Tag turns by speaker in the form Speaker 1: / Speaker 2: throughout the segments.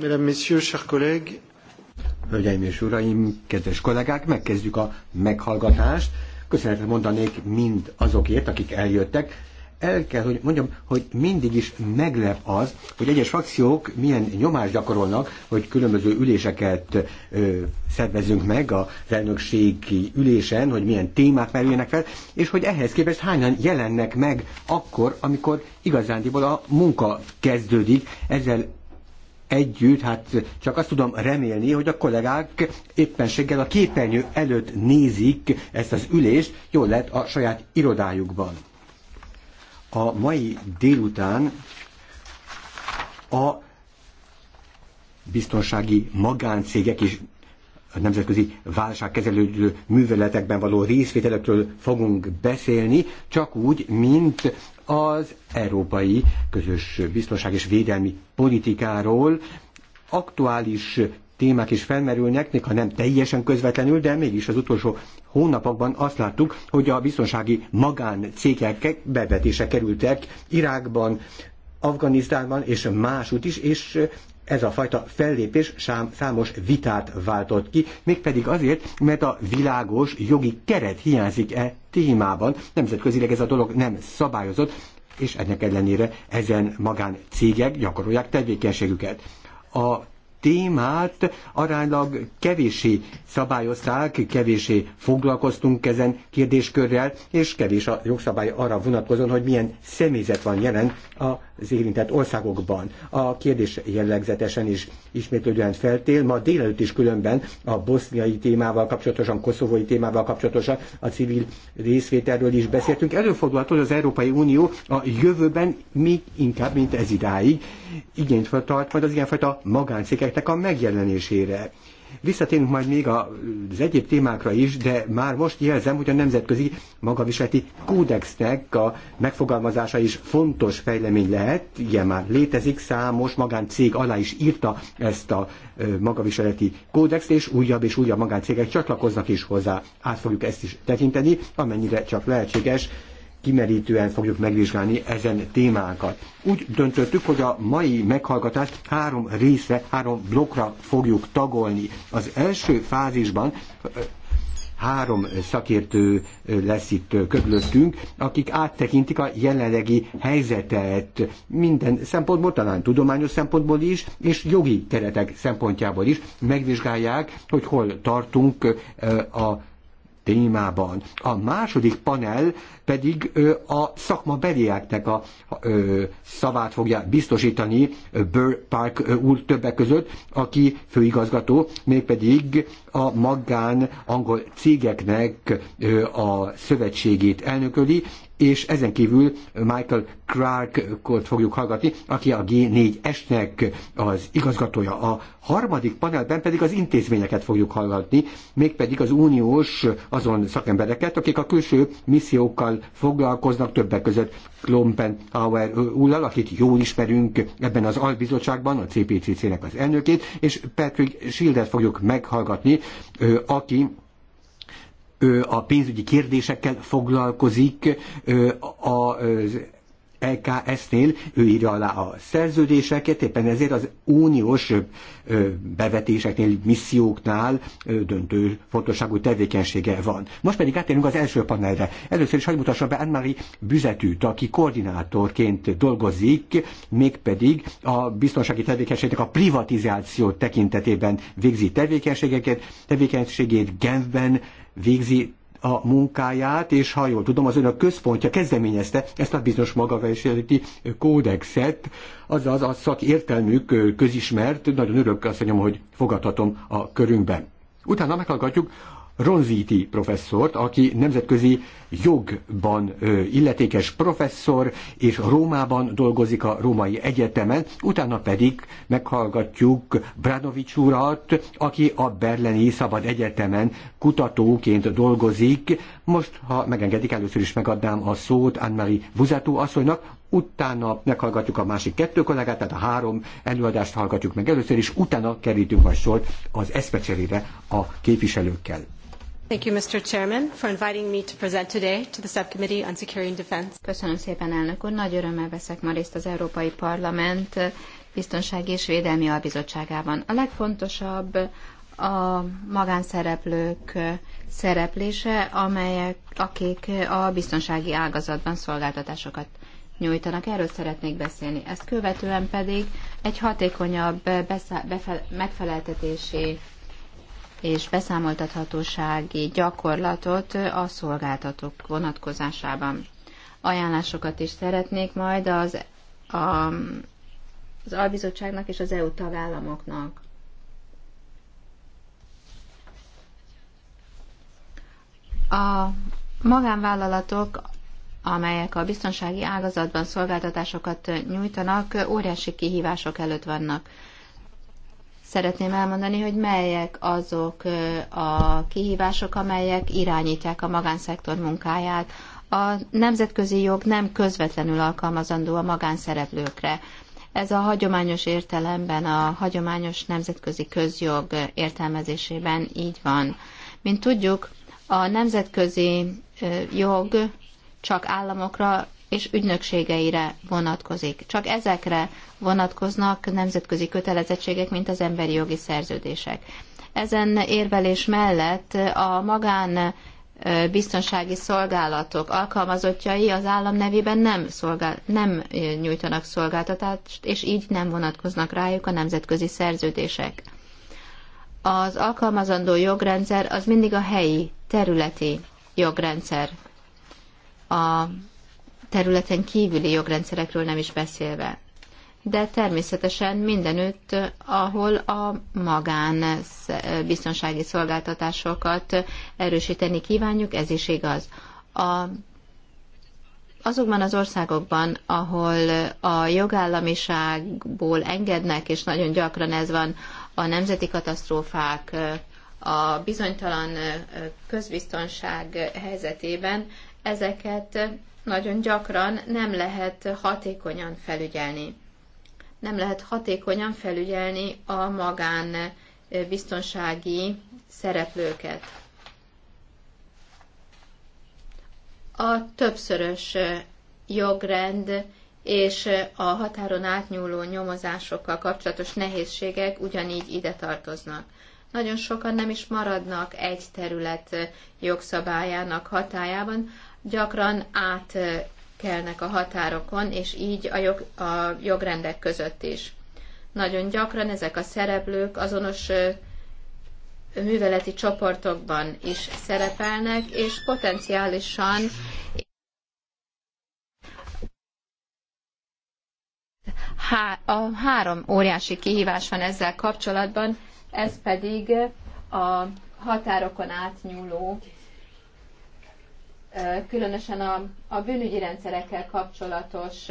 Speaker 1: Mesdames, Messieurs, chers collègues. Hölgyeim és uraim, kedves kollégák, megkezdjük a meghallgatást. Köszönetet mondanék mind azokért, akik eljöttek. El kell, hogy mondjam, hogy mindig is meglep az, hogy egyes frakciók milyen nyomást gyakorolnak, hogy különböző üléseket ö, szervezünk meg a elnökségi ülésen, hogy milyen témák merüljenek fel, és hogy ehhez képest hányan jelennek meg akkor, amikor igazándiból a munka kezdődik. Ezzel együtt, hát csak azt tudom remélni, hogy a kollégák éppenséggel a képernyő előtt nézik ezt az ülést, jól lett a saját irodájukban. A mai délután a biztonsági magáncégek és a nemzetközi válságkezelő műveletekben való részvételekről fogunk beszélni, csak úgy, mint az európai közös biztonság és védelmi politikáról aktuális témák is felmerülnek, még ha nem teljesen közvetlenül, de mégis az utolsó hónapokban azt láttuk, hogy a biztonsági magáncégek bevetése kerültek Irákban, Afganisztánban és másút is, és ez a fajta fellépés számos vitát váltott ki, mégpedig azért, mert a világos jogi keret hiányzik e témában. Nemzetközileg ez a dolog nem szabályozott, és ennek ellenére ezen magán cégek gyakorolják tevékenységüket. A témát aránylag kevésé szabályozták, kevésé foglalkoztunk ezen kérdéskörrel, és kevés a jogszabály arra vonatkozóan, hogy milyen személyzet van jelen a az érintett országokban. A kérdés jellegzetesen is ismétlődően feltél. Ma délelőtt is különben a boszniai témával kapcsolatosan, koszovói témával kapcsolatosan a civil részvételről is beszéltünk. Előfordulhat, hogy az Európai Unió a jövőben még inkább, mint ez idáig igényt tart majd az ilyenfajta magáncégeknek a megjelenésére. Visszatérünk majd még az egyéb témákra is, de már most jelzem, hogy a Nemzetközi Magaviseleti Kódexnek a megfogalmazása is fontos fejlemény lehet. Ilyen már létezik, számos magáncég alá is írta ezt a magaviseleti kódext, és újabb és újabb magáncégek csatlakoznak is hozzá. Át fogjuk ezt is tekinteni, amennyire csak lehetséges kimerítően fogjuk megvizsgálni ezen témákat. Úgy döntöttük, hogy a mai meghallgatást három részre, három blokkra fogjuk tagolni. Az első fázisban három szakértő lesz itt körülöttünk, akik áttekintik a jelenlegi helyzetet minden szempontból, talán tudományos szempontból is, és jogi keretek szempontjából is megvizsgálják, hogy hol tartunk a témában. A második panel pedig a szakma belieknek a szavát fogja biztosítani Burr Park úr többek között, aki főigazgató, mégpedig a magán angol cégeknek a szövetségét elnököli, és ezen kívül Michael Clarkot fogjuk hallgatni, aki a G4S-nek az igazgatója. A harmadik panelben pedig az intézményeket fogjuk hallgatni, mégpedig az uniós azon szakembereket, akik a külső missziókkal foglalkoznak többek között Klompen Auer úrral, akit jól ismerünk ebben az albizottságban, a CPCC-nek az elnökét, és Patrick Schildert fogjuk meghallgatni, aki a pénzügyi kérdésekkel foglalkozik az EKS-nél ő írja alá a szerződéseket, éppen ezért az uniós bevetéseknél, misszióknál döntő fontosságú tevékenysége van. Most pedig átérünk az első panelre. Először is hagyd mutassam be Anne-Marie Büzetűt, aki koordinátorként dolgozik, mégpedig a biztonsági tevékenységnek a privatizáció tekintetében végzi tevékenységeket, tevékenységét Genfben végzi a munkáját, és ha jól tudom, az önök központja kezdeményezte ezt a bizonyos magaviseleti kódexet, azaz a szakértelmük közismert, nagyon örök azt mondjam, hogy fogadhatom a körünkben. Utána meghallgatjuk Ronziti professzort, aki nemzetközi jogban illetékes professzor, és Rómában dolgozik a Római Egyetemen, utána pedig meghallgatjuk Bradovics urat, aki a Berleni Szabad Egyetemen kutatóként dolgozik. Most, ha megengedik, először is megadnám a szót Anne-Marie Buzató asszonynak, utána meghallgatjuk a másik kettő kollégát, tehát a három előadást hallgatjuk meg először, és utána kerítünk majd sort az eszpecserére a képviselőkkel.
Speaker 2: Thank you, Mr. Chairman, for inviting me to present today to the Subcommittee on Security and Defense. Köszönöm szépen, elnök úr. Nagy örömmel veszek ma részt az Európai Parlament Biztonsági és Védelmi Albizottságában. A legfontosabb a magánszereplők szereplése, amelyek, akik a biztonsági ágazatban szolgáltatásokat nyújtanak. Erről szeretnék beszélni. Ezt követően pedig egy hatékonyabb megfeleltetési és beszámoltathatósági gyakorlatot a szolgáltatók vonatkozásában. Ajánlásokat is szeretnék majd az, a, az albizottságnak és az EU tagállamoknak. A magánvállalatok, amelyek a biztonsági ágazatban szolgáltatásokat nyújtanak, óriási kihívások előtt vannak szeretném elmondani, hogy melyek azok a kihívások, amelyek irányítják a magánszektor munkáját. A nemzetközi jog nem közvetlenül alkalmazandó a magánszereplőkre. Ez a hagyományos értelemben, a hagyományos nemzetközi közjog értelmezésében így van. Mint tudjuk, a nemzetközi jog csak államokra és ügynökségeire vonatkozik. Csak ezekre vonatkoznak nemzetközi kötelezettségek, mint az emberi jogi szerződések. Ezen érvelés mellett a magán biztonsági szolgálatok alkalmazottjai az állam nevében nem, szolgál, nem nyújtanak szolgáltatást, és így nem vonatkoznak rájuk a nemzetközi szerződések. Az alkalmazandó jogrendszer az mindig a helyi, területi jogrendszer. A területen kívüli jogrendszerekről nem is beszélve. De természetesen mindenütt, ahol a magán biztonsági szolgáltatásokat erősíteni kívánjuk, ez is igaz. A azokban az országokban, ahol a jogállamiságból engednek, és nagyon gyakran ez van, a nemzeti katasztrófák, a bizonytalan közbiztonság helyzetében ezeket nagyon gyakran nem lehet hatékonyan felügyelni. Nem lehet hatékonyan felügyelni a magán eh, biztonsági szereplőket. A többszörös eh, jogrend és eh, a határon átnyúló nyomozásokkal kapcsolatos nehézségek ugyanígy ide tartoznak. Nagyon sokan nem is maradnak egy terület jogszabályának hatájában, gyakran átkelnek a határokon, és így a, jog, a jogrendek között is. Nagyon gyakran ezek a szereplők azonos műveleti csoportokban is szerepelnek, és potenciálisan há- a három óriási kihívás van ezzel kapcsolatban, ez pedig a határokon átnyúló különösen a, a bűnügyi rendszerekkel kapcsolatos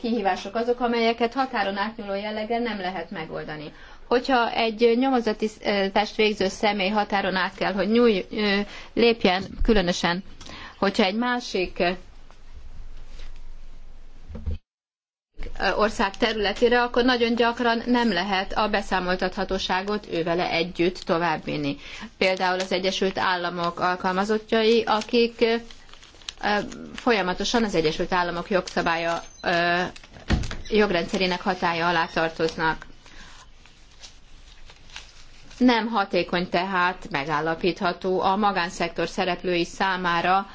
Speaker 2: kihívások azok, amelyeket határon átnyúló jelleggel nem lehet megoldani. Hogyha egy test végző személy határon át kell, hogy nyúj, lépjen, különösen, hogyha egy másik ország területére, akkor nagyon gyakran nem lehet a beszámoltathatóságot ővele együtt továbbvinni. Például az Egyesült Államok alkalmazottjai, akik folyamatosan az Egyesült Államok jogszabálya jogrendszerének hatája alá tartoznak. Nem hatékony tehát megállapítható a magánszektor szereplői számára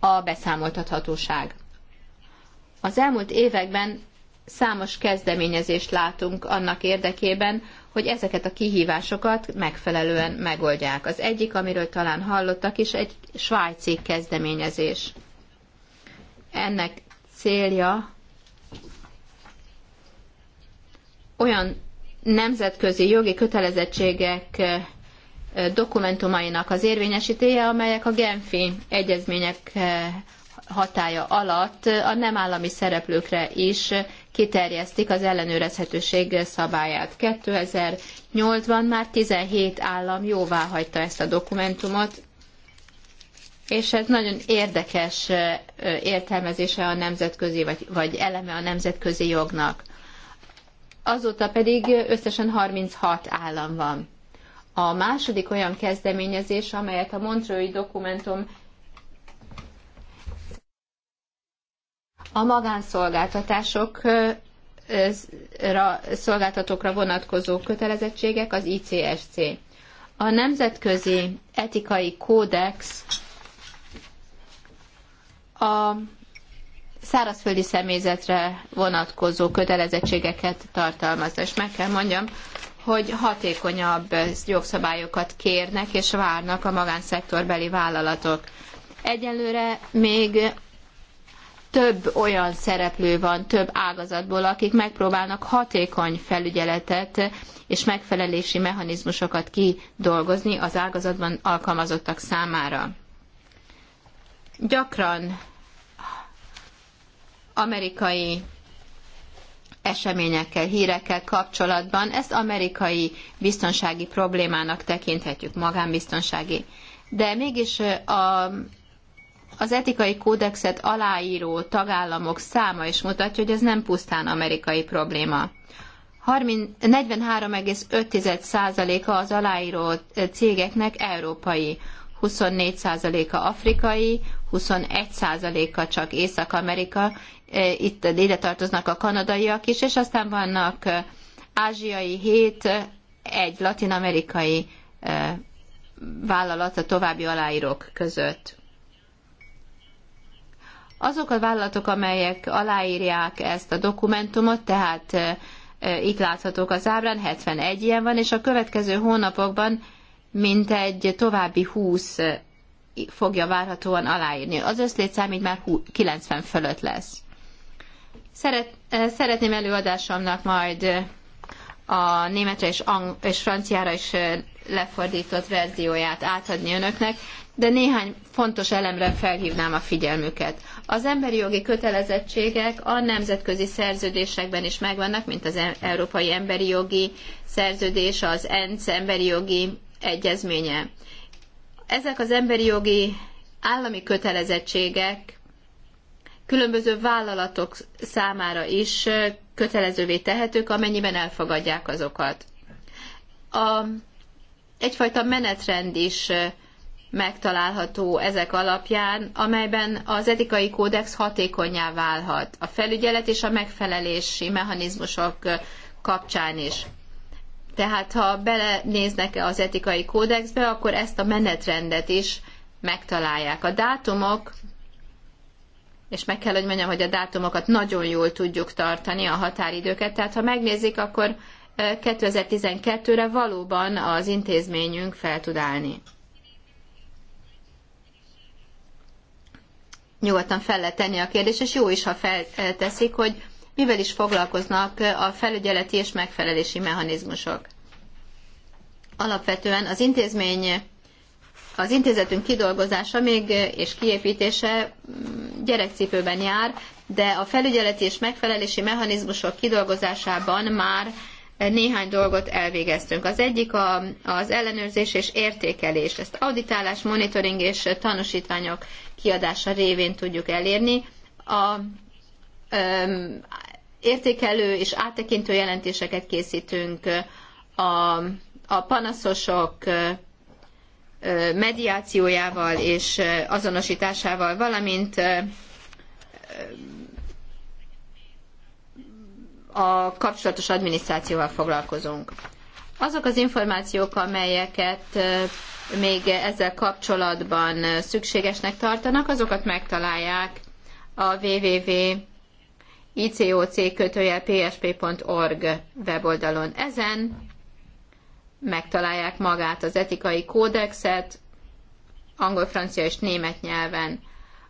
Speaker 2: a beszámoltathatóság. Az elmúlt években számos kezdeményezést látunk annak érdekében, hogy ezeket a kihívásokat megfelelően megoldják. Az egyik, amiről talán hallottak is, egy svájci kezdeményezés. Ennek célja olyan nemzetközi jogi kötelezettségek dokumentumainak az érvényesítéje, amelyek a Genfi egyezmények hatája alatt a nem állami szereplőkre is kiterjesztik az ellenőrezhetőség szabályát. 2008-ban már 17 állam jóváhagyta ezt a dokumentumot, és ez nagyon érdekes értelmezése a nemzetközi, vagy, vagy eleme a nemzetközi jognak. Azóta pedig összesen 36 állam van. A második olyan kezdeményezés, amelyet a Montreux dokumentum a magánszolgáltatások szolgáltatókra vonatkozó kötelezettségek az ICSC. A Nemzetközi Etikai Kódex a szárazföldi személyzetre vonatkozó kötelezettségeket tartalmazza, és meg kell mondjam, hogy hatékonyabb jogszabályokat kérnek és várnak a magánszektorbeli vállalatok. Egyelőre még több olyan szereplő van, több ágazatból, akik megpróbálnak hatékony felügyeletet és megfelelési mechanizmusokat kidolgozni az ágazatban alkalmazottak számára. Gyakran amerikai eseményekkel, hírekkel kapcsolatban ezt amerikai biztonsági problémának tekinthetjük, magánbiztonsági. De mégis a az etikai kódexet aláíró tagállamok száma is mutatja, hogy ez nem pusztán amerikai probléma. 43,5%-a az aláíró cégeknek európai, 24%-a afrikai, 21%-a csak Észak-Amerika, e, itt ide tartoznak a kanadaiak is, és aztán vannak e, ázsiai 7, egy latin-amerikai e, vállalat a további aláírók között. Azok a vállalatok, amelyek aláírják ezt a dokumentumot, tehát itt láthatók az ábrán, 71 ilyen van, és a következő hónapokban mintegy további 20 fogja várhatóan aláírni. Az összlétszám így már 90 fölött lesz. Szeret, szeretném előadásomnak majd a németre és, ang- és franciára is lefordított verzióját átadni önöknek, de néhány fontos elemre felhívnám a figyelmüket. Az emberi jogi kötelezettségek a nemzetközi szerződésekben is megvannak, mint az Európai Emberi Jogi Szerződés, az ENC Emberi Jogi Egyezménye. Ezek az emberi jogi állami kötelezettségek különböző vállalatok számára is kötelezővé tehetők, amennyiben elfogadják azokat. A, egyfajta menetrend is megtalálható ezek alapján, amelyben az etikai kódex hatékonyá válhat a felügyelet és a megfelelési mechanizmusok kapcsán is. Tehát ha belenéznek az etikai kódexbe, akkor ezt a menetrendet is megtalálják. A dátumok, és meg kell, hogy mondjam, hogy a dátumokat nagyon jól tudjuk tartani, a határidőket, tehát ha megnézik, akkor 2012-re valóban az intézményünk fel tud állni. nyugodtan fel lehet tenni a kérdést, és jó is, ha felteszik, hogy mivel is foglalkoznak a felügyeleti és megfelelési mechanizmusok. Alapvetően az intézmény az intézetünk kidolgozása még és kiépítése mm, gyerekcipőben jár, de a felügyeleti és megfelelési mechanizmusok kidolgozásában már néhány dolgot elvégeztünk. Az egyik a, az ellenőrzés és értékelés. Ezt auditálás, monitoring és tanúsítványok kiadása révén tudjuk elérni. A öm, értékelő és áttekintő jelentéseket készítünk a, a panaszosok mediációjával és azonosításával, valamint a kapcsolatos adminisztrációval foglalkozunk. Azok az információk, amelyeket még ezzel kapcsolatban szükségesnek tartanak, azokat megtalálják a www icoc kötőjel psp.org weboldalon. Ezen megtalálják magát az etikai kódexet, angol, francia és német nyelven,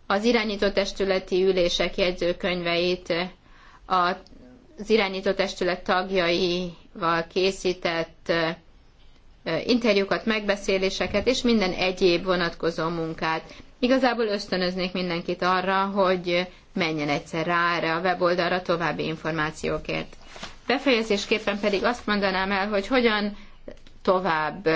Speaker 2: az irányított testületi ülések jegyzőkönyveit, a az irányító testület tagjaival készített interjúkat, megbeszéléseket és minden egyéb vonatkozó munkát. Igazából ösztönöznék mindenkit arra, hogy menjen egyszer rá erre a weboldalra további információkért. Befejezésképpen pedig azt mondanám el, hogy hogyan tovább,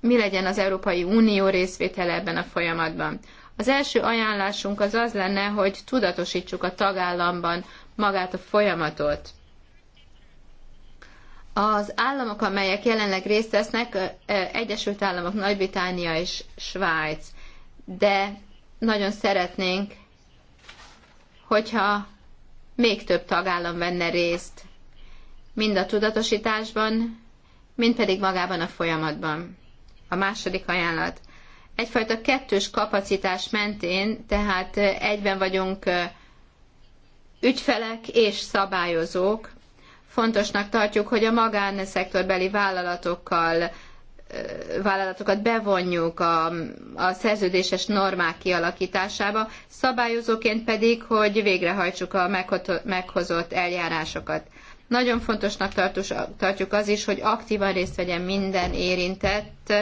Speaker 2: mi legyen az Európai Unió részvétele ebben a folyamatban. Az első ajánlásunk az az lenne, hogy tudatosítsuk a tagállamban magát a folyamatot. Az államok, amelyek jelenleg részt vesznek, Egyesült Államok, Nagy-Británia és Svájc. De nagyon szeretnénk, hogyha még több tagállam venne részt, mind a tudatosításban, mind pedig magában a folyamatban. A második ajánlat. Egyfajta kettős kapacitás mentén, tehát egyben vagyunk ügyfelek és szabályozók, Fontosnak tartjuk, hogy a magánszektorbeli vállalatokkal vállalatokat bevonjuk a, a szerződéses normák kialakításába, szabályozóként pedig, hogy végrehajtsuk a meghozott eljárásokat. Nagyon fontosnak tartjuk az is, hogy aktívan részt vegyen minden érintett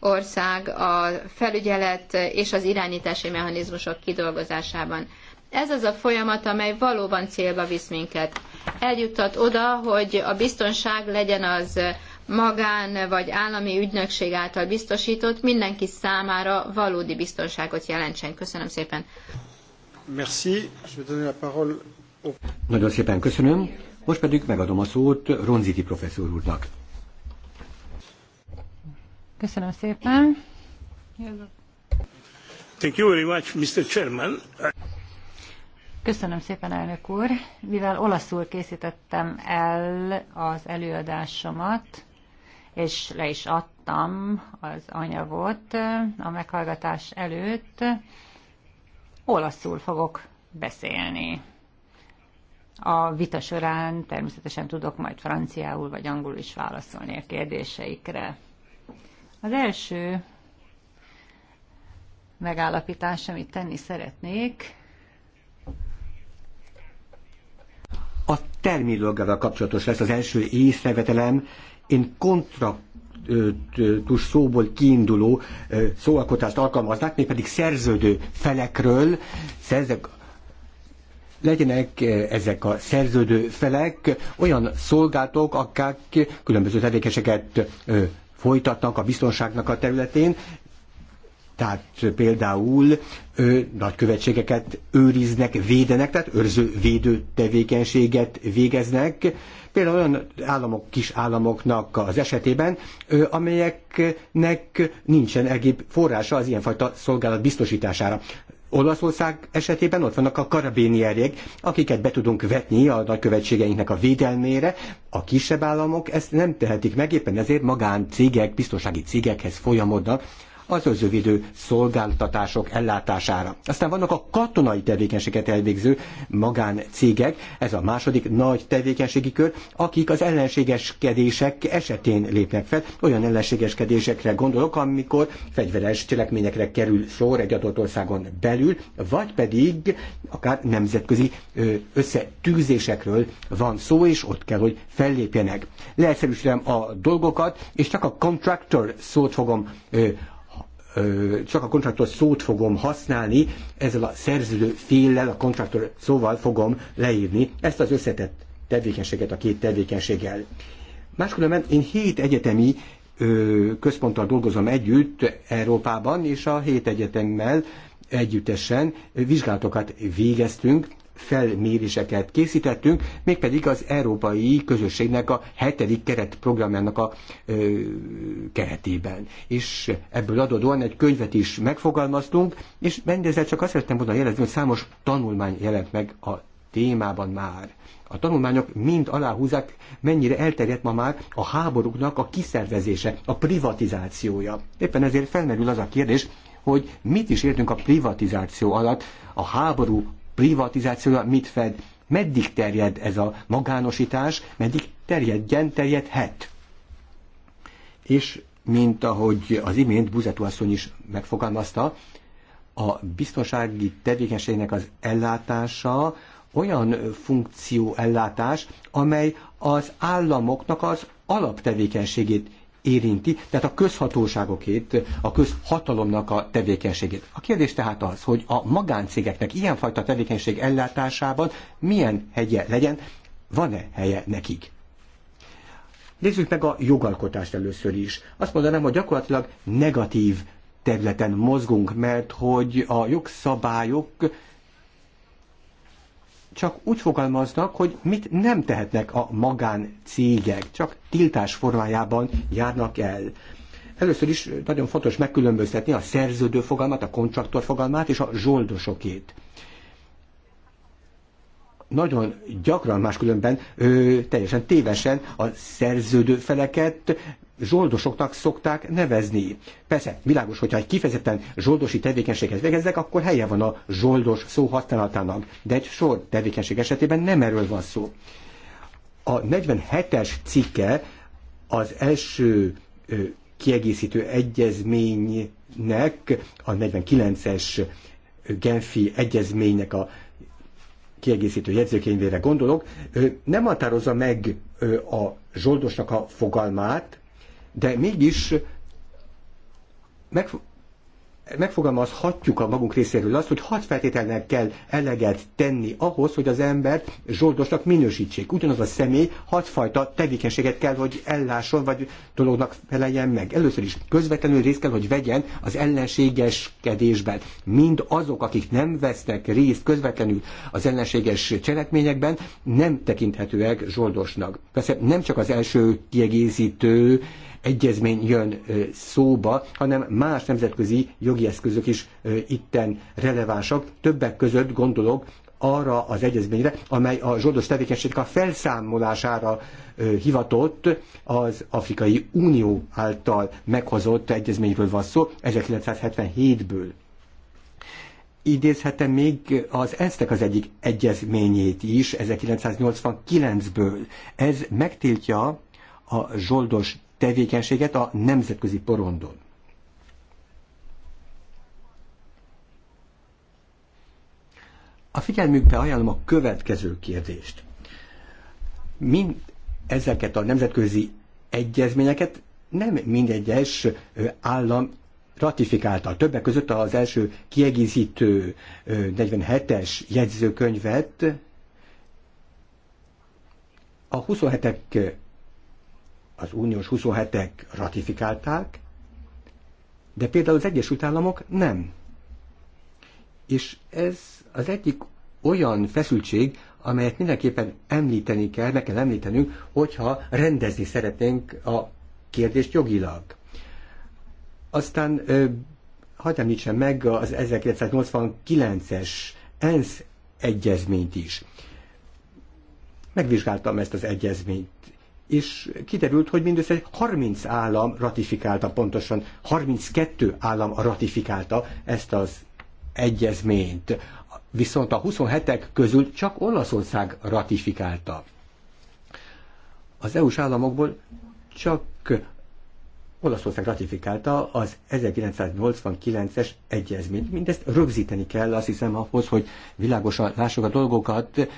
Speaker 2: ország a felügyelet és az irányítási mechanizmusok kidolgozásában. Ez az a folyamat, amely valóban célba visz minket. Eljuttat oda, hogy a biztonság legyen az magán vagy állami ügynökség által biztosított, mindenki számára valódi biztonságot jelentsen. Köszönöm szépen.
Speaker 1: Merci. Nagyon szépen köszönöm. Most pedig megadom a szót Ronziti professzor úrnak.
Speaker 3: Köszönöm szépen.
Speaker 2: Thank you very much, Mr. Chairman.
Speaker 3: Köszönöm szépen, elnök úr. Mivel olaszul készítettem el az előadásomat, és le is adtam az anyagot a meghallgatás előtt, olaszul fogok beszélni. A vita során természetesen tudok majd franciául vagy angolul is válaszolni a kérdéseikre. Az első megállapítás, amit tenni szeretnék,
Speaker 1: A terminológiával kapcsolatos lesz az első észrevetelem. Én kontra szóból kiinduló szóalkotást még pedig szerződő felekről, szerzek, legyenek ezek a szerződő felek olyan szolgáltók, akik különböző tevékenységet folytatnak a biztonságnak a területén, tehát például ö, nagykövetségeket őriznek, védenek, tehát őrző-védő tevékenységet végeznek, például olyan államok, kis államoknak az esetében, ö, amelyeknek nincsen egyéb forrása az ilyenfajta szolgálat biztosítására. Olaszország esetében ott vannak a karabénierjék, akiket be tudunk vetni a nagykövetségeinknek a védelmére. A kisebb államok ezt nem tehetik meg, éppen ezért magáncégek, biztonsági cégekhez folyamodnak, az özövidő szolgáltatások ellátására. Aztán vannak a katonai tevékenységet elvégző magáncégek, ez a második nagy tevékenységi kör, akik az ellenségeskedések esetén lépnek fel. Olyan ellenségeskedésekre gondolok, amikor fegyveres cselekményekre kerül sor egy adott országon belül, vagy pedig akár nemzetközi összetűzésekről van szó, és ott kell, hogy fellépjenek. Leegyszerűsítem a dolgokat, és csak a contractor szót fogom csak a kontraktor szót fogom használni, ezzel a szerződő féllel, a kontraktor szóval fogom leírni ezt az összetett tevékenységet a két tevékenységgel. Máskülönben én hét egyetemi központtal dolgozom együtt Európában, és a hét egyetemmel együttesen vizsgálatokat végeztünk, felméréseket készítettünk, mégpedig az Európai Közösségnek a hetedik keretprogramjának a ö, keretében. És ebből adódóan egy könyvet is megfogalmaztunk, és mindezzel csak azt szerettem volna jelezni, hogy számos tanulmány jelent meg a témában már. A tanulmányok mind aláhúzák, mennyire elterjedt ma már a háborúknak a kiszervezése, a privatizációja. Éppen ezért felmerül az a kérdés, hogy mit is értünk a privatizáció alatt, a háború privatizációja mit fed, meddig terjed ez a magánosítás, meddig terjedjen, terjedhet. És mint ahogy az imént Buzetú asszony is megfogalmazta, a biztonsági tevékenységnek az ellátása olyan funkció ellátás, amely az államoknak az alaptevékenységét érinti, tehát a közhatóságokét, a közhatalomnak a tevékenységét. A kérdés tehát az, hogy a magáncégeknek ilyenfajta tevékenység ellátásában milyen hegye legyen, van-e helye nekik? Nézzük meg a jogalkotást először is. Azt mondanám, hogy gyakorlatilag negatív területen mozgunk, mert hogy a jogszabályok csak úgy fogalmaznak, hogy mit nem tehetnek a cégek, csak tiltás formájában járnak el. Először is nagyon fontos megkülönböztetni a szerződő fogalmat, a kontraktor fogalmát és a zsoldosokét nagyon gyakran máskülönben ö, teljesen tévesen a szerződő feleket zsoldosoknak szokták nevezni. Persze, világos, hogyha egy kifejezetten zsoldosi tevékenységet végeznek, akkor helye van a zsoldos szó használatának, de egy sor tevékenység esetében nem erről van szó. A 47-es cikke az első ö, kiegészítő egyezménynek, a 49-es Genfi egyezménynek a kiegészítő jegyzőkényvére gondolok, nem határozza meg a zsoldosnak a fogalmát, de mégis meg, megfogalmazhatjuk a magunk részéről azt, hogy hat feltételnek kell eleget tenni ahhoz, hogy az embert zsoldosnak minősítsék. Ugyanaz a személy hatfajta tevékenységet kell, hogy ellásson, vagy dolognak feleljen meg. Először is közvetlenül részt kell, hogy vegyen az ellenségeskedésben. Mind azok, akik nem vesznek részt közvetlenül az ellenséges cselekményekben, nem tekinthetőek zsoldosnak. Persze nem csak az első kiegészítő egyezmény jön szóba, hanem más nemzetközi jogi eszközök is itten relevánsak. Többek között gondolok arra az egyezményre, amely a zsoldos tevékenységek a felszámolására hivatott az Afrikai Unió által meghozott egyezményről van szó, 1977-ből. Idézhetem még az ensz az egyik egyezményét is, 1989-ből. Ez megtiltja a zsoldos tevékenységet a nemzetközi porondon. A figyelmükbe ajánlom a következő kérdést. Mind ezeket a nemzetközi egyezményeket nem mindegyes állam ratifikálta. Többek között az első kiegészítő 47-es jegyzőkönyvet a 27-ek az uniós 27-ek ratifikálták, de például az Egyesült Államok nem. És ez az egyik olyan feszültség, amelyet mindenképpen említeni kell, meg kell említenünk, hogyha rendezni szeretnénk a kérdést jogilag. Aztán hagyd említsem meg az 1989-es ENSZ egyezményt is. Megvizsgáltam ezt az egyezményt, és kiderült, hogy mindössze 30 állam ratifikálta, pontosan 32 állam ratifikálta ezt az egyezményt. Viszont a 27-ek közül csak Olaszország ratifikálta. Az EU-s államokból csak Olaszország ratifikálta az 1989-es egyezményt. Mindezt rögzíteni kell, azt hiszem ahhoz, hogy világosan lássuk a dolgokat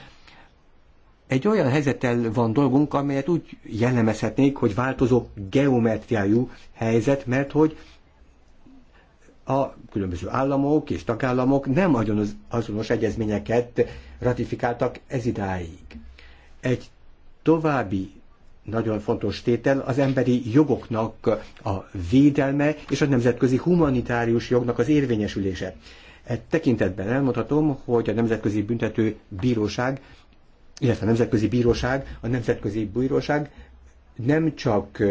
Speaker 1: egy olyan helyzettel van dolgunk, amelyet úgy jellemezhetnék, hogy változó geometriájú helyzet, mert hogy a különböző államok és tagállamok nem azonos, azonos egyezményeket ratifikáltak ez idáig. Egy további nagyon fontos tétel az emberi jogoknak a védelme és a nemzetközi humanitárius jognak az érvényesülése. E tekintetben elmondhatom, hogy a Nemzetközi Büntető Bíróság illetve a Nemzetközi Bíróság, a Nemzetközi Bíróság nem csak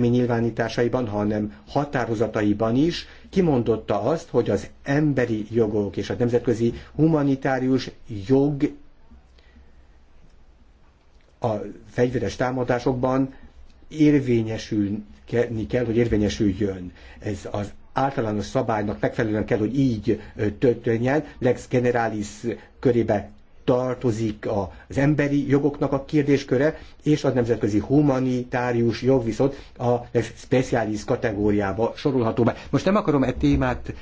Speaker 1: nyilvánításaiban, hanem határozataiban is kimondotta azt, hogy az emberi jogok és a nemzetközi humanitárius jog a fegyveres támadásokban érvényesülni kell, hogy érvényesüljön. Ez az általános szabálynak megfelelően kell, hogy így történjen, lex generalis körébe tartozik az emberi jogoknak a kérdésköre, és a nemzetközi humanitárius jog viszont a speciális kategóriába sorolható be. Most nem akarom e témát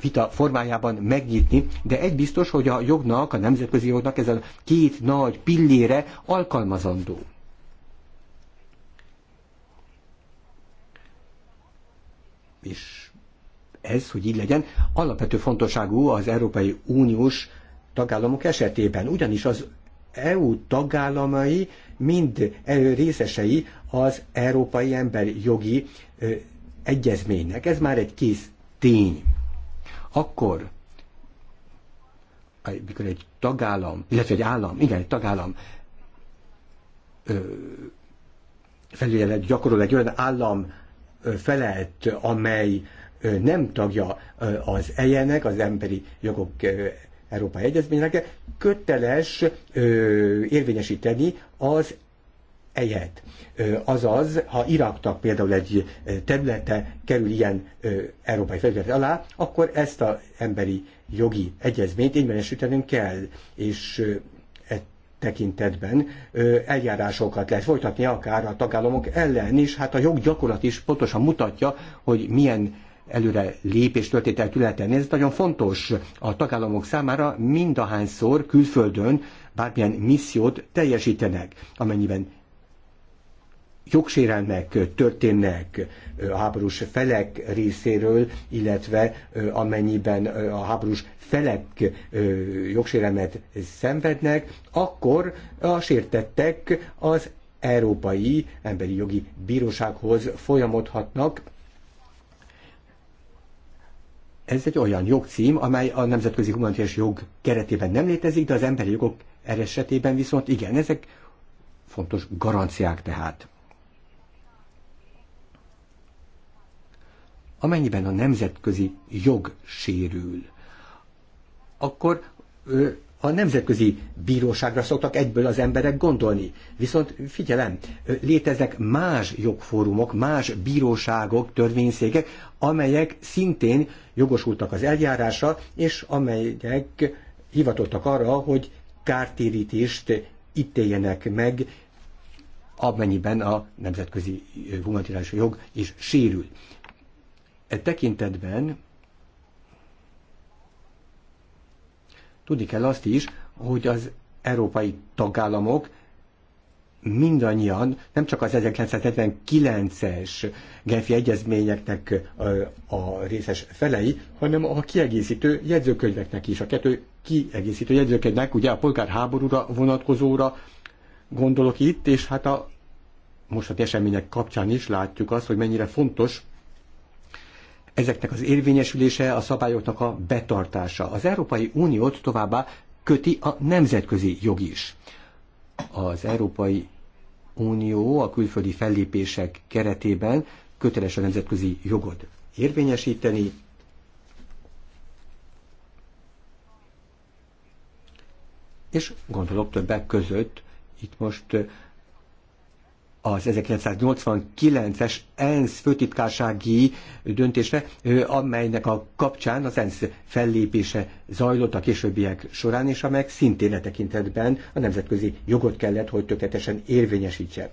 Speaker 1: vita formájában megnyitni, de egy biztos, hogy a jognak, a nemzetközi jognak ez a két nagy pillére alkalmazandó. És ez, hogy így legyen, alapvető fontosságú az Európai Uniós tagállamok esetében, ugyanis az EU tagállamai mind e- részesei az Európai Emberi Jogi Egyezménynek. Ez már egy kész tény. Akkor, mikor egy tagállam, illetve egy állam, igen, egy tagállam ö, felügyelet gyakorol egy olyan állam felelt, amely nem tagja az eljenek, az emberi jogok Európai Egyezménynek köteles ö, érvényesíteni az egyet. Azaz, ha Iraknak például egy területe kerül ilyen európai felület alá, akkor ezt az emberi jogi egyezményt érvényesítenünk kell, és e tekintetben eljárásokat lehet folytatni akár a tagállamok ellen is. Hát a joggyakorlat is pontosan mutatja, hogy milyen előre lépés történt el kületen. Ez nagyon fontos a tagállamok számára mindahányszor külföldön bármilyen missziót teljesítenek, amennyiben jogsérelmek történnek a háborús felek részéről, illetve amennyiben a háborús felek jogsérelmet szenvednek, akkor a sértettek az Európai Emberi Jogi Bírósághoz folyamodhatnak, ez egy olyan jogcím, amely a nemzetközi humanitárius jog keretében nem létezik, de az emberi jogok esetében viszont igen, ezek fontos garanciák tehát. Amennyiben a nemzetközi jog sérül, akkor a nemzetközi bíróságra szoktak egyből az emberek gondolni. Viszont figyelem, léteznek más jogfórumok, más bíróságok, törvényszégek, amelyek szintén jogosultak az eljárásra, és amelyek hivatottak arra, hogy kártérítést ítéljenek meg, amennyiben a nemzetközi humanitárius jog is sérül. E tekintetben Tudni kell azt is, hogy az európai tagállamok mindannyian, nem csak az 1979-es Genfi egyezményeknek a részes felei, hanem a kiegészítő jegyzőkönyveknek is. A kettő kiegészítő jegyzőkönyvnek, ugye a polgárháborúra vonatkozóra gondolok itt, és hát a mostani események kapcsán is látjuk azt, hogy mennyire fontos ezeknek az érvényesülése, a szabályoknak a betartása. Az Európai Uniót továbbá köti a nemzetközi jog is. Az Európai Unió a külföldi fellépések keretében köteles a nemzetközi jogot érvényesíteni, és gondolok többek között itt most az 1989-es ENSZ főtitkársági döntésre, amelynek a kapcsán az ENSZ fellépése zajlott a későbbiek során, és amelyek szintén a e tekintetben a nemzetközi jogot kellett, hogy tökéletesen érvényesítse.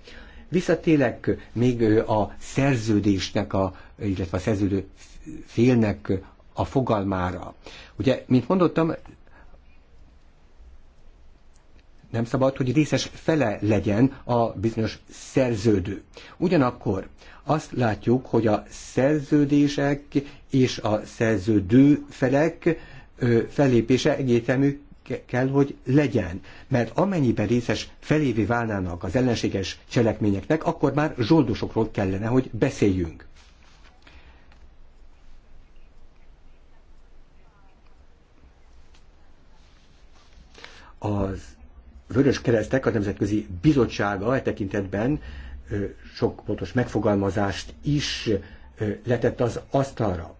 Speaker 1: Visszatélek még a szerződésnek, a, illetve a szerződő félnek a fogalmára. Ugye, mint mondottam, nem szabad, hogy részes fele legyen a bizonyos szerződő. Ugyanakkor azt látjuk, hogy a szerződések és a szerződő felek fellépése egyértelmű kell, hogy legyen. Mert amennyiben részes felévé válnának az ellenséges cselekményeknek, akkor már zsoldosokról kellene, hogy beszéljünk. Az Vörös Keresztek, a Nemzetközi Bizottsága e tekintetben sok pontos megfogalmazást is letett az asztalra.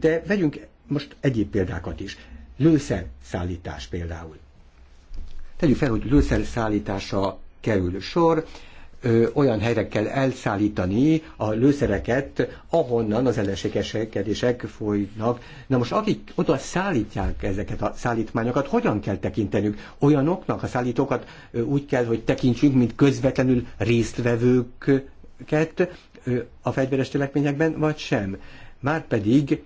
Speaker 1: De vegyünk most egyéb példákat is. Lőszerszállítás például. Tegyük fel, hogy lőszerszállítása kerül sor, ö, olyan helyre kell elszállítani a lőszereket, ahonnan az ellenségeskedések folynak. Na most akik oda szállítják ezeket a szállítmányokat, hogyan kell tekintenünk? Olyanoknak a szállítókat ö, úgy kell, hogy tekintsünk, mint közvetlenül résztvevőket ö, a fegyveres cselekményekben, vagy sem. Márpedig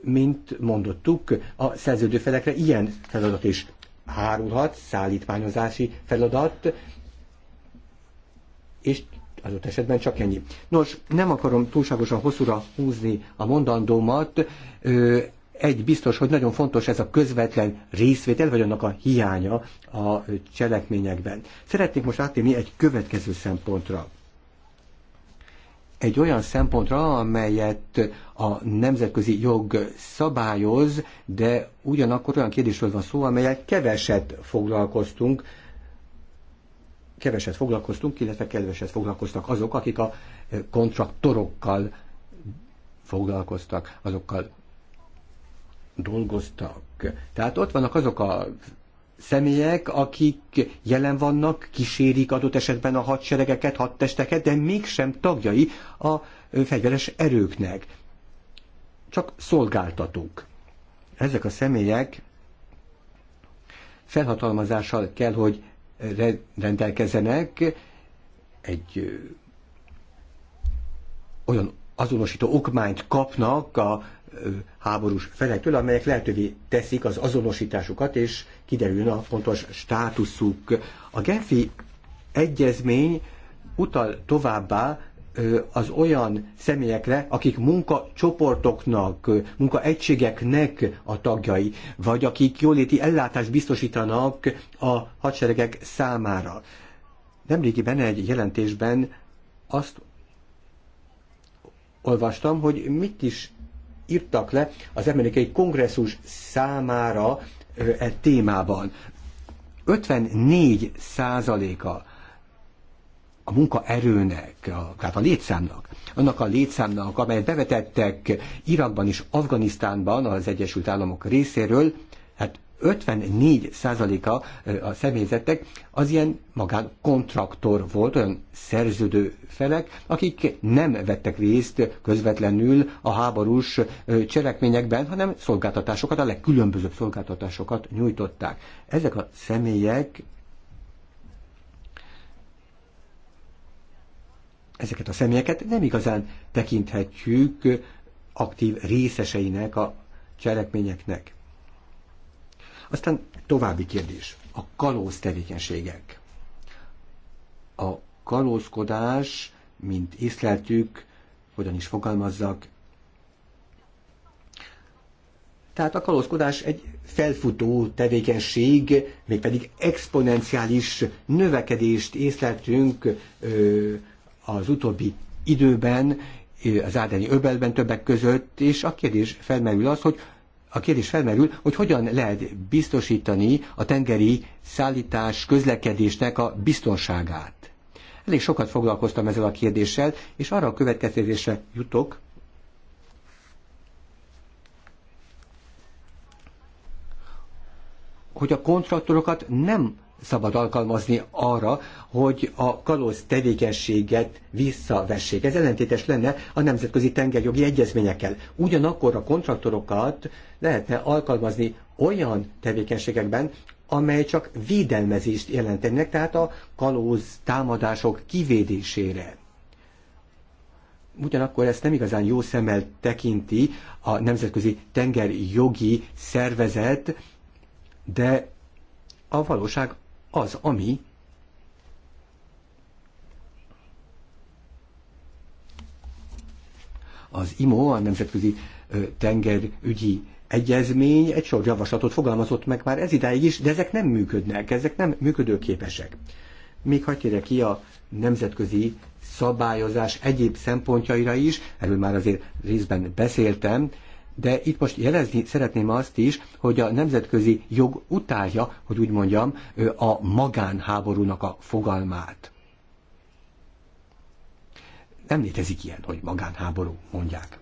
Speaker 1: mint mondottuk, a szerződőfelekre ilyen feladat is hárulhat, szállítmányozási feladat, és az ott esetben csak ennyi. Nos, nem akarom túlságosan hosszúra húzni a mondandómat, egy biztos, hogy nagyon fontos ez a közvetlen részvétel, vagy annak a hiánya a cselekményekben. Szeretnék most átérni egy következő szempontra. Egy olyan szempontra, amelyet a nemzetközi jog szabályoz, de ugyanakkor olyan kérdésről van szó, amelyet keveset foglalkoztunk, keveset foglalkoztunk, illetve keveset foglalkoztak azok, akik a kontraktorokkal foglalkoztak, azokkal dolgoztak. Tehát ott vannak azok a személyek, akik jelen vannak, kísérik adott esetben a hadseregeket, hadtesteket, de mégsem tagjai a fegyveres erőknek. Csak szolgáltatók. Ezek a személyek felhatalmazással kell, hogy rendelkezenek egy olyan azonosító okmányt kapnak a háborús felektől, amelyek lehetővé teszik az azonosításukat, és kiderüljön a fontos státuszuk. A Genfi egyezmény utal továbbá az olyan személyekre, akik munkacsoportoknak, munkaegységeknek a tagjai, vagy akik jóléti ellátást biztosítanak a hadseregek számára. Nemrégiben egy jelentésben azt olvastam, hogy mit is írtak le az amerikai kongresszus számára e témában. 54 százaléka a munkaerőnek, a, tehát a létszámnak, annak a létszámnak, amelyet bevetettek Irakban és Afganisztánban az Egyesült Államok részéről, hát 54 százaléka a személyzetek az ilyen magán kontraktor volt, olyan szerződő felek, akik nem vettek részt közvetlenül a háborús cselekményekben, hanem szolgáltatásokat, a legkülönbözőbb szolgáltatásokat nyújtották. Ezek a személyek ezeket a személyeket nem igazán tekinthetjük aktív részeseinek a cselekményeknek. Aztán további kérdés. A kalóz tevékenységek. A kalózkodás, mint észleltük, hogyan is fogalmazzak, tehát a kalózkodás egy felfutó tevékenység, mégpedig exponenciális növekedést észleltünk ö, az utóbbi időben, az Ádányi öbelben többek között, és a kérdés felmerül az, hogy a kérdés felmerül, hogy hogyan lehet biztosítani a tengeri szállítás közlekedésnek a biztonságát. Elég sokat foglalkoztam ezzel a kérdéssel, és arra a következtetésre jutok, hogy a kontraktorokat nem szabad alkalmazni arra, hogy a kalóz tevékenységet visszavessék. Ez ellentétes lenne a nemzetközi tengerjogi egyezményekkel. Ugyanakkor a kontraktorokat lehetne alkalmazni olyan tevékenységekben, amely csak védelmezést jelentenek, tehát a kalóz támadások kivédésére. Ugyanakkor ezt nem igazán jó szemmel tekinti a Nemzetközi Tengerjogi Szervezet, de a valóság az, ami az IMO, a Nemzetközi Tengerügyi Egyezmény egy sor javaslatot fogalmazott meg már ez idáig is, de ezek nem működnek, ezek nem működőképesek. Még hagyj ki a nemzetközi szabályozás egyéb szempontjaira is, erről már azért részben beszéltem, de itt most jelezni szeretném azt is, hogy a nemzetközi jog utálja, hogy úgy mondjam, a magánháborúnak a fogalmát. Nem létezik ilyen, hogy magánháború mondják.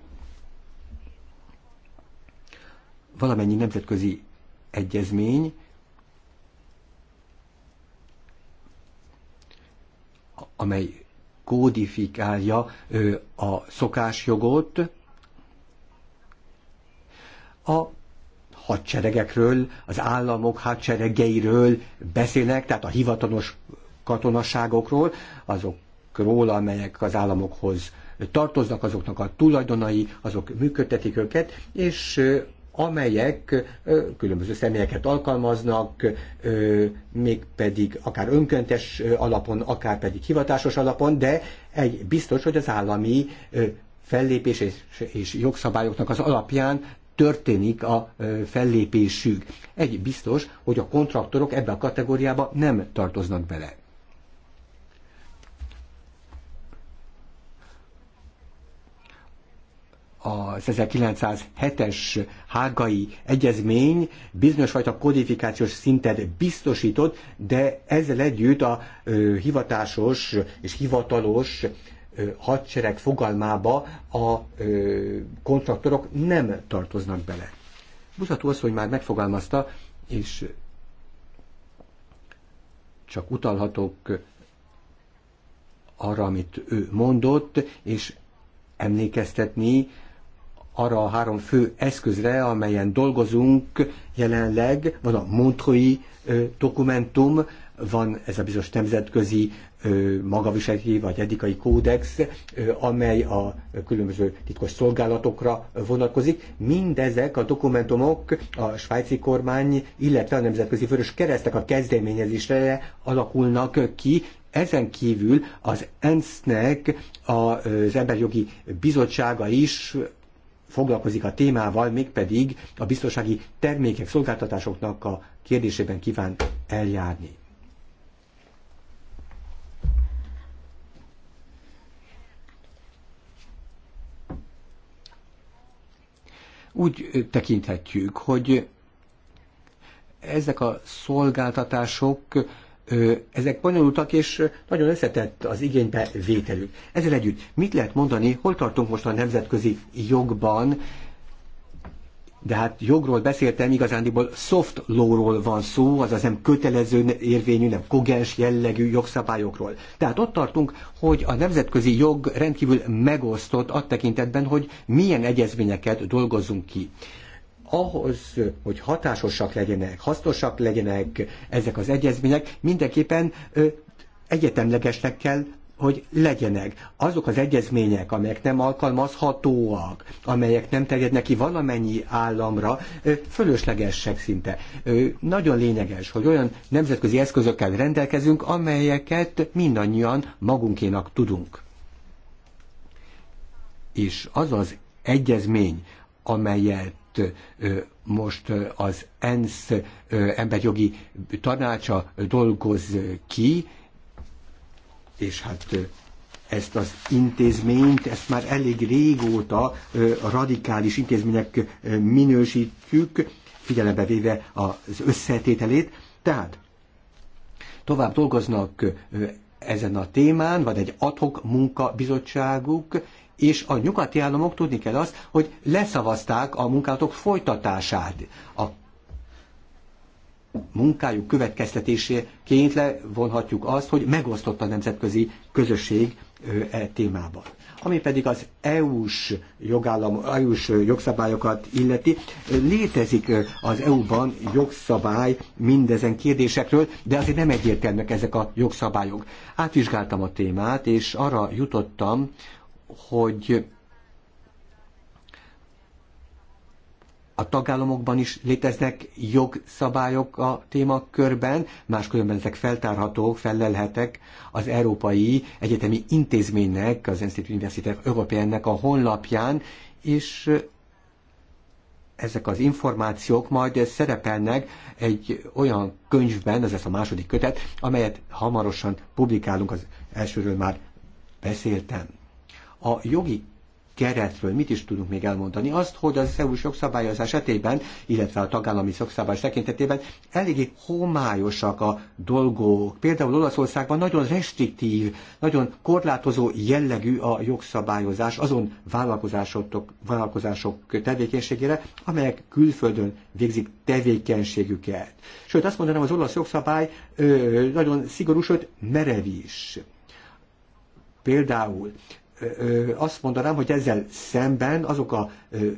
Speaker 1: Valamennyi nemzetközi egyezmény amely kódifikálja a szokásjogot, a hadseregekről, az államok hadseregeiről beszélnek, tehát a hivatalos katonaságokról, azokról, amelyek az államokhoz tartoznak, azoknak a tulajdonai, azok működtetik őket, és amelyek különböző személyeket alkalmaznak, mégpedig akár önkéntes alapon, akár pedig hivatásos alapon, de egy biztos, hogy az állami fellépés és jogszabályoknak az alapján történik a fellépésük. Egy biztos, hogy a kontraktorok ebbe a kategóriába nem tartoznak bele. az 1907-es hágai egyezmény bizonyos fajta kodifikációs szintet biztosított, de ezzel együtt a ö, hivatásos és hivatalos hadsereg fogalmába a kontraktorok nem tartoznak bele. Buzató az, hogy már megfogalmazta, és csak utalhatok arra, amit ő mondott, és emlékeztetni arra a három fő eszközre, amelyen dolgozunk jelenleg, van a Montreux dokumentum, van ez a bizonyos nemzetközi magaviseleti vagy etikai kódex, amely a különböző titkos szolgálatokra vonatkozik. Mindezek a dokumentumok a svájci kormány, illetve a Nemzetközi Vörös Keresztek a kezdeményezésre alakulnak ki, ezen kívül az ENSZ-nek az Emberjogi Bizottsága is foglalkozik a témával, mégpedig a biztonsági termékek, szolgáltatásoknak a kérdésében kíván eljárni. úgy tekinthetjük, hogy ezek a szolgáltatások ezek bonyolultak, és nagyon összetett az igénybe vételük. Ezzel együtt mit lehet mondani, hol tartunk most a nemzetközi jogban, de hát jogról beszéltem, igazándiból soft lawról van szó, azaz nem kötelező érvényű, nem kogens jellegű jogszabályokról. Tehát ott tartunk, hogy a nemzetközi jog rendkívül megosztott a tekintetben, hogy milyen egyezményeket dolgozunk ki ahhoz, hogy hatásosak legyenek, hasznosak legyenek ezek az egyezmények, mindenképpen egyetemlegesnek kell hogy legyenek azok az egyezmények, amelyek nem alkalmazhatóak, amelyek nem terjednek ki valamennyi államra, fölöslegesek szinte. Nagyon lényeges, hogy olyan nemzetközi eszközökkel rendelkezünk, amelyeket mindannyian magunkénak tudunk. És az az egyezmény, amelyet most az ENSZ emberjogi tanácsa dolgoz ki, és hát ezt az intézményt, ezt már elég régóta radikális intézmények minősítjük, figyelembe véve az összetételét. Tehát tovább dolgoznak ezen a témán, van egy adhok munkabizottságuk, és a nyugati államok tudni kell azt, hogy leszavazták a munkátok folytatását. A munkájuk következtetéséként levonhatjuk azt, hogy megosztott a nemzetközi közösség e témában. Ami pedig az EU-s jogállam, EU-s jogszabályokat illeti, létezik az EU-ban jogszabály mindezen kérdésekről, de azért nem egyértelműek ezek a jogszabályok. Átvizsgáltam a témát, és arra jutottam, hogy a tagállamokban is léteznek jogszabályok a témakörben, máskülönben ezek feltárhatók, felelhetek az Európai Egyetemi Intézménynek, az Institut Universität Európéennek a honlapján, és ezek az információk majd szerepelnek egy olyan könyvben, ez lesz a második kötet, amelyet hamarosan publikálunk, az elsőről már beszéltem. A jogi keretről mit is tudunk még elmondani? Azt, hogy az EU jogszabályozás esetében, illetve a tagállami szokszabály tekintetében eléggé homályosak a dolgok. Például Olaszországban nagyon restriktív, nagyon korlátozó jellegű a jogszabályozás azon vállalkozások, vállalkozások tevékenységére, amelyek külföldön végzik tevékenységüket. Sőt, azt mondanám, az olasz jogszabály ö, nagyon szigorú, sőt merev is. Például azt mondanám, hogy ezzel szemben azok a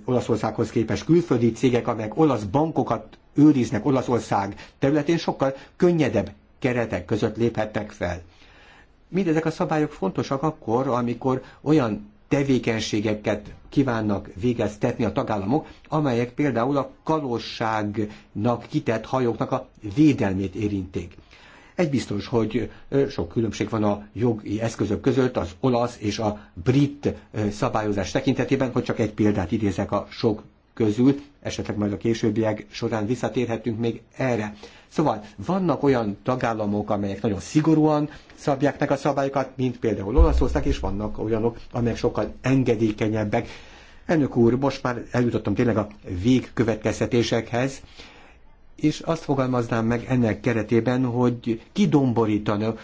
Speaker 1: Olaszországhoz képes külföldi cégek, amelyek olasz bankokat őriznek Olaszország területén, sokkal könnyedebb keretek között léphettek fel. Mindezek a szabályok fontosak akkor, amikor olyan tevékenységeket kívánnak végeztetni a tagállamok, amelyek például a kalosságnak kitett hajóknak a védelmét érinték. Egy biztos, hogy sok különbség van a jogi eszközök között az olasz és a brit szabályozás tekintetében, hogy csak egy példát idézek a sok közül, esetleg majd a későbbiek során visszatérhetünk még erre. Szóval vannak olyan tagállamok, amelyek nagyon szigorúan szabják meg a szabályokat, mint például Olaszország, és vannak olyanok, amelyek sokkal engedékenyebbek. Elnök úr, most már eljutottam tényleg a végkövetkeztetésekhez és azt fogalmaznám meg ennek keretében, hogy kidomborítana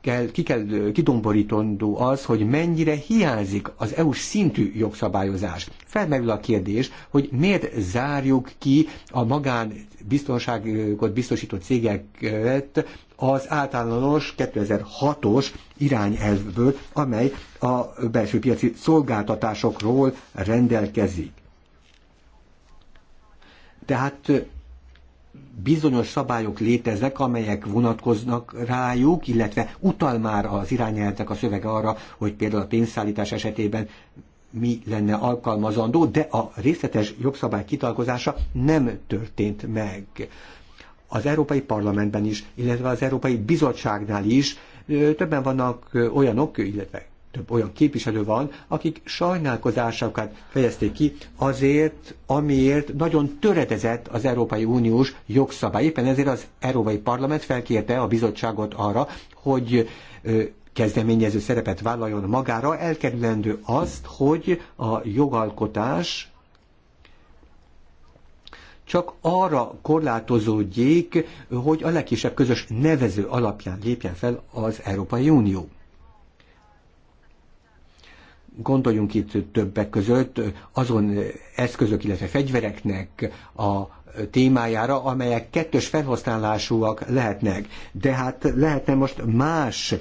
Speaker 1: kell, ki kell kidomborítandó az, hogy mennyire hiányzik az EU-s szintű jogszabályozás. Felmerül a kérdés, hogy miért zárjuk ki a magán biztonságot biztosító cégeket az általános 2006-os irányelvből, amely a belső piaci szolgáltatásokról rendelkezik. Tehát bizonyos szabályok léteznek, amelyek vonatkoznak rájuk, illetve utal már az irányelvnek a szövege arra, hogy például a pénzszállítás esetében mi lenne alkalmazandó, de a részletes jogszabály kitalkozása nem történt meg. Az Európai Parlamentben is, illetve az Európai Bizottságnál is többen vannak olyanok, illetve több olyan képviselő van, akik sajnálkozásokat fejezték ki azért, amiért nagyon töredezett az Európai Uniós jogszabály. Éppen ezért az Európai Parlament felkérte a bizottságot arra, hogy kezdeményező szerepet vállaljon magára, elkerülendő azt, hogy a jogalkotás csak arra korlátozódjék, hogy a legkisebb közös nevező alapján lépjen fel az Európai Unió. Gondoljunk itt többek között azon eszközök, illetve fegyvereknek a témájára, amelyek kettős felhasználásúak lehetnek. De hát lehetne most más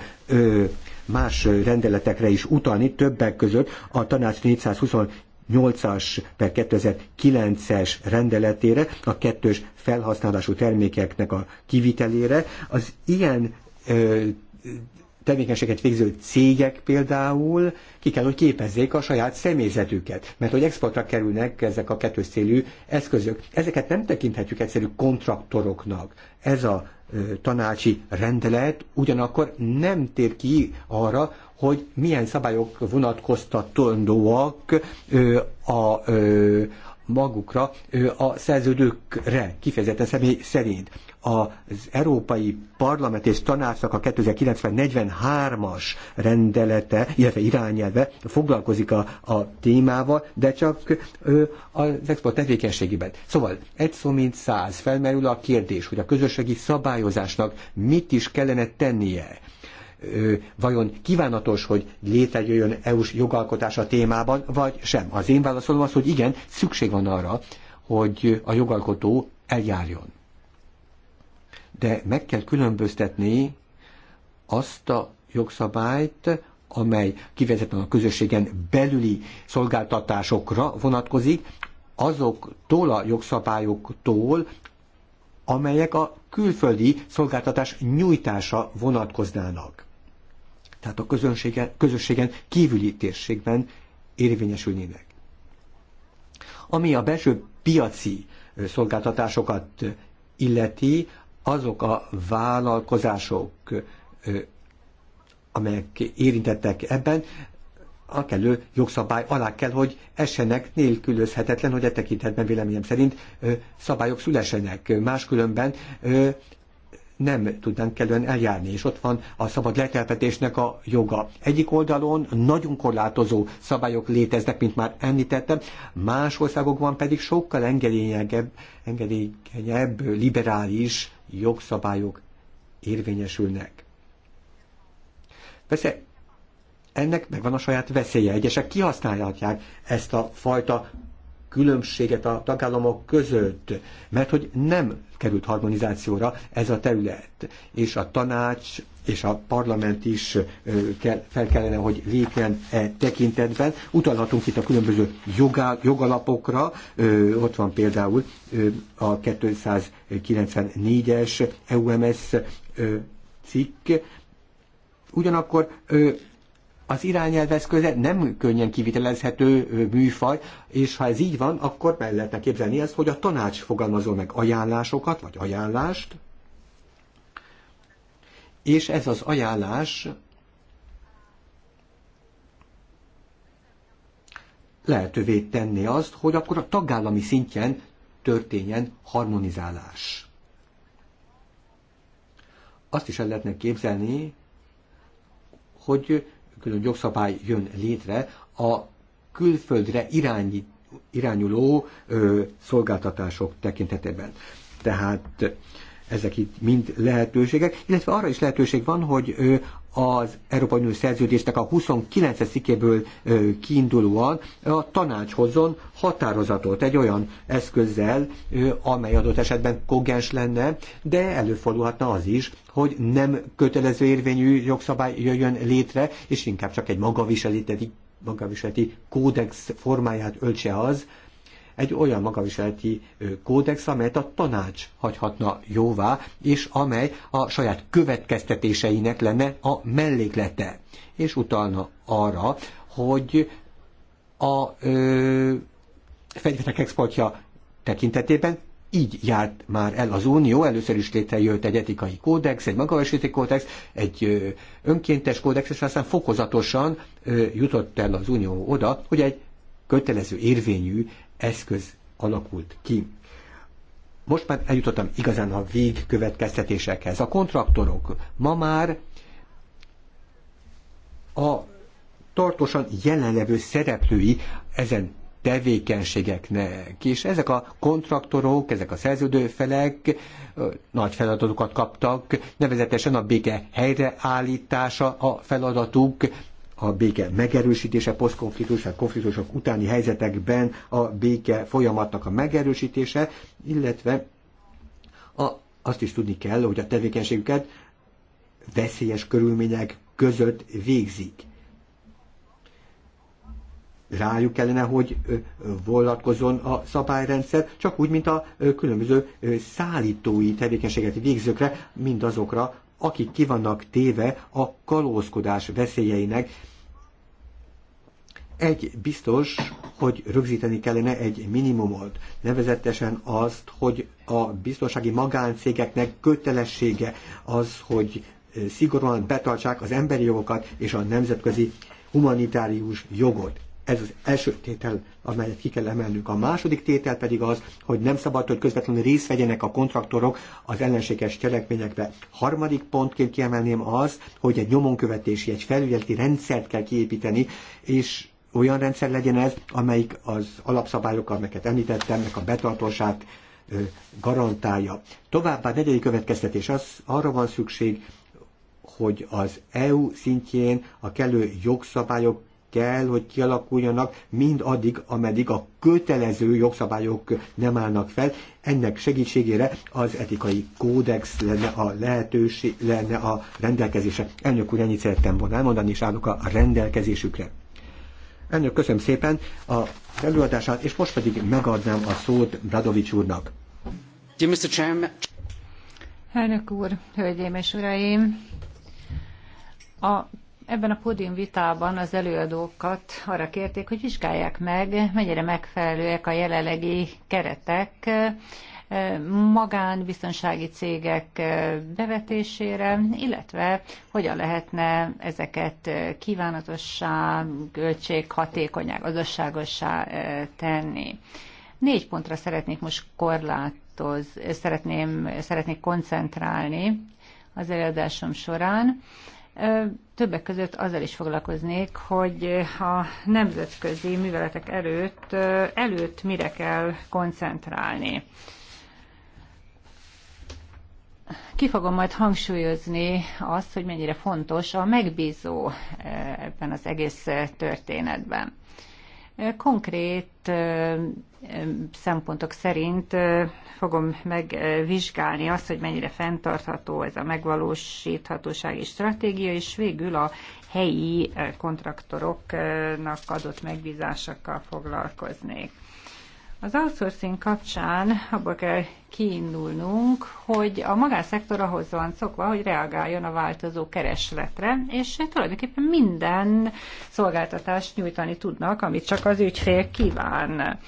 Speaker 1: más rendeletekre is utalni, többek között a tanács 428-as per 2009-es rendeletére, a kettős felhasználású termékeknek a kivitelére. Az ilyen ö, tevékenységet végző cégek például ki kell, hogy képezzék a saját személyzetüket, mert hogy exportra kerülnek ezek a kettős célú eszközök. Ezeket nem tekinthetjük egyszerű kontraktoroknak. Ez a tanácsi rendelet ugyanakkor nem tér ki arra, hogy milyen szabályok vonatkoztatandóak a, magukra, a szerződőkre, kifejezetten személy szerint az Európai Parlament és Tanácsnak a 2090-43-as rendelete, illetve irányelve foglalkozik a, a témával, de csak ö, az export tevékenységében. Szóval egy szó mint száz felmerül a kérdés, hogy a közösségi szabályozásnak mit is kellene tennie vajon kívánatos, hogy létrejöjjön EU-s jogalkotás a témában, vagy sem. Az én válaszolom az, hogy igen, szükség van arra, hogy a jogalkotó eljárjon de meg kell különböztetni azt a jogszabályt, amely kivezetlen a közösségen belüli szolgáltatásokra vonatkozik, azoktól a jogszabályoktól, amelyek a külföldi szolgáltatás nyújtása vonatkoznának. Tehát a közönségen, közösségen kívüli térségben érvényesülnének. Ami a belső piaci szolgáltatásokat illeti, azok a vállalkozások, amelyek érintettek ebben, a kellő jogszabály alá kell, hogy essenek nélkülözhetetlen, hogy e tekintetben véleményem szerint szabályok szülessenek. Máskülönben nem tudnánk kellően eljárni, és ott van a szabad letelepetésnek a joga. Egyik oldalon nagyon korlátozó szabályok léteznek, mint már említettem, más országokban pedig sokkal engedékenyebb, engedékenyebb liberális jogszabályok érvényesülnek. Persze ennek megvan a saját veszélye. Egyesek kihasználhatják ezt a fajta különbséget a tagállamok között, mert hogy nem került harmonizációra ez a terület, és a tanács és a parlament is kell, fel kellene, hogy lépjen e tekintetben. Utalhatunk itt a különböző jogál, jogalapokra, ö, ott van például ö, a 294-es EUMS cikk, ugyanakkor ö, az irányelveszköze nem könnyen kivitelezhető műfaj, és ha ez így van, akkor be lehetne képzelni ezt, hogy a tanács fogalmazol meg ajánlásokat, vagy ajánlást, és ez az ajánlás lehetővé tenni azt, hogy akkor a tagállami szintjen történjen harmonizálás. Azt is el lehetne képzelni, hogy külön jogszabály jön létre a külföldre irányít, irányuló ö, szolgáltatások tekintetében. Tehát ezek itt mind lehetőségek, illetve arra is lehetőség van, hogy az Európai Unió szerződésnek a 29 szikéből kiindulóan a tanács hozzon határozatot egy olyan eszközzel, amely adott esetben kogens lenne, de előfordulhatna az is, hogy nem kötelező érvényű jogszabály jöjjön létre, és inkább csak egy magaviseleti, magaviseleti kódex formáját öltse az, egy olyan magaviseleti kódex, amelyet a tanács hagyhatna jóvá, és amely a saját következtetéseinek lenne a melléklete, és utalna arra, hogy a ö, fegyverek exportja tekintetében így járt már el az Unió, először is létrejött egy etikai kódex, egy magaveséti kódex, egy önkéntes kódex, és aztán fokozatosan jutott el az Unió oda, hogy egy kötelező érvényű eszköz alakult ki. Most már eljutottam igazán a végkövetkeztetésekhez. A kontraktorok ma már a tartósan jelenlevő szereplői ezen tevékenységeknek, és ezek a kontraktorok, ezek a szerződőfelek nagy feladatokat kaptak, nevezetesen a béke helyreállítása a feladatuk, a béke megerősítése, posztkonfliktus vagy konfliktusok utáni helyzetekben a béke folyamatnak a megerősítése, illetve a, azt is tudni kell, hogy a tevékenységüket veszélyes körülmények között végzik rájuk kellene, hogy vonatkozzon a szabályrendszer, csak úgy, mint a különböző szállítói tevékenységet végzőkre, mindazokra, akik ki vannak téve a kalózkodás veszélyeinek, egy biztos, hogy rögzíteni kellene egy minimumot, nevezetesen azt, hogy a biztonsági magáncégeknek kötelessége az, hogy szigorúan betartsák az emberi jogokat és a nemzetközi humanitárius jogot. Ez az első tétel, amelyet ki kell emelnünk. A második tétel pedig az, hogy nem szabad, hogy közvetlenül részt vegyenek a kontraktorok az ellenséges cselekményekbe. Harmadik pontként kiemelném az, hogy egy nyomonkövetési, egy felügyeleti rendszert kell kiépíteni, és olyan rendszer legyen ez, amelyik az alapszabályok, amelyeket említettem, meg a betartását garantálja. Továbbá negyedik következtetés az, arra van szükség, hogy az EU szintjén a kellő jogszabályok kell, hogy kialakuljanak mind addig, ameddig a kötelező jogszabályok nem állnak fel. Ennek segítségére az etikai kódex lenne a lehetőség, lenne a rendelkezése. Elnök úr, ennyit szerettem volna elmondani, és állok a rendelkezésükre. Elnök, köszönöm szépen a előadását, és most pedig megadnám a szót Bradovics úrnak.
Speaker 3: Elnök úr, hölgyeim és uraim! A Ebben a podium vitában az előadókat arra kérték, hogy vizsgálják meg, mennyire megfelelőek a jelenlegi keretek magánbiztonsági cégek bevetésére, illetve hogyan lehetne ezeket kívánatossá, költséghatékonyá, gazdaságossá tenni. Négy pontra szeretnék most korlátoz, szeretném, szeretnék koncentrálni az előadásom során. Többek között azzal is foglalkoznék, hogy a nemzetközi műveletek előtt, előtt mire kell koncentrálni ki fogom majd hangsúlyozni azt, hogy mennyire fontos a megbízó eh, ebben az egész eh, történetben. Eh, konkrét szempontok szerint fogom megvizsgálni azt, hogy mennyire fenntartható ez a megvalósíthatósági stratégia, és végül a helyi kontraktoroknak adott megbízásokkal foglalkoznék. Az outsourcing kapcsán abból kell kiindulnunk, hogy a magánszektor ahhoz van szokva, hogy reagáljon a változó keresletre, és tulajdonképpen minden szolgáltatást nyújtani tudnak, amit csak az ügyfél kíván.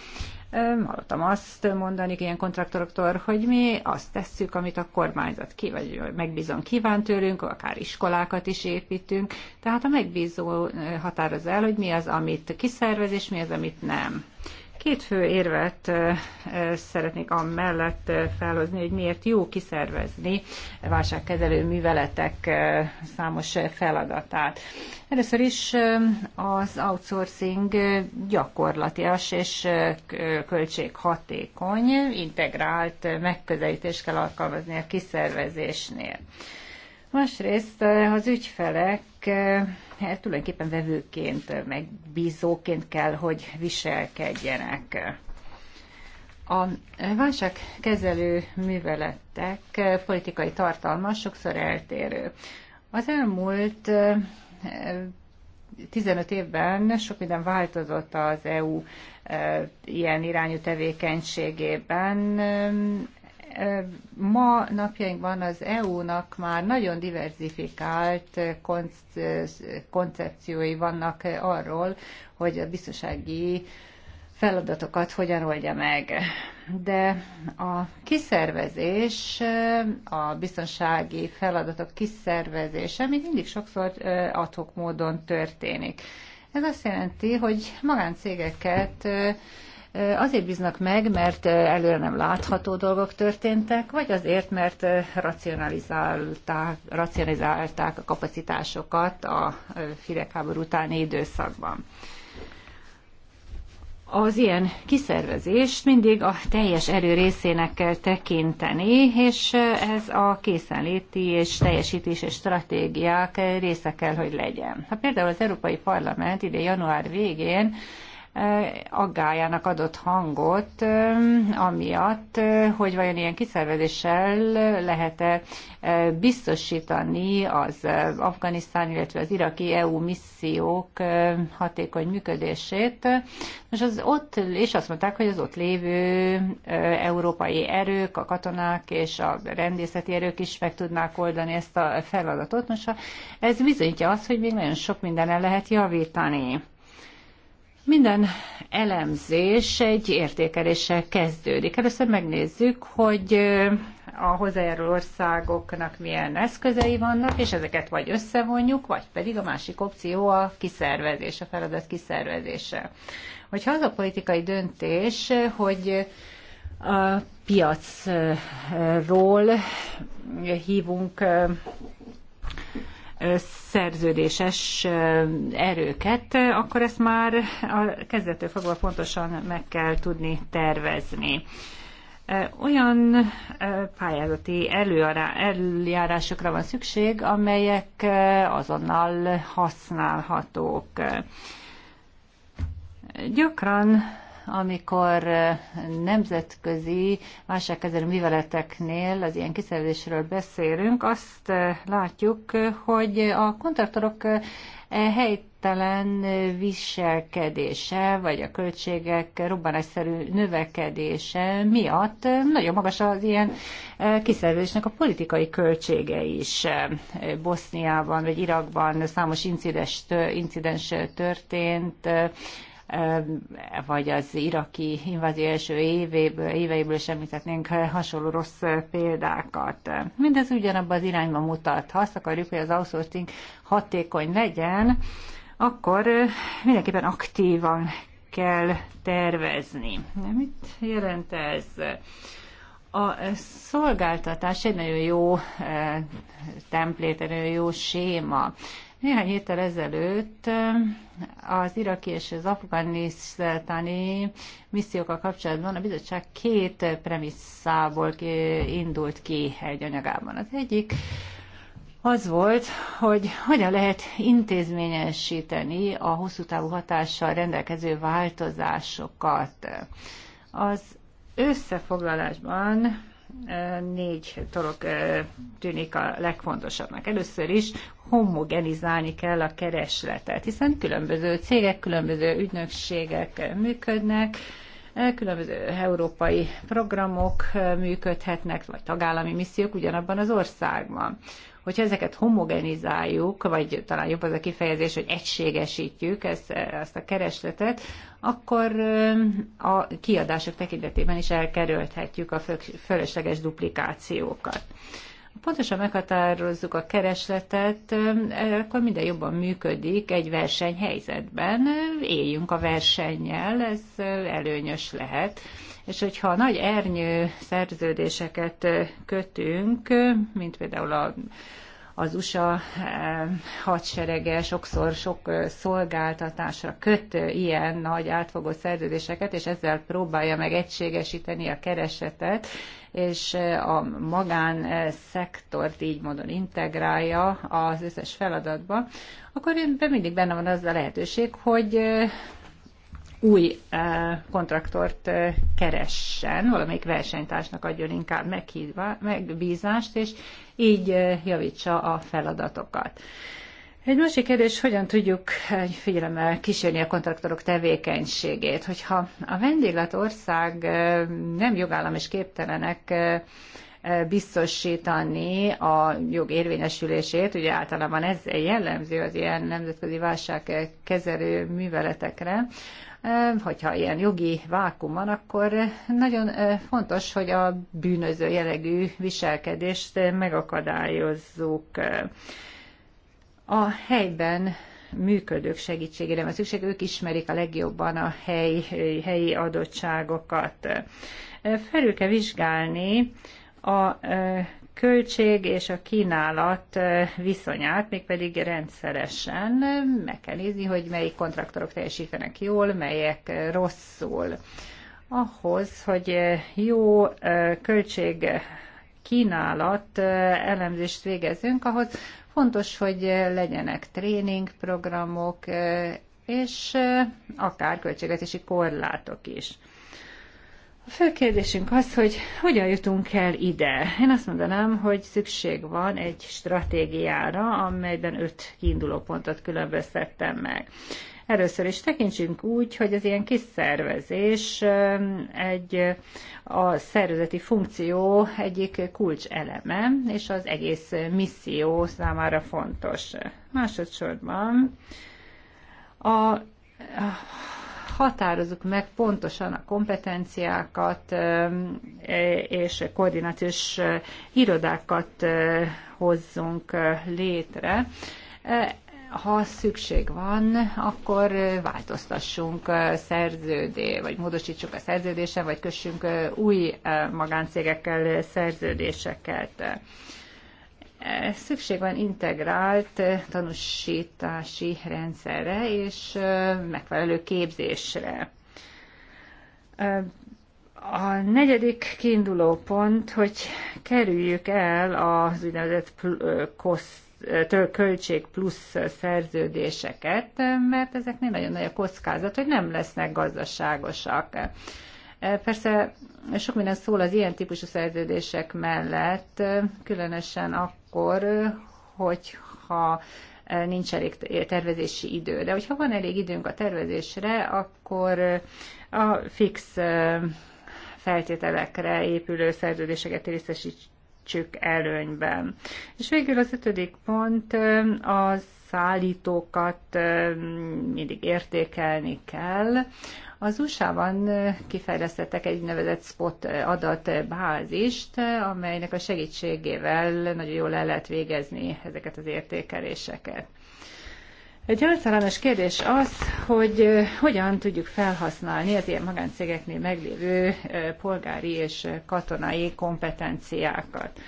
Speaker 3: Hallottam azt mondani ilyen kontraktoroktól, hogy mi azt tesszük, amit a kormányzat ki, vagy megbízon kíván tőlünk, akár iskolákat is építünk. Tehát a megbízó határoz el, hogy mi az, amit kiszervez, és mi az, amit nem. Két fő érvet szeretnék amellett felhozni, hogy miért jó kiszervezni válságkezelő műveletek számos feladatát. Először is az outsourcing gyakorlatias és költséghatékony, integrált megközelítést kell alkalmazni a kiszervezésnél. Másrészt az ügyfelek Eh, tulajdonképpen vevőként, eh, meg bízóként kell, hogy viselkedjenek. A válságkezelő műveletek eh, politikai tartalma sokszor eltérő. Az elmúlt 15 évben sok minden változott az EU ilyen irányú tevékenységében. Ma napjainkban az EU-nak már nagyon diverzifikált koncepciói vannak arról, hogy a biztonsági feladatokat hogyan oldja meg. De a kiszervezés, a biztonsági feladatok kiszervezése még mindig sokszor adhok módon történik. Ez azt jelenti, hogy magáncégeket Azért bíznak meg, mert előre nem látható dolgok történtek, vagy azért, mert racionalizálták, racionalizálták a kapacitásokat a hidegháború utáni időszakban. Az ilyen kiszervezést mindig a teljes erő részének kell tekinteni, és ez a készenléti és teljesítési stratégiák része kell, hogy legyen. Ha például az Európai Parlament ide január végén Eh, aggájának adott hangot, eh, amiatt, eh, hogy vajon ilyen kiszervezéssel lehet-e biztosítani az Afganisztán, illetve az iraki EU missziók hatékony működését. És, az ott, és azt mondták, hogy az ott lévő európai erők, a katonák és a rendészeti erők is meg tudnák oldani ezt a feladatot. Most ez bizonyítja azt, hogy még nagyon sok mindenen lehet javítani. Minden elemzés egy értékeléssel kezdődik. Először megnézzük, hogy a hozzájáruló országoknak milyen eszközei vannak, és ezeket vagy összevonjuk, vagy pedig a másik opció a kiszervezés, a feladat kiszervezése. Hogyha az a politikai döntés, hogy a piacról hívunk szerződéses erőket, akkor ezt már a kezdetől fogva pontosan meg kell tudni tervezni. Olyan pályázati eljárásokra van szükség, amelyek azonnal használhatók. Gyakran amikor nemzetközi válságkezelő műveleteknél az ilyen kiszervezésről beszélünk, azt látjuk, hogy a kontraktorok e helytelen viselkedése, vagy a költségek robbanásszerű növekedése miatt nagyon magas az ilyen kiszervezésnek a politikai költsége is. Boszniában vagy Irakban számos incidens, incidens történt, vagy az iraki invázió első évéből, éveiből is említhetnénk hasonló rossz példákat. Mindez ugyanabban az irányba mutat. Ha azt akarjuk, hogy az outsourcing hatékony legyen, akkor mindenképpen aktívan kell tervezni. Mit jelent ez? A szolgáltatás egy nagyon jó templét, egy nagyon jó séma. Néhány héttel ezelőtt eh, az iraki és az afganisztáni missziókkal kapcsolatban a bizottság két premisszából indult ki egy anyagában. Az egyik az volt, hogy hogyan lehet intézményesíteni a hosszú távú hatással rendelkező változásokat. Az összefoglalásban négy dolog tűnik a legfontosabbnak. Először is homogenizálni kell a keresletet, hiszen különböző cégek, különböző ügynökségek működnek, különböző európai programok működhetnek, vagy tagállami missziók ugyanabban az országban. Hogyha ezeket homogenizáljuk, vagy talán jobb az a kifejezés, hogy egységesítjük ezt, ezt a keresletet, akkor a kiadások tekintetében is elkerülhetjük a fölösleges duplikációkat pontosan meghatározzuk a keresletet, akkor minden jobban működik egy versenyhelyzetben. Éljünk a versennyel, ez előnyös lehet. És hogyha nagy ernyő szerződéseket kötünk, mint például a az USA eh, hadserege sokszor sok eh, szolgáltatásra köt eh, ilyen nagy átfogó szerződéseket, és ezzel próbálja meg egységesíteni a keresetet, és a szektort így módon integrálja az összes feladatba, akkor mindig benne van az a lehetőség, hogy új kontraktort keressen, valamelyik versenytársnak adjon inkább meghívva, megbízást, és így javítsa a feladatokat. Egy másik kérdés, hogyan tudjuk eh, figyelemmel kísérni a kontraktorok tevékenységét, hogyha a vendéglet ország eh, nem jogállam és képtelenek eh, biztosítani a jog érvényesülését, ugye általában ez jellemző az ilyen nemzetközi válságkezelő műveletekre, hogyha ilyen jogi vákum van, akkor nagyon fontos, hogy a bűnöző jellegű viselkedést megakadályozzuk a helyben működők segítségére van szükség, ők ismerik a legjobban a hely, helyi adottságokat. Felül kell vizsgálni a költség és a kínálat viszonyát, mégpedig rendszeresen meg kell nézni, hogy melyik kontraktorok teljesítenek jól, melyek rosszul. Ahhoz, hogy jó költség kínálat elemzést végezünk, ahhoz Fontos, hogy legyenek tréningprogramok, és akár költségvetési korlátok is. A fő kérdésünk az, hogy hogyan jutunk el ide. Én azt mondanám, hogy szükség van egy stratégiára, amelyben öt kiinduló pontot különböztettem meg. Először is tekintsünk úgy, hogy az ilyen kis szervezés egy a szervezeti funkció egyik kulcs eleme, és az egész misszió számára fontos. Másodszorban a határozzuk meg pontosan a kompetenciákat és koordinációs irodákat hozzunk létre ha szükség van, akkor változtassunk szerződé, vagy módosítsuk a szerződésen, vagy kössünk új magáncégekkel szerződéseket. Szükség van integrált tanúsítási rendszerre és megfelelő képzésre. A negyedik kiinduló pont, hogy kerüljük el az úgynevezett koszt költség plusz szerződéseket, mert ezeknél nagyon nagy a kockázat, hogy nem lesznek gazdaságosak. Persze sok minden szól az ilyen típusú szerződések mellett, különösen akkor, hogyha nincs elég tervezési idő. De hogyha van elég időnk a tervezésre, akkor a fix feltételekre épülő szerződéseket részesít, részesítsük előnyben. És végül az ötödik pont az szállítókat mindig értékelni kell. Az USA-ban kifejlesztettek egy nevezett spot adatbázist, amelynek a segítségével nagyon jól el lehet végezni ezeket az értékeléseket. Egy általános kérdés az, hogy hogyan tudjuk felhasználni az ilyen magáncégeknél meglévő polgári és katonai kompetenciákat.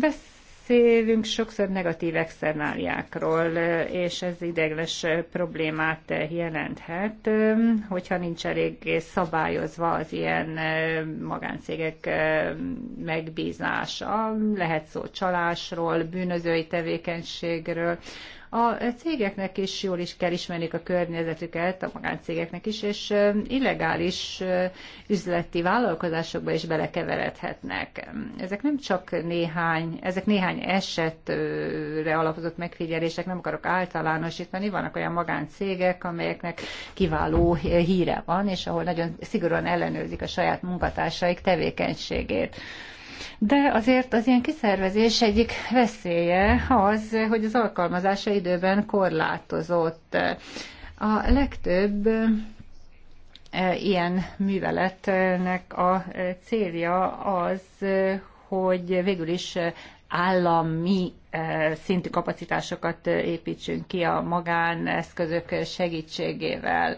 Speaker 3: Besz beszélünk sokszor negatív externáliákról, és ez ideiglenes problémát jelenthet, hogyha nincs elég szabályozva az ilyen magáncégek megbízása. Lehet szó csalásról, bűnözői tevékenységről, a cégeknek is jól is kell ismerni a környezetüket, a magáncégeknek is, és illegális üzleti vállalkozásokba is belekeveredhetnek. Ezek nem csak néhány, ezek néhány esetre alapozott megfigyelések, nem akarok általánosítani, vannak olyan magáncégek, amelyeknek kiváló híre van, és ahol nagyon szigorúan ellenőrzik a saját munkatársaik tevékenységét de azért az ilyen kiszervezés egyik veszélye az, hogy az alkalmazása időben korlátozott. A legtöbb e, ilyen műveletnek a e, célja az, hogy végül is állami e, szintű kapacitásokat építsünk ki a magáneszközök segítségével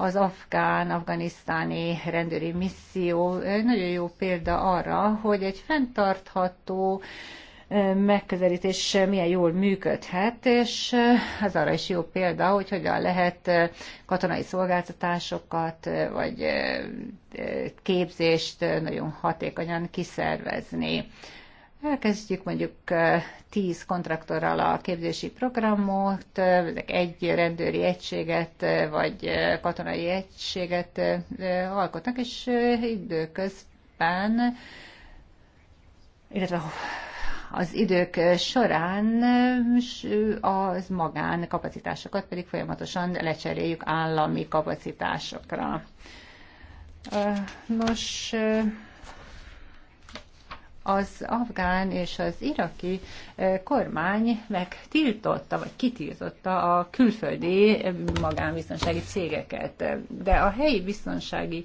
Speaker 3: az afgán-afganisztáni rendőri misszió nagyon jó példa arra, hogy egy fenntartható megközelítés milyen jól működhet, és ez arra is jó példa, hogy hogyan lehet katonai szolgáltatásokat vagy képzést nagyon hatékonyan kiszervezni elkezdjük mondjuk tíz kontraktorral a képzési programot, egy rendőri egységet vagy katonai egységet alkotnak, és időközben, illetve az idők során az magán kapacitásokat pedig folyamatosan lecseréljük állami kapacitásokra. Nos, az afgán és az iraki kormány megtiltotta, vagy kitiltotta a külföldi magánbiztonsági cégeket. De a helyi biztonsági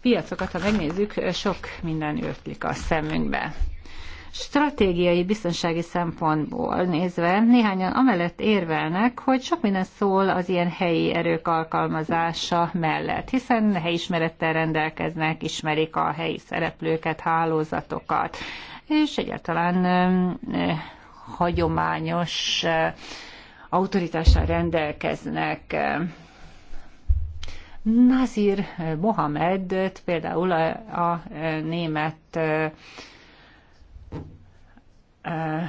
Speaker 3: piacokat, ha megnézzük, sok minden ötlik a szemünkbe stratégiai biztonsági szempontból nézve néhányan amellett érvelnek, hogy sok minden szól az ilyen helyi erők alkalmazása mellett, hiszen helyismerettel rendelkeznek, ismerik a helyi szereplőket, hálózatokat, és egyáltalán hagyományos autoritással rendelkeznek. Nazir Mohamedet például a, a német Eh,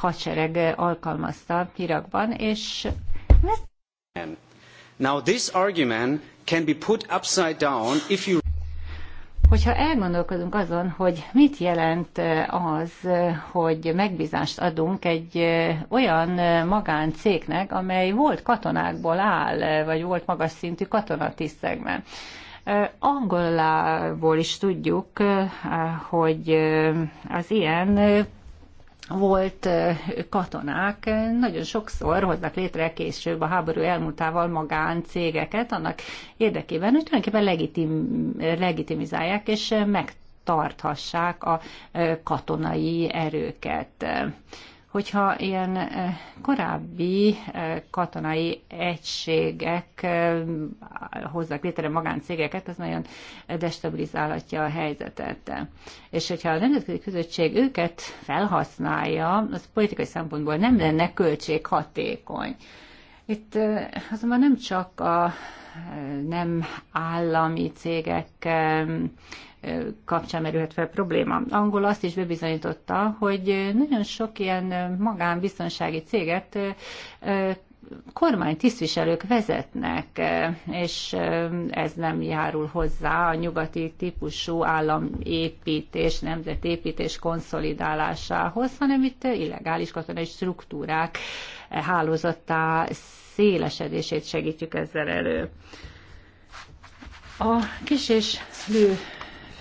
Speaker 3: hadsereg alkalmazta Irakban, és
Speaker 1: Now this argument can be put upside down if you
Speaker 3: Hogyha elgondolkodunk azon, hogy mit jelent eh, az, eh, hogy megbízást adunk egy olyan magáncégnek, amely volt katonákból áll, vagy volt magas szintű katonatisztekben. Angolából is tudjuk, hogy az ilyen volt katonák nagyon sokszor hoznak létre később a háború elmúltával magán cégeket annak érdekében, hogy tulajdonképpen legitim, legitimizálják és megtarthassák a katonai erőket hogyha ilyen eh, korábbi eh, katonai egységek eh, hozzák létre magáncégeket, az nagyon destabilizálhatja a helyzetet. És hogyha a nemzetközi közösség őket felhasználja, az politikai szempontból nem lenne költséghatékony. Itt azonban nem csak a nem állami cégek kapcsán merülhet fel probléma. Angol azt is bebizonyította, hogy nagyon sok ilyen magánbiztonsági céget kormány tisztviselők vezetnek, és ez nem járul hozzá a nyugati típusú államépítés, nemzetépítés konszolidálásához, hanem itt illegális katonai struktúrák hálózattá szélesedését segítjük ezzel elő. A kis és lő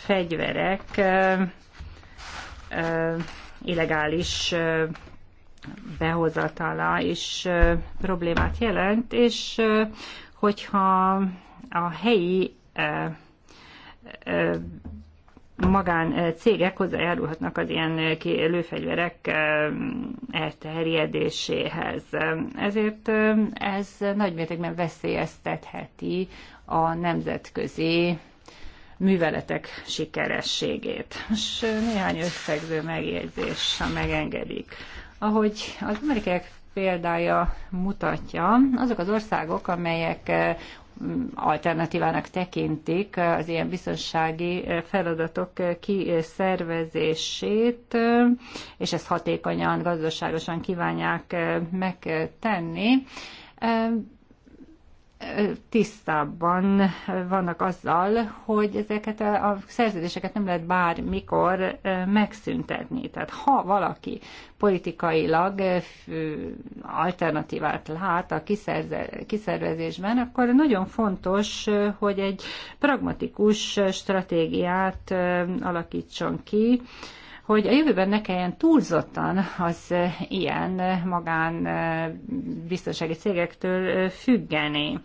Speaker 3: fegyverek illegális behozatala is problémát jelent, és hogyha a helyi magán cégek hozzájárulhatnak az ilyen lőfegyverek elterjedéséhez. Ezért ez nagymértékben veszélyeztetheti a nemzetközi műveletek sikerességét. És néhány összegző megjegyzés, ha megengedik. Ahogy az amerikák példája mutatja, azok az országok, amelyek alternatívának tekintik az ilyen biztonsági feladatok kiszervezését, és ezt hatékonyan, gazdaságosan kívánják megtenni tisztában vannak azzal, hogy ezeket a szerződéseket nem lehet bármikor megszüntetni. Tehát ha valaki politikailag alternatívát lát a kiszervezésben, akkor nagyon fontos, hogy egy pragmatikus stratégiát alakítson ki, hogy a jövőben ne kelljen túlzottan az eh, ilyen eh, magán eh, biztonsági cégektől függeni.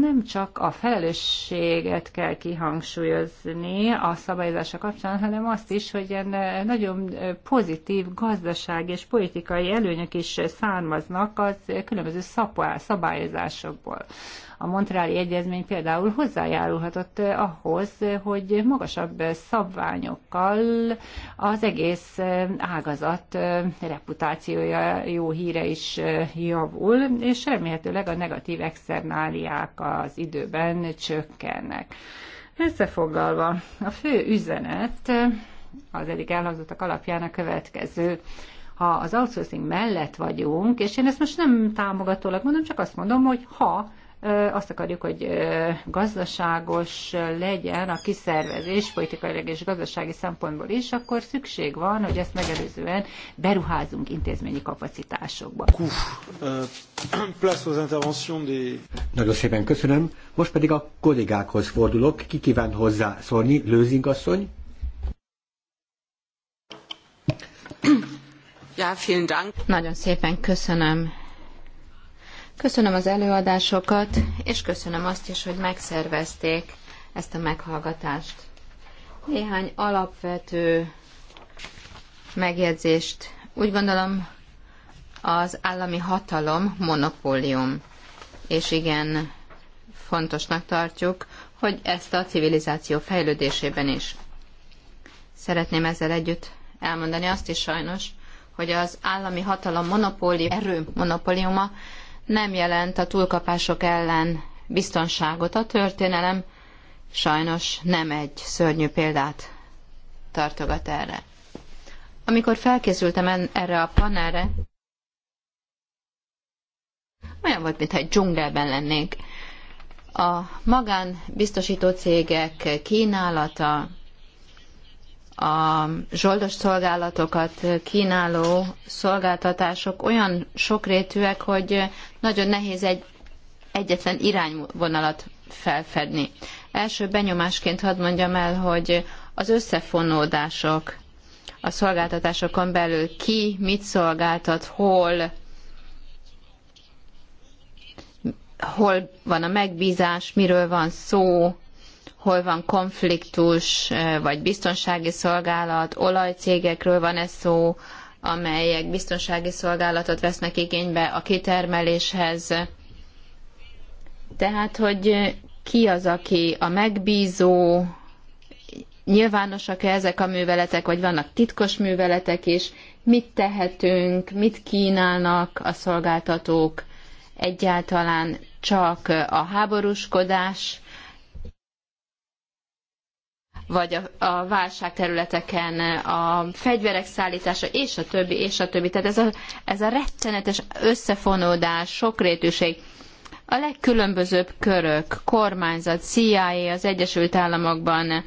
Speaker 3: Nem csak a felelősséget kell kihangsúlyozni a szabályozása kapcsán, hanem azt is, hogy ilyen nagyon pozitív gazdasági és politikai előnyök is származnak az különböző szabályozásokból. A Montreali Egyezmény például hozzájárulhatott eh, ahhoz, hogy magasabb szabványokkal az egész eh, ágazat eh, reputációja, jó híre is javul, és remélhetőleg a negatív externáliák az időben csökkennek. Összefoglalva, a fő üzenet az eddig elhangzottak alapján a következő. Ha az outsourcing mellett vagyunk, és én ezt most nem támogatólag mondom, csak azt mondom, hogy ha azt akarjuk, hogy gazdaságos legyen a kiszervezés politikailag és gazdasági szempontból is, akkor szükség van, hogy ezt megelőzően beruházunk intézményi kapacitásokba.
Speaker 1: Nagyon szépen köszönöm. Most pedig a kollégákhoz fordulok. Ki kíván hozzászólni? Lőzing asszony?
Speaker 2: Ja, vielen Dank. Nagyon szépen köszönöm, Köszönöm az előadásokat, és köszönöm azt is, hogy megszervezték ezt a meghallgatást. Néhány alapvető megjegyzést. Úgy gondolom, az állami hatalom monopólium, és igen, fontosnak tartjuk, hogy ezt a civilizáció fejlődésében is. Szeretném ezzel együtt elmondani azt is sajnos, hogy az állami hatalom monopólium, erő monopóliuma nem jelent a túlkapások ellen biztonságot. A történelem sajnos nem egy szörnyű példát tartogat erre. Amikor felkészültem erre a panelre, olyan volt, mintha egy dzsungelben lennénk. A magánbiztosító cégek kínálata, a zsoldos szolgálatokat kínáló szolgáltatások olyan sokrétűek, hogy nagyon nehéz egy egyetlen irányvonalat felfedni. Első benyomásként hadd mondjam el, hogy az összefonódások a szolgáltatásokon belül ki mit szolgáltat, hol, hol van a megbízás, miről van szó, hol van konfliktus, eh, vagy biztonsági szolgálat, olajcégekről van ez szó, amelyek biztonsági szolgálatot vesznek igénybe a kitermeléshez. Tehát, hogy ki az, aki a megbízó, nyilvánosak-e ezek a műveletek, vagy vannak titkos műveletek is, mit tehetünk, mit kínálnak a szolgáltatók, egyáltalán csak a háborúskodás vagy a, a válságterületeken a fegyverek szállítása, és a többi, és a többi. Tehát ez a, ez a rettenetes összefonódás, sokrétűség. A legkülönbözőbb körök, kormányzat, CIA az Egyesült Államokban,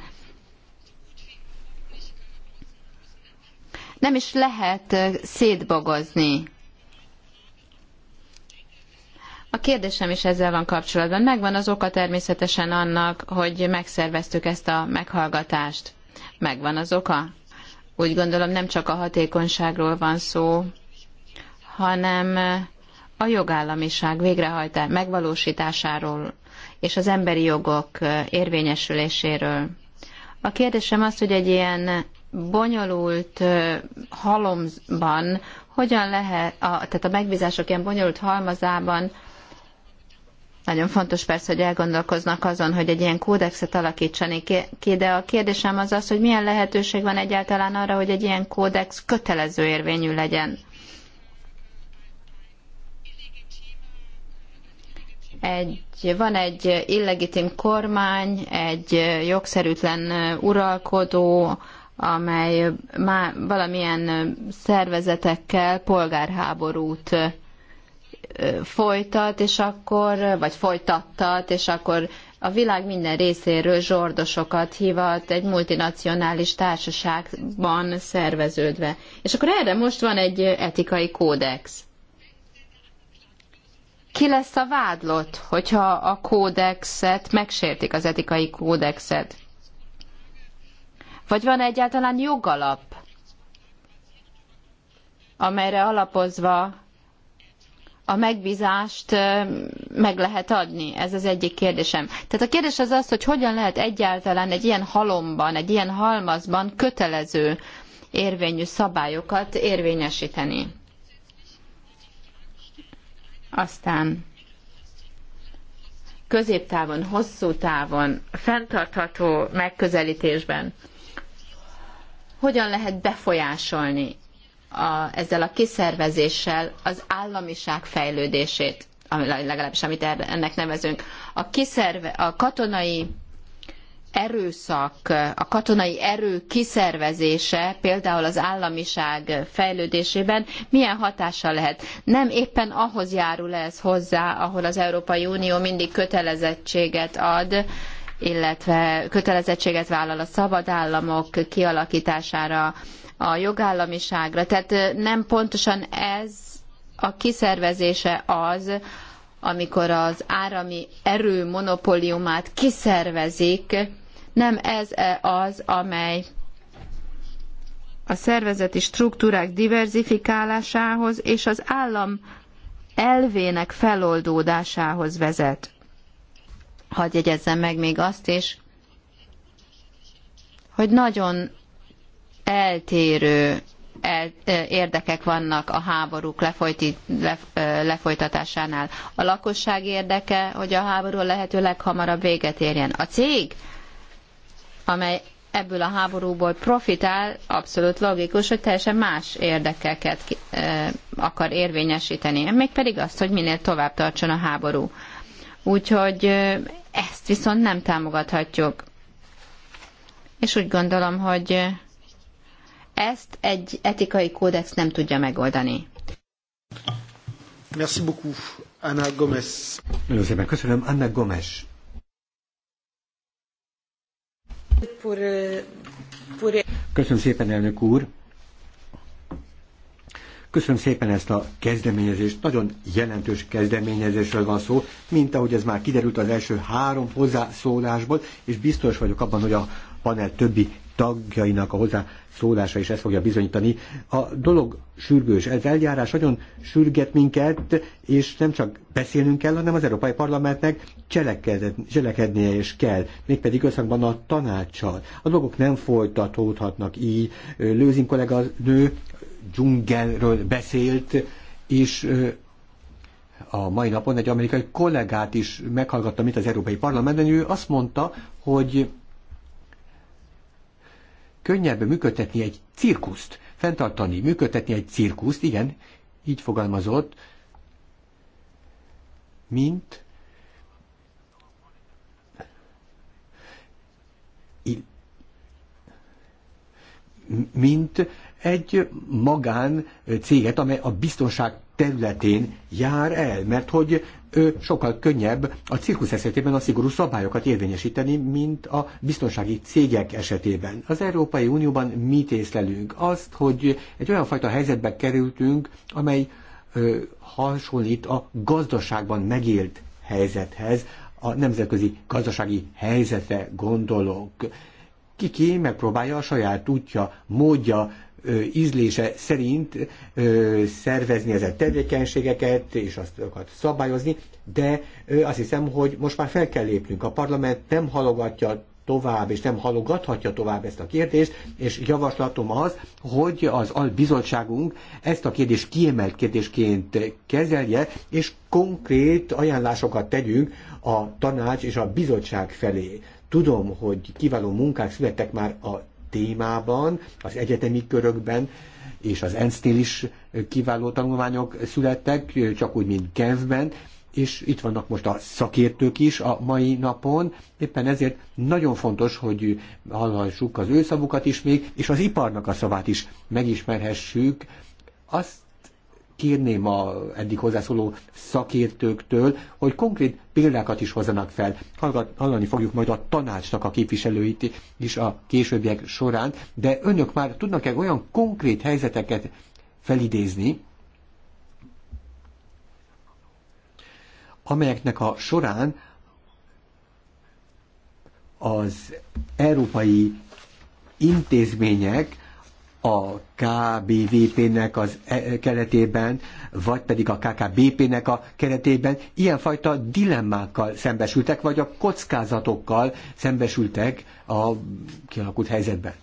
Speaker 2: nem is lehet szétbogozni a kérdésem is ezzel van kapcsolatban. Megvan az oka természetesen annak, hogy megszerveztük ezt a meghallgatást. Megvan az oka? Úgy gondolom nem csak a hatékonyságról van szó, hanem a jogállamiság végrehajtás, megvalósításáról és az emberi jogok érvényesüléséről. A kérdésem az, hogy egy ilyen bonyolult halomban hogyan lehet, a, tehát a megbízások ilyen bonyolult halmazában nagyon fontos persze, hogy elgondolkoznak azon, hogy egy ilyen kódexet alakítsanak ki, de a kérdésem az az, hogy milyen lehetőség van egyáltalán arra, hogy egy ilyen kódex kötelező érvényű legyen. Egy, van egy illegitim kormány, egy jogszerűtlen uralkodó, amely má, valamilyen szervezetekkel polgárháborút folytat, és akkor, vagy folytattat, és akkor a világ minden részéről zsordosokat hivat egy multinacionális társaságban szerveződve. És akkor erre most van egy etikai kódex. Ki lesz a vádlott, hogyha a kódexet megsértik, az etikai kódexet? Vagy van egyáltalán jogalap, amelyre alapozva a megbízást meg lehet adni? Ez az egyik kérdésem. Tehát a kérdés az az, hogy hogyan lehet egyáltalán egy ilyen halomban, egy ilyen halmazban kötelező érvényű szabályokat érvényesíteni. Aztán középtávon, hosszú távon, fenntartható megközelítésben hogyan lehet befolyásolni a, ezzel a kiszervezéssel az államiság fejlődését, legalábbis amit er- ennek nevezünk. A, kiszerve, a katonai erőszak, a katonai erő kiszervezése például az államiság fejlődésében milyen hatással lehet? Nem éppen ahhoz járul ez hozzá, ahol az Európai Unió mindig kötelezettséget ad, illetve kötelezettséget vállal a szabad államok kialakítására, a jogállamiságra. Tehát nem pontosan ez a kiszervezése az, amikor az árami erő monopóliumát kiszervezik, nem ez e az, amely a szervezeti struktúrák diverzifikálásához és az állam elvének feloldódásához vezet. Hadd jegyezzem meg még azt is, hogy nagyon eltérő érdekek vannak a háborúk lefolytatásánál. A lakosság érdeke, hogy a háború lehető leghamarabb véget érjen. A cég, amely ebből a háborúból profitál, abszolút logikus, hogy teljesen más érdekeket akar érvényesíteni, mégpedig azt, hogy minél tovább tartson a háború. Úgyhogy ezt viszont nem támogathatjuk. És úgy gondolom, hogy ezt egy etikai kódex nem tudja megoldani.
Speaker 1: Merci beaucoup, Anna Gomez. Nagyon szépen köszönöm, Anna eh, Köszönöm szépen, elnök úr. Köszönöm szépen ezt a kezdeményezést, nagyon jelentős kezdeményezésről van szó, mint ahogy ez már kiderült az első három hozzászólásból, és biztos vagyok abban, hogy a panel többi tagjainak a hozzá szólása is ezt fogja bizonyítani. A dolog sürgős, ez eljárás nagyon sürget minket, és nem csak beszélnünk kell, hanem az Európai Parlamentnek cselekednie is kell, mégpedig összhangban a tanácssal. A dolgok nem folytatódhatnak így. Lőzin kollega nő dzsungelről beszélt, és a mai napon egy amerikai kollégát is meghallgattam itt az Európai Parlamentben, ő azt mondta, hogy könnyebb működtetni egy cirkuszt, fenntartani, működtetni egy cirkuszt, igen, így fogalmazott, mint mint egy magán céget, amely a biztonság területén jár el, mert hogy sokkal könnyebb a cirkusz esetében a szigorú szabályokat érvényesíteni, mint a biztonsági cégek esetében. Az Európai Unióban mit észlelünk? Azt, hogy egy olyan fajta helyzetbe kerültünk, amely ö, hasonlít a gazdaságban megélt helyzethez, a nemzetközi gazdasági helyzete gondolok. Kiki megpróbálja a saját útja, módja ízlése szerint szervezni ezen tevékenységeket, és azokat szabályozni, de azt hiszem, hogy most már fel kell lépnünk. A parlament nem halogatja tovább, és nem halogathatja tovább ezt a kérdést, és javaslatom az, hogy az albizottságunk ezt a kérdést kiemelt kérdésként kezelje, és konkrét ajánlásokat tegyünk a tanács és a bizottság felé. Tudom, hogy kiváló munkák születtek már a témában, az egyetemi körökben, és az ensz is kiváló tanulmányok születtek, csak úgy, mint Genfben, és itt vannak most a szakértők is a mai napon, éppen ezért nagyon fontos, hogy hallhassuk az ő szavukat is még, és az iparnak a szavát is megismerhessük. Azt kérném a eddig hozzászóló szakértőktől, hogy konkrét példákat is hozzanak fel. Hallani fogjuk majd a tanácsnak a képviselőit is a későbbiek során, de önök már tudnak-e olyan konkrét helyzeteket felidézni, amelyeknek a során az európai intézmények a KBVP-nek az e, keretében, vagy pedig a KKBP-nek a keretében ilyenfajta dilemmákkal szembesültek, vagy a kockázatokkal szembesültek a kialakult helyzetben.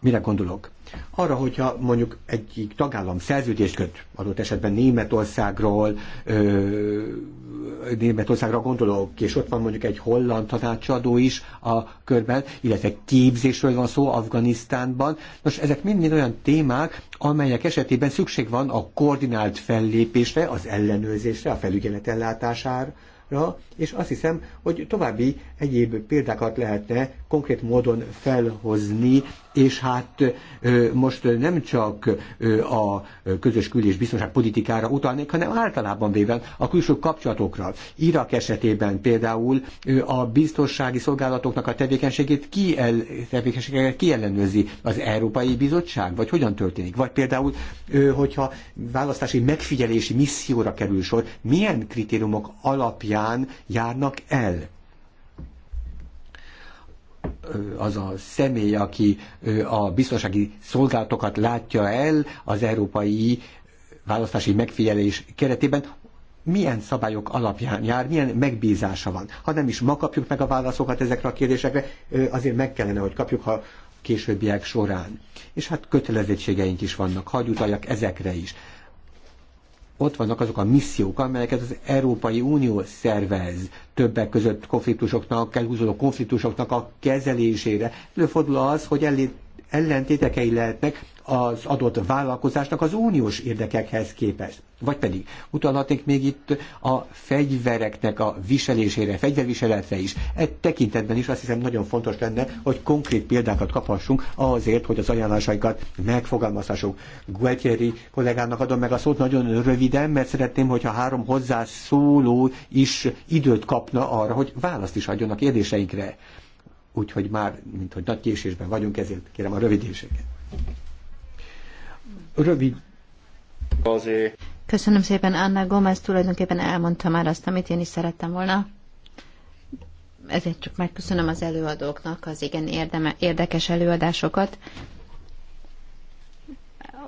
Speaker 1: Mire gondolok? arra, hogyha mondjuk egyik tagállam szerződést köt, adott esetben Németországról, ö, Németországra gondolok, és ott van mondjuk egy holland tanácsadó is a körben, illetve képzésről van szó Afganisztánban. Nos, ezek mind-mind olyan témák, amelyek esetében szükség van a koordinált fellépésre, az ellenőrzésre, a felügyelet ellátására, és azt hiszem, hogy további egyéb példákat lehetne konkrét módon felhozni és hát most nem csak a közös kül- és biztonságpolitikára utalnék, hanem általában véve a külső kapcsolatokra. Irak esetében például a biztonsági szolgálatoknak a tevékenységét ki, el, az Európai Bizottság, vagy hogyan történik? Vagy például, hogyha választási megfigyelési misszióra kerül sor, milyen kritériumok alapján járnak el? az a személy, aki a biztonsági szolgálatokat látja el az európai választási megfigyelés keretében, milyen szabályok alapján jár, milyen megbízása van. Ha nem is ma kapjuk meg a válaszokat ezekre a kérdésekre, azért meg kellene, hogy kapjuk, ha későbbiek során. És hát kötelezettségeink is vannak, hagy utaljak ezekre is ott vannak azok a missziók, amelyeket az Európai Unió szervez többek között konfliktusoknak, elhúzódó konfliktusoknak a kezelésére. Előfordul az, hogy ellentétekei lehetnek az adott vállalkozásnak az uniós érdekekhez képest. Vagy pedig utalhatnék még itt a fegyvereknek a viselésére, fegyverviseletre is. E tekintetben is azt hiszem nagyon fontos lenne, hogy konkrét példákat kaphassunk azért, hogy az ajánlásaikat megfogalmazhassuk. Gualtieri kollégának adom meg a szót nagyon röviden, mert szeretném, hogyha három hozzászóló is időt kapna arra, hogy választ is adjon a kérdéseinkre. Úgyhogy már, mint hogy nagy késésben vagyunk, ezért kérem a rövidéseket rövid.
Speaker 2: Köszönöm szépen, Anna Gomez tulajdonképpen elmondta már azt, amit én is szerettem volna. Ezért csak megköszönöm az előadóknak az igen érdeme, érdekes előadásokat.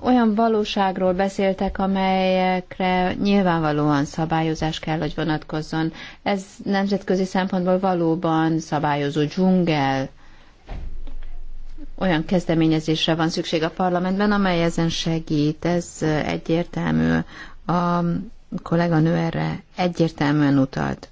Speaker 2: Olyan valóságról beszéltek, amelyekre nyilvánvalóan szabályozás kell, hogy vonatkozzon. Ez nemzetközi szempontból valóban szabályozó dzsungel olyan kezdeményezésre van szükség a parlamentben, amely ezen segít. Ez egyértelmű. A kolléganő erre egyértelműen utalt.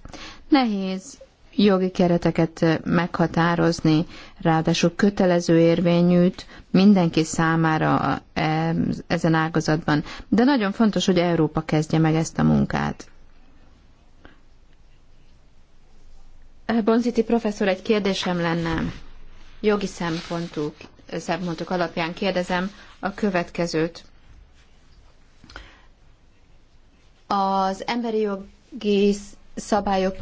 Speaker 2: Nehéz jogi kereteket meghatározni, ráadásul kötelező érvényűt mindenki számára e, ezen ágazatban. De nagyon fontos, hogy Európa kezdje meg ezt a munkát. Bonziti professzor, egy kérdésem lenne jogi szempontok, szempontok alapján kérdezem a következőt. Az emberi jogi szabályok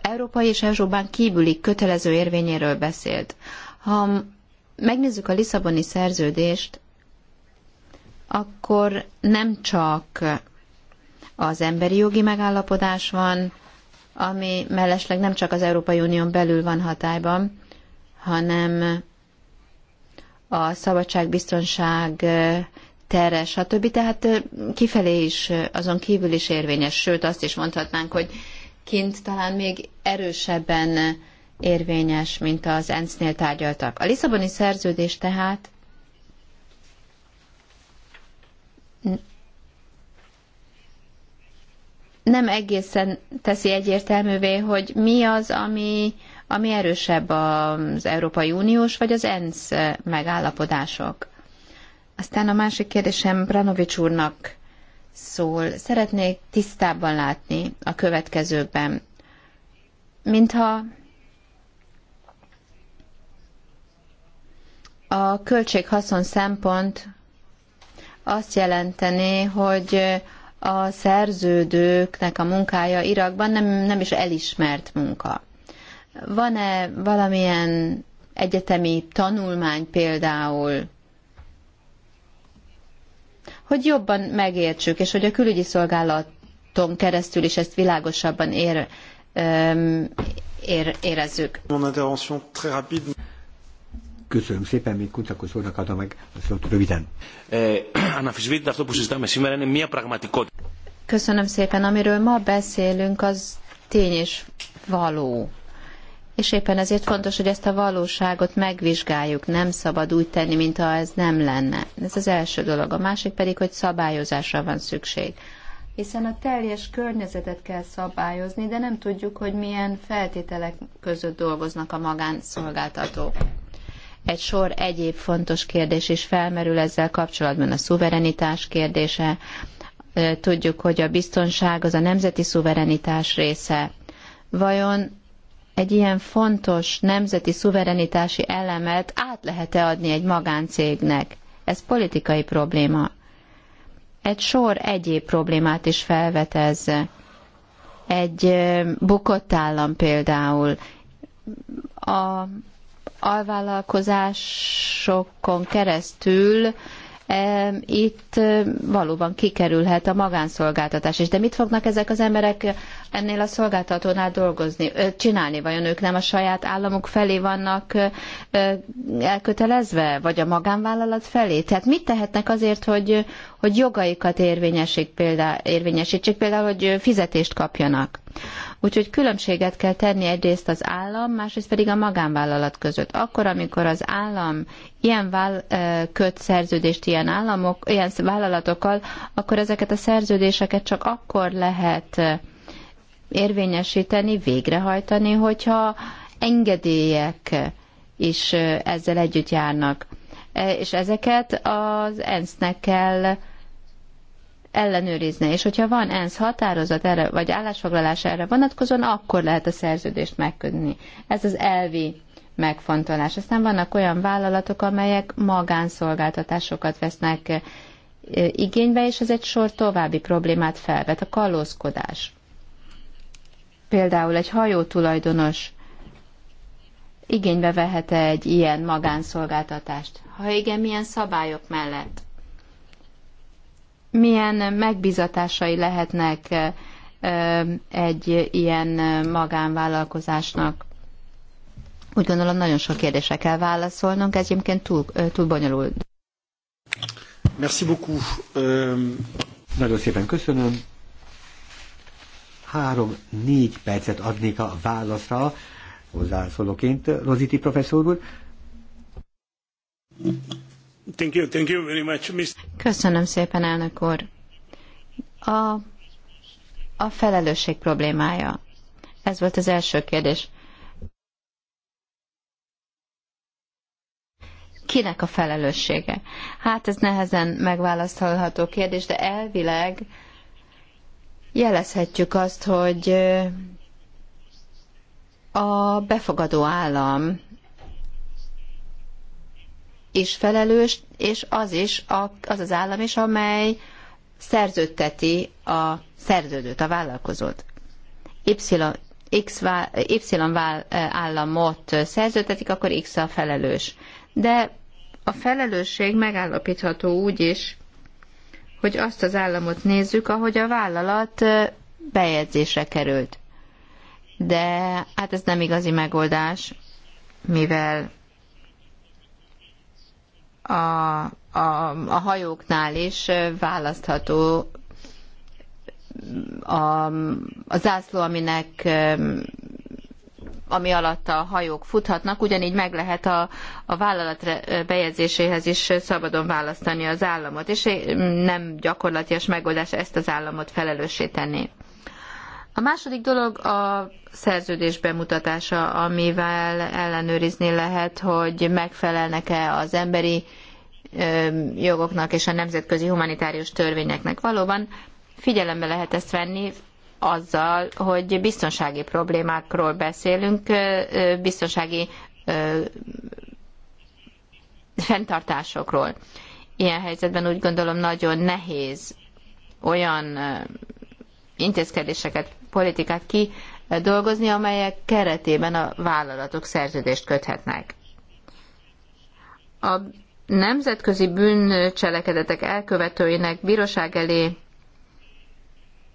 Speaker 2: európai és Európán kívüli kötelező érvényéről beszélt. Ha megnézzük a Lisszaboni szerződést, akkor nem csak az emberi jogi megállapodás van, ami mellesleg nem csak az Európai Unión belül van hatályban, hanem a szabadság, biztonság, tere, stb. Tehát kifelé is, azon kívül is érvényes, sőt azt is mondhatnánk, hogy kint talán még erősebben érvényes, mint az ENSZ-nél tárgyaltak. A Lisszaboni szerződés tehát nem egészen teszi egyértelművé, hogy mi az, ami ami erősebb az Európai Uniós vagy az ENSZ megállapodások. Aztán a másik kérdésem Branovics úrnak szól. Szeretnék tisztábban látni a következőkben. Mintha a költséghaszon szempont azt jelenteni, hogy a szerződőknek a munkája Irakban nem, nem is elismert munka. Van-e valamilyen egyetemi tanulmány például, hogy jobban megértsük, és hogy a külügyi szolgálaton keresztül is ezt világosabban ér, ér, érezzük.
Speaker 1: Köszönöm szépen, még kutakos úrnak adom meg a szót röviden.
Speaker 2: Köszönöm szépen, amiről ma beszélünk, az tény és való és éppen ezért fontos, hogy ezt a valóságot megvizsgáljuk, nem szabad úgy tenni, mintha ez nem lenne. Ez az első dolog. A másik pedig, hogy szabályozásra van szükség. Hiszen a teljes környezetet kell szabályozni, de nem tudjuk, hogy milyen feltételek között dolgoznak a magánszolgáltatók. Egy sor egyéb fontos kérdés is felmerül ezzel kapcsolatban, a szuverenitás kérdése. Tudjuk, hogy a biztonság az a nemzeti szuverenitás része. Vajon egy ilyen fontos nemzeti szuverenitási elemet át lehet-e adni egy magáncégnek? Ez politikai probléma. Egy sor egyéb problémát is felvet ez. Egy bukott állam például. A alvállalkozásokon keresztül itt valóban kikerülhet a magánszolgáltatás is. De mit fognak ezek az emberek ennél a szolgáltatónál dolgozni, csinálni? Vajon ők nem a saját államuk felé vannak elkötelezve, vagy a magánvállalat felé? Tehát mit tehetnek azért, hogy, hogy jogaikat érvényesítsék például, érvényesítsék például, hogy fizetést kapjanak? Úgyhogy különbséget kell tenni egyrészt az állam, másrészt pedig a magánvállalat között. Akkor, amikor az állam ilyen vál, köt szerződést ilyen, államok, ilyen vállalatokkal, akkor ezeket a szerződéseket csak akkor lehet érvényesíteni, végrehajtani, hogyha engedélyek is ezzel együtt járnak. E, és ezeket az ENSZ-nek kell ellenőrizne, és hogyha van ENSZ határozat erre, vagy állásfoglalás erre vonatkozóan, akkor lehet a szerződést megködni. Ez az elvi megfontolás. Aztán vannak olyan vállalatok, amelyek magánszolgáltatásokat vesznek eh, igénybe, és ez egy sor további problémát felvet, a kalózkodás. Például egy hajó tulajdonos igénybe vehet -e egy ilyen magánszolgáltatást? Ha igen, milyen szabályok mellett? milyen megbizatásai lehetnek egy ilyen magánvállalkozásnak? Úgy gondolom, nagyon sok kérdésre kell válaszolnunk, ez egyébként túl, túl bonyolult.
Speaker 1: Merci beaucoup. Um... Nagyon szépen köszönöm. Három-négy percet adnék a válaszra hozzászólóként Roziti professzor úr.
Speaker 2: Thank you, thank you very much, Mr. Köszönöm szépen, elnök úr. A, a felelősség problémája. Ez volt az első kérdés. Kinek a felelőssége? Hát ez nehezen megválasztható kérdés, de elvileg jelezhetjük azt, hogy a befogadó állam is felelős, és az is a, az az állam is, amely szerződteti a szerződőt, a vállalkozót. Y, X, y vál, eh, államot szerződtetik, akkor X a felelős. De a felelősség megállapítható úgy is, hogy azt az államot nézzük, ahogy a vállalat eh, bejegyzésre került. De hát ez nem igazi megoldás, mivel a, a, a hajóknál is választható a, a zászló, aminek ami alatt a hajók futhatnak, ugyanígy meg lehet a, a vállalat bejegyzéséhez is szabadon választani az államot, és nem gyakorlatias megoldás ezt az államot felelőssé tenni. A második dolog a szerződés bemutatása, amivel ellenőrizni lehet, hogy megfelelnek-e az emberi jogoknak és a nemzetközi humanitárius törvényeknek. Valóban figyelembe lehet ezt venni azzal, hogy biztonsági problémákról beszélünk, biztonsági fenntartásokról. Ilyen helyzetben úgy gondolom nagyon nehéz olyan intézkedéseket politikát ki dolgozni, amelyek keretében a vállalatok szerződést köthetnek. A nemzetközi bűncselekedetek elkövetőinek bíróság elé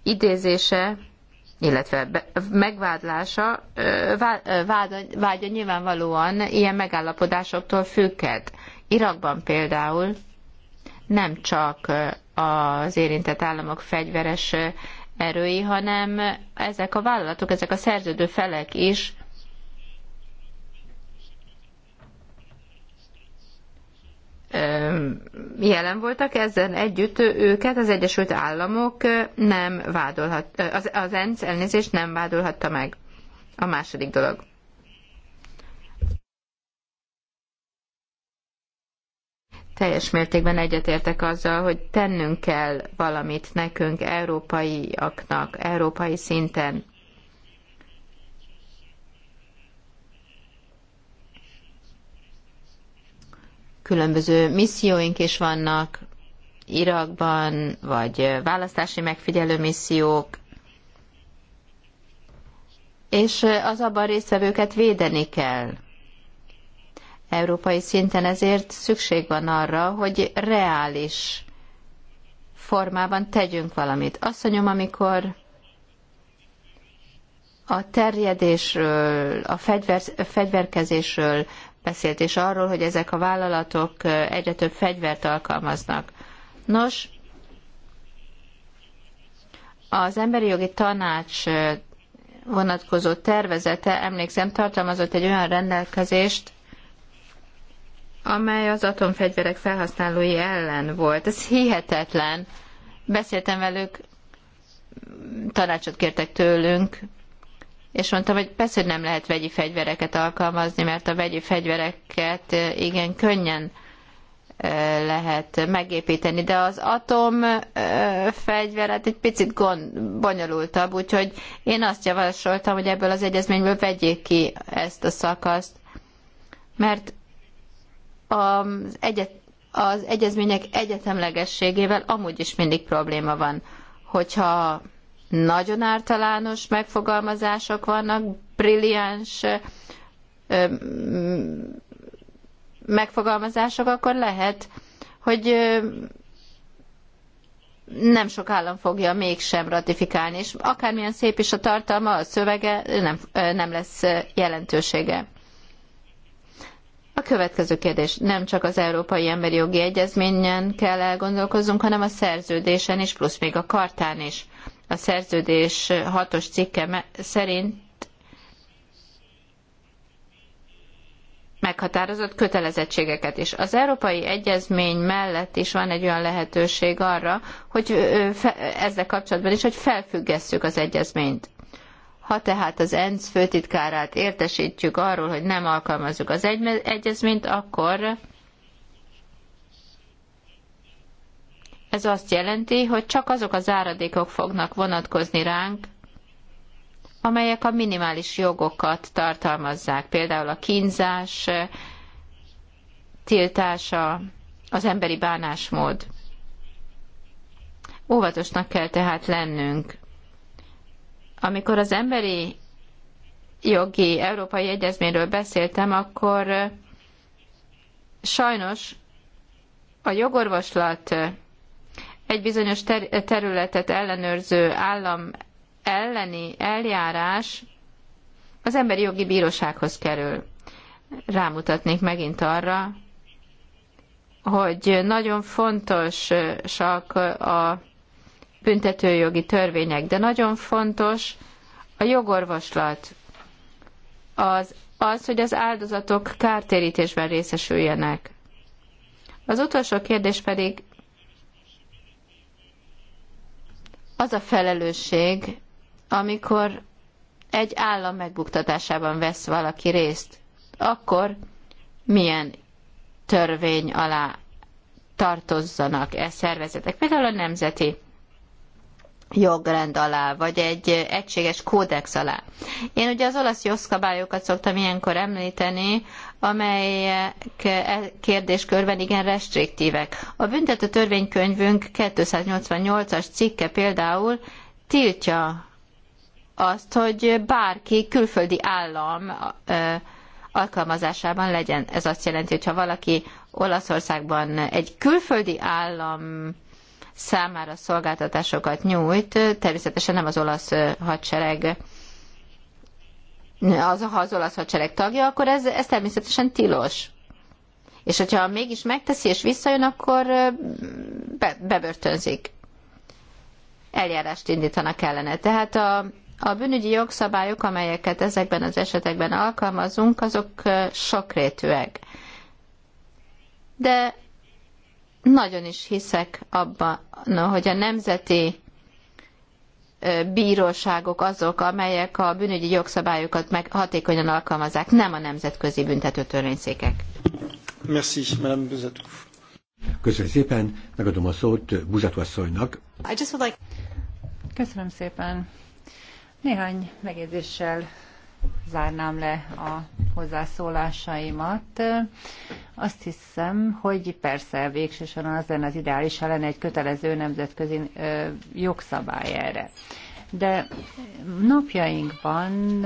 Speaker 2: idézése, illetve megvádlása vágya nyilvánvalóan ilyen megállapodásoktól függhet. Irakban például nem csak az érintett államok fegyveres erői, hanem ezek a vállalatok, ezek a szerződő felek is jelen voltak, ezzel együtt őket az Egyesült Államok nem vádolhat, az, az ENSZ elnézést nem vádolhatta meg. A második dolog. teljes mértékben egyetértek azzal, hogy tennünk kell valamit nekünk, európaiaknak, európai szinten. Különböző misszióink is vannak, Irakban, vagy választási megfigyelő missziók, és az abban résztvevőket védeni kell európai szinten, ezért szükség van arra, hogy reális formában tegyünk valamit. mondjam, amikor a terjedésről, a fegyver, fegyverkezésről beszélt, és arról, hogy ezek a vállalatok egyre több fegyvert alkalmaznak. Nos, az emberi jogi tanács vonatkozó tervezete, emlékszem, tartalmazott egy olyan rendelkezést, amely az atomfegyverek felhasználói ellen volt. Ez hihetetlen. Beszéltem velük, tanácsot kértek tőlünk, és mondtam, hogy persze, hogy nem lehet vegyi fegyvereket alkalmazni, mert a vegyi fegyvereket igen könnyen lehet megépíteni, de az atom fegyveret hát egy picit gond, bonyolultabb, úgyhogy én azt javasoltam, hogy ebből az egyezményből vegyék ki ezt a szakaszt, mert az, egyet, az egyezmények egyetemlegességével amúgy is mindig probléma van. Hogyha nagyon általános megfogalmazások vannak, brilliáns megfogalmazások, akkor lehet, hogy nem sok állam fogja mégsem ratifikálni, és akármilyen szép is a tartalma, a szövege nem, nem lesz jelentősége. A következő kérdés. Nem csak az Európai Emberi Jogi Egyezményen kell elgondolkoznunk, hanem a szerződésen is, plusz még a kartán is. A szerződés hatos cikke szerint meghatározott kötelezettségeket is. Az Európai Egyezmény mellett is van egy olyan lehetőség arra, hogy ezzel kapcsolatban is, hogy felfüggesszük az egyezményt. Ha tehát az ENSZ főtitkárát értesítjük arról, hogy nem alkalmazzuk az egy- egyezményt, akkor ez azt jelenti, hogy csak azok az áradékok fognak vonatkozni ránk, amelyek a minimális jogokat tartalmazzák, például a kínzás tiltása, az emberi bánásmód. Óvatosnak kell tehát lennünk amikor az emberi jogi európai egyezményről beszéltem, akkor sajnos a jogorvoslat egy bizonyos területet ellenőrző állam elleni eljárás az emberi jogi bírósághoz kerül. Rámutatnék megint arra, hogy nagyon fontosak a büntetőjogi törvények, de nagyon fontos a jogorvoslat, az, az, hogy az áldozatok kártérítésben részesüljenek. Az utolsó kérdés pedig az a felelősség, amikor egy állam megbuktatásában vesz valaki részt, akkor milyen törvény alá tartozzanak e szervezetek, például a nemzeti jogrend alá, vagy egy egységes kódex alá. Én ugye az olasz jogszabályokat szoktam ilyenkor említeni, amelyek e kérdéskörben igen restriktívek. A büntető törvénykönyvünk 288-as cikke például tiltja azt, hogy bárki külföldi állam e, alkalmazásában legyen. Ez azt jelenti, hogy ha valaki Olaszországban egy külföldi állam számára szolgáltatásokat nyújt, természetesen nem az olasz hadsereg az, ha az olasz hadsereg tagja, akkor ez, ez természetesen tilos. És hogyha mégis megteszi és visszajön, akkor be, bebörtönzik. Eljárást indítanak ellene. Tehát a, a bűnügyi jogszabályok, amelyeket ezekben az esetekben alkalmazunk, azok sokrétűek. De nagyon is hiszek abban, hogy a nemzeti bíróságok azok, amelyek a bűnügyi jogszabályokat meg hatékonyan alkalmazzák, nem a nemzetközi büntető törvényszékek.
Speaker 1: Merci, Madame Buzatou. Köszönöm szépen, megadom a szót Buzatú asszonynak.
Speaker 3: Like... Köszönöm szépen. Néhány megjegyzéssel zárnám le a hozzászólásaimat. Azt hiszem, hogy persze végsősorban az lenne az ideális, ha lenne egy kötelező nemzetközi jogszabály erre. De napjainkban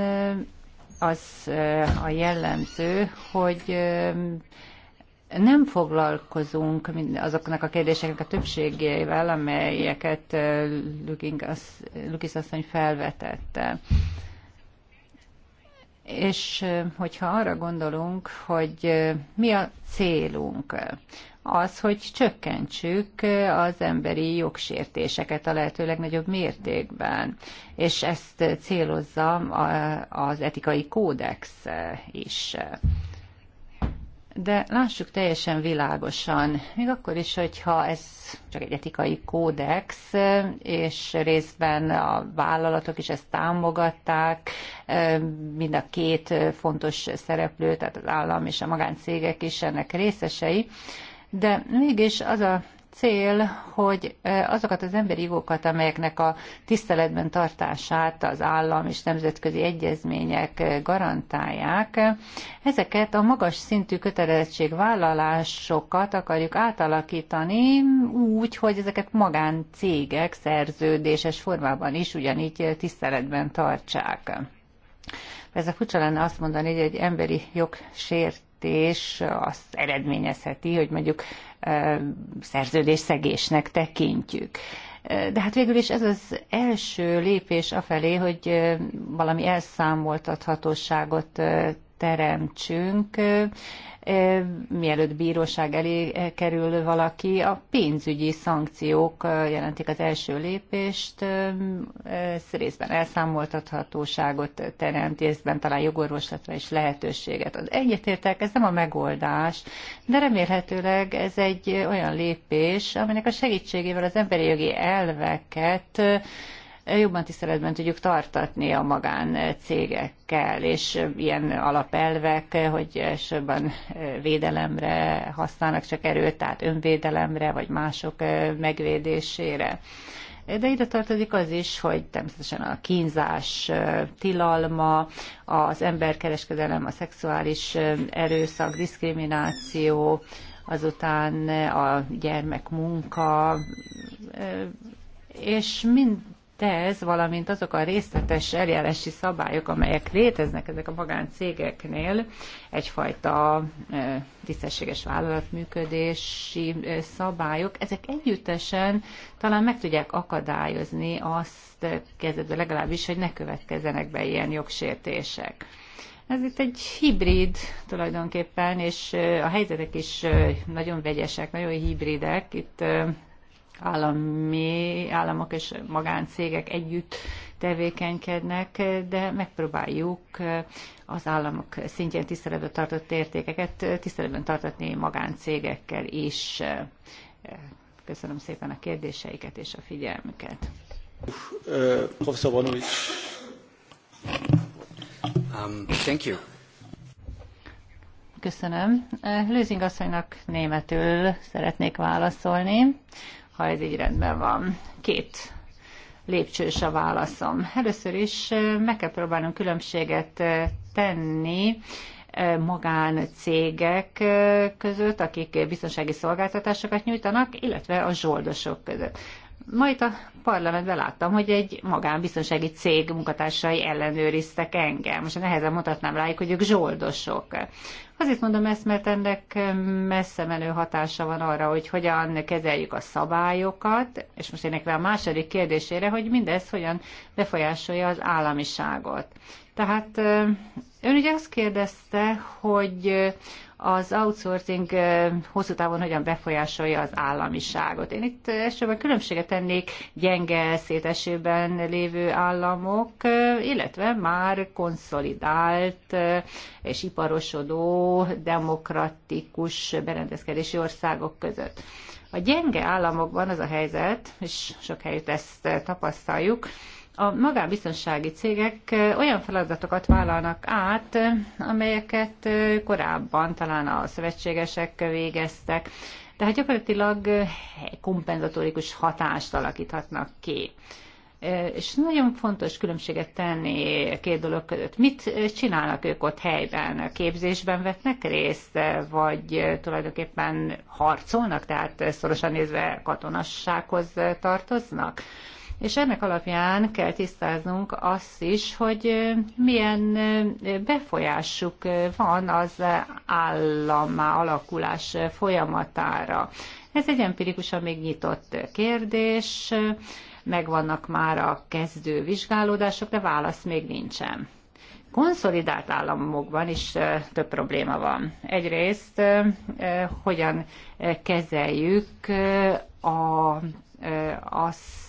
Speaker 3: az a jellemző, hogy nem foglalkozunk azoknak a kérdéseknek a többségével, amelyeket Lukis asszony felvetette. És hogyha arra gondolunk, hogy mi a célunk, az, hogy csökkentsük az emberi jogsértéseket a lehető legnagyobb mértékben, és ezt célozza az etikai kódex is. De lássuk teljesen világosan, még akkor is, hogyha ez csak egy etikai kódex, és részben a vállalatok is ezt támogatták, mind a két fontos szereplő, tehát az állam és a magáncégek is ennek részesei, de mégis az a cél, hogy azokat az emberi jogokat, amelyeknek a tiszteletben tartását az állam és nemzetközi egyezmények garantálják, ezeket a magas szintű kötelezettségvállalásokat akarjuk átalakítani úgy, hogy ezeket magáncégek szerződéses formában is ugyanígy tiszteletben tartsák. Ez a furcsa lenne azt mondani, hogy egy emberi jogsértés azt eredményezheti, hogy mondjuk szerződésszegésnek tekintjük. De hát végül is ez az első lépés afelé, hogy valami elszámoltathatóságot teremtsünk, mielőtt bíróság elé kerül valaki, a pénzügyi szankciók jelentik az első lépést, ez részben elszámoltathatóságot teremt, részben talán jogorvoslatra is lehetőséget ad. Egyetértek, ez nem a megoldás, de remélhetőleg ez egy olyan lépés, aminek a segítségével az emberi jogi elveket jobban tiszteletben tudjuk tartatni a magáncégekkel, és ilyen alapelvek, hogy elsőbben védelemre használnak csak erőt, tehát önvédelemre, vagy mások megvédésére. De ide tartozik az is, hogy természetesen a kínzás tilalma, az emberkereskedelem, a szexuális erőszak, diszkrimináció, azután a gyermekmunka, és mind ez, valamint azok a részletes eljárási szabályok, amelyek léteznek ezek a magáncégeknél, egyfajta tisztességes vállalatműködési szabályok, ezek együttesen talán meg tudják akadályozni azt kezdetben legalábbis, hogy ne következzenek be ilyen jogsértések. Ez itt egy hibrid tulajdonképpen, és a helyzetek is nagyon vegyesek, nagyon hibridek. Itt állami, államok és magáncégek együtt tevékenykednek, de megpróbáljuk az államok szintjén tiszteletben tartott értékeket tiszteletben tartatni magáncégekkel is. Köszönöm szépen a kérdéseiket és a figyelmüket.
Speaker 1: Professor Bonovic. Um, thank you.
Speaker 3: Köszönöm. Lőzing asszonynak németül szeretnék válaszolni ha ez így rendben van. Két lépcsős a válaszom. Először is meg kell próbálnom különbséget tenni magáncégek között, akik biztonsági szolgáltatásokat nyújtanak, illetve a zsoldosok között. Ma itt a parlamentben láttam, hogy egy magánbiztonsági cég munkatársai ellenőriztek engem. Most nehezen mutatnám rájuk, hogy ők zsoldosok. Azért mondom ezt, mert ennek messze menő hatása van arra, hogy hogyan kezeljük a szabályokat, és most énekve a második kérdésére, hogy mindez hogyan befolyásolja az államiságot. Tehát ön ugye azt kérdezte, hogy az outsourcing hosszú távon hogyan befolyásolja az államiságot. Én itt elsőben különbséget tennék gyenge szétesőben lévő államok, illetve már konszolidált és iparosodó demokratikus berendezkedési országok között. A gyenge államokban az a helyzet, és sok helyütt ezt tapasztaljuk, a magánbiztonsági cégek olyan feladatokat vállalnak át, amelyeket korábban talán a szövetségesek végeztek, tehát gyakorlatilag kompenzatórikus hatást alakíthatnak ki. És nagyon fontos különbséget tenni két dolog között. Mit csinálnak ők ott helyben? Képzésben vetnek részt, vagy tulajdonképpen harcolnak, tehát szorosan nézve katonassághoz tartoznak? És ennek alapján kell tisztáznunk azt is, hogy milyen befolyásuk van az állammá alakulás folyamatára. Ez egy empirikusan még nyitott kérdés, megvannak már a kezdő vizsgálódások, de válasz még nincsen. Konszolidált államokban is több probléma van. Egyrészt hogyan kezeljük a, azt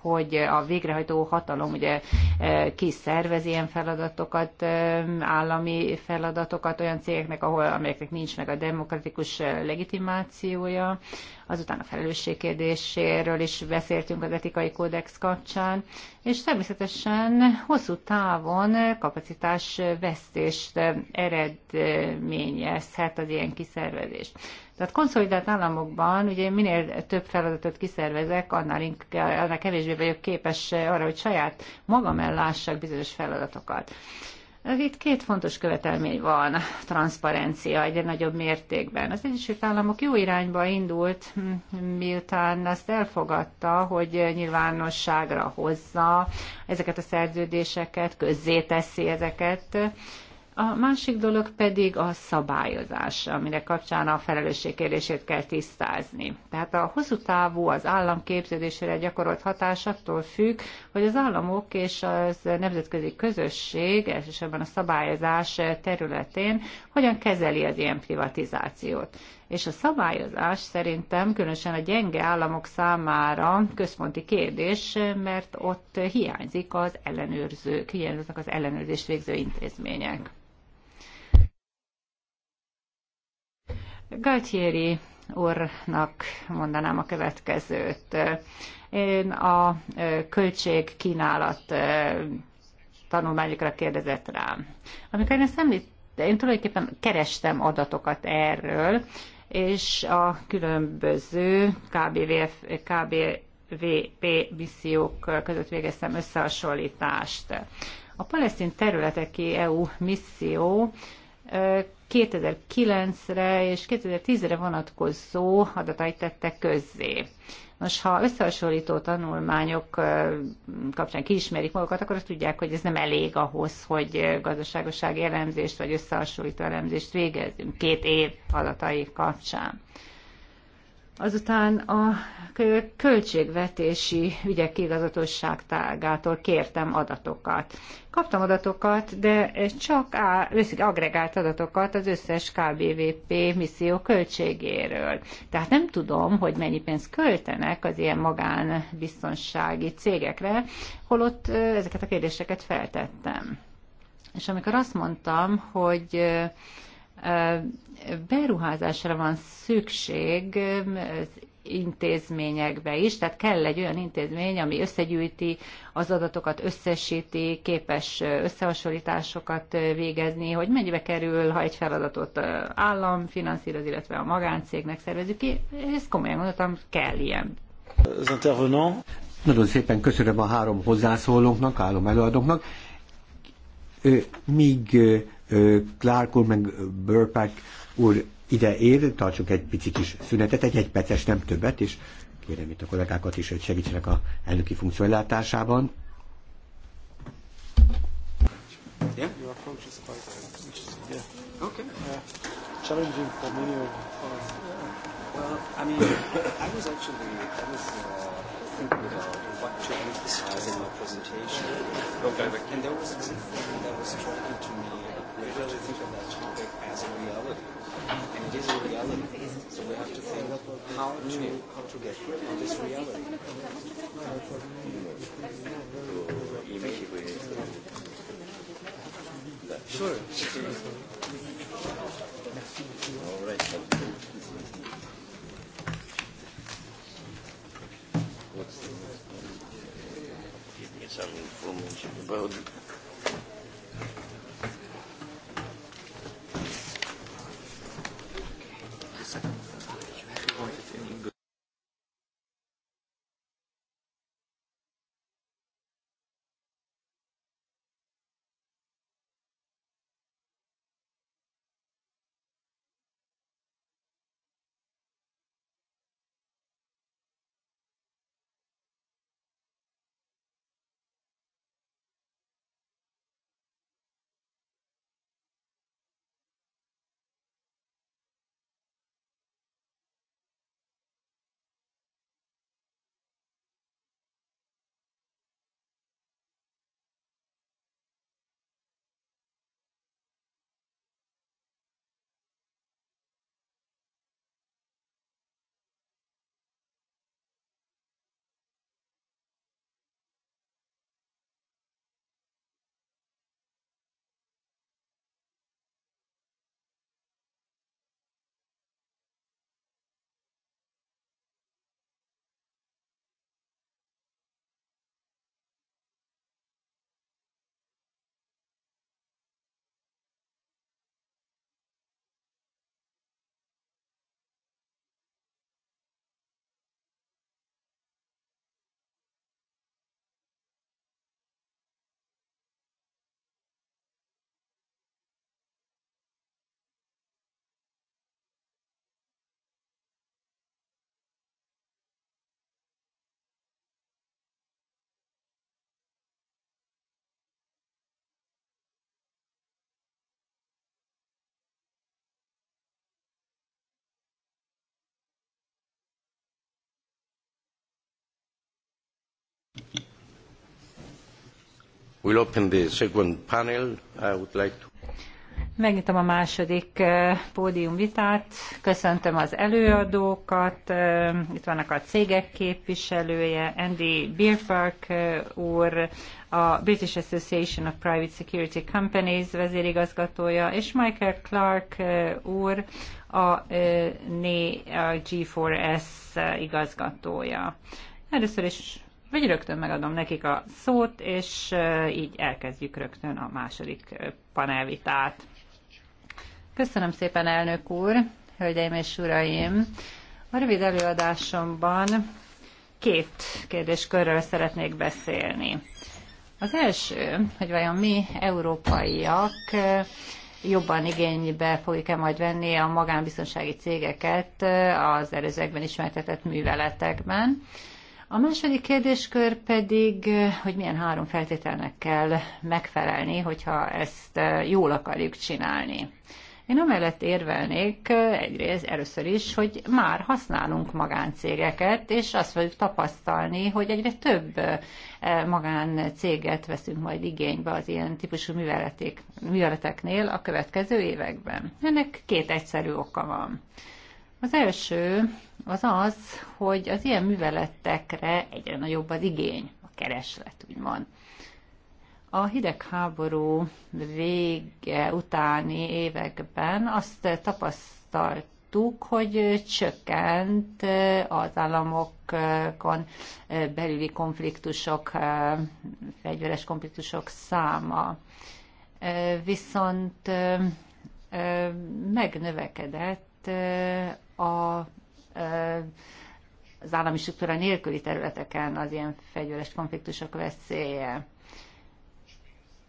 Speaker 3: hogy a végrehajtó hatalom ugye eh, ki szervez ilyen feladatokat, eh, állami feladatokat olyan cégeknek, ahol, amelyeknek nincs meg a demokratikus eh, legitimációja, azután a felelősség kérdéséről is beszéltünk az etikai kódex kapcsán, és természetesen hosszú távon kapacitás vesztést eredményezhet az ilyen kiszervezés. Tehát konszolidált államokban ugye minél több feladatot kiszervezek, annál, inkább, annál kevésbé vagyok képes arra, hogy saját magam ellássak bizonyos feladatokat. Itt két fontos követelmény van, transzparencia egyre nagyobb mértékben. Az Egyesült Államok jó irányba indult, miután azt elfogadta, hogy nyilvánosságra hozza ezeket a szerződéseket, közzéteszi ezeket, a másik dolog pedig a szabályozás, amire kapcsán a felelősség kérdését kell tisztázni. Tehát a hosszú távú az állam képződésére gyakorolt hatás attól függ, hogy az államok és az nemzetközi közösség, elsősorban a szabályozás területén hogyan kezeli az ilyen privatizációt. És a szabályozás szerintem különösen a gyenge államok számára központi kérdés, mert ott hiányzik az ellenőrzők, hiányoznak az ellenőrzést végző intézmények. Galtieri úrnak mondanám a következőt. Én a költség kínálat tanulmányokra kérdezett rám. Amikor én ezt említ, én tulajdonképpen kerestem adatokat erről, és a különböző KBVF, KBVP missziók között végeztem összehasonlítást. A palesztin területeki EU misszió 2009-re és 2010-re vonatkozó adatait tette közzé. Most, ha összehasonlító tanulmányok kapcsán kiismerik magukat, akkor azt tudják, hogy ez nem elég ahhoz, hogy gazdaságosági elemzést vagy összehasonlító elemzést végezzünk két év adatai kapcsán. Azután a költségvetési ügyek igazatosságtárgától kértem adatokat. Kaptam adatokat, de csak á, agregált adatokat az összes KBVP misszió költségéről. Tehát nem tudom, hogy mennyi pénzt költenek az ilyen magánbiztonsági cégekre, holott ezeket a kérdéseket feltettem. És amikor azt mondtam, hogy beruházásra van szükség intézményekbe is, tehát kell egy olyan intézmény, ami összegyűjti az adatokat, összesíti, képes összehasonlításokat végezni, hogy mennyibe kerül, ha egy feladatot állam finanszíroz, illetve a magáncégnek szervezik. ki. Ezt komolyan mondhatom, kell ilyen.
Speaker 1: Az intervenant. Nagyon szépen köszönöm a három hozzászólónknak, állom előadónknak. Míg Clark úr, meg Burpack úr ide ér, tartsunk egy pici kis szünetet, egy egy perces, nem többet, és kérem itt a kollégákat is, hogy segítsenek a elnöki funkció ellátásában. Yeah? Yeah. Okay. uh, And there was a thing that was to me you really think of that topic as a reality. And it is a reality. So we have to think how to, how to get rid of this reality. Sure.
Speaker 3: All right. What's the next one? Give me
Speaker 1: some information about it. We'll open the second panel. I would like to...
Speaker 3: Megnyitom a második eh, pódiumvitát. Köszöntöm az előadókat. Eh, itt vannak a cégek képviselője, Andy Birfark eh, úr, a British Association of Private Security Companies vezérigazgatója, és Michael Clark úr, a G4S igazgatója. Először is vagy rögtön megadom nekik a szót, és így elkezdjük rögtön a második panelvitát. Köszönöm szépen, elnök úr, hölgyeim és uraim! A rövid előadásomban két kérdéskörről szeretnék beszélni. Az első, hogy vajon mi európaiak jobban igénybe fogjuk-e majd venni a magánbiztonsági cégeket az előzőekben ismertetett műveletekben. A második kérdéskör pedig, eh, hogy milyen három feltételnek kell megfelelni, hogyha ezt eh, jól akarjuk csinálni. Én amellett érvelnék eh, egyrészt először is, hogy már használunk magáncégeket, és azt fogjuk tapasztalni, hogy egyre több magáncéget veszünk majd igénybe az ilyen típusú műveletek, műveleteknél a következő években. Ennek két egyszerű oka van. Az első az az, hogy az ilyen műveletekre egyre nagyobb az igény, a kereslet, úgymond. A hidegháború vége utáni években azt tapasztalt, hogy csökkent az államokon belüli konfliktusok, fegyveres konfliktusok száma. Viszont megnövekedett a az állami struktúra nélküli területeken az ilyen fegyveres konfliktusok veszélye.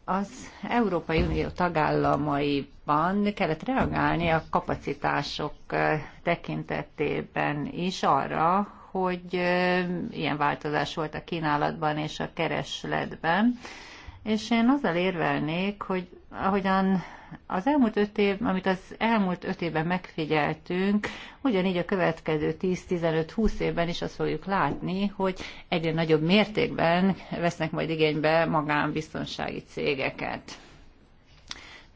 Speaker 3: Az Európai Unió tagállamaiban kellett reagálni a kapacitások tekintetében is arra, hogy ilyen változás volt a kínálatban és a keresletben. És én azzal érvelnék, hogy ahogyan az elmúlt öt év, amit az elmúlt öt évben megfigyeltünk, ugyanígy a következő 10-15-20 évben is azt fogjuk látni, hogy egyre nagyobb mértékben vesznek majd igénybe magánbiztonsági cégeket.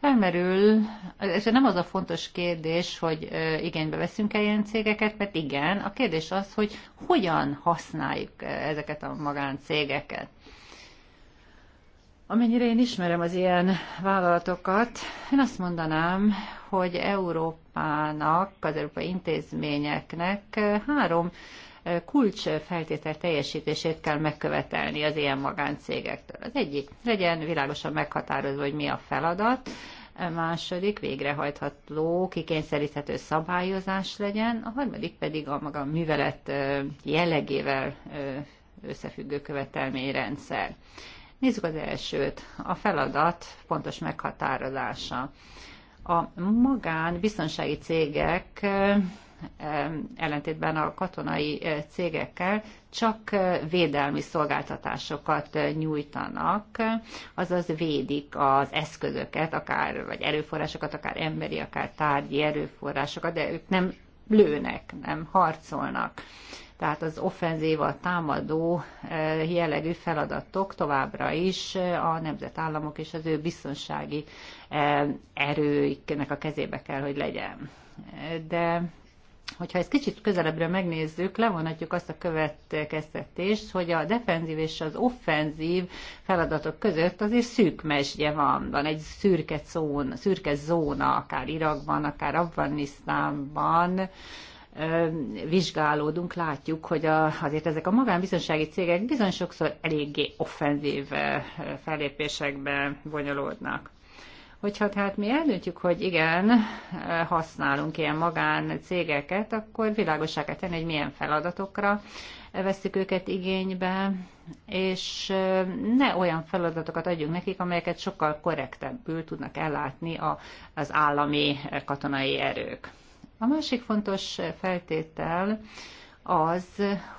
Speaker 3: Felmerül, és nem az a fontos kérdés, hogy igénybe veszünk-e ilyen cégeket, mert igen, a kérdés az, hogy hogyan használjuk ezeket a magáncégeket. Amennyire én ismerem az ilyen vállalatokat, én azt mondanám, hogy Európának, az európai intézményeknek eh, három eh, kulcs feltétel teljesítését kell megkövetelni az ilyen magáncégektől. Az egyik, legyen világosan meghatározva, hogy mi a feladat, a második, végrehajtható, kikényszeríthető szabályozás legyen, a harmadik pedig a maga művelet eh, jellegével összefüggő követelményrendszer. Nézzük az elsőt, a feladat pontos meghatározása. A magán biztonsági cégek eh, ellentétben a katonai eh, cégekkel csak eh, védelmi szolgáltatásokat nyújtanak, azaz védik az eszközöket, akár vagy erőforrásokat, akár emberi, akár tárgyi erőforrásokat, de ők nem lőnek, nem harcolnak tehát az offenzíva a támadó eh, jellegű feladatok továbbra is eh, a nemzetállamok és az ő biztonsági eh, erőiknek a kezébe kell, hogy legyen. De hogyha ezt kicsit közelebbre megnézzük, levonhatjuk azt a következtetést, hogy a defenzív és az offenzív feladatok között azért szűk mesdje van, van egy szürke, zón, szürke zóna, akár Irakban, akár Afganisztánban, vizsgálódunk, látjuk, hogy a, azért ezek a magánbiztonsági cégek bizony sokszor eléggé offenzív fellépésekbe bonyolódnak. Hogyha tehát mi eldöntjük, hogy igen, használunk ilyen magán cégeket, akkor világosá kell tenni, hogy milyen feladatokra veszük őket igénybe, és ne olyan feladatokat adjunk nekik, amelyeket sokkal korrektebbül tudnak ellátni az állami katonai erők. A másik fontos feltétel az,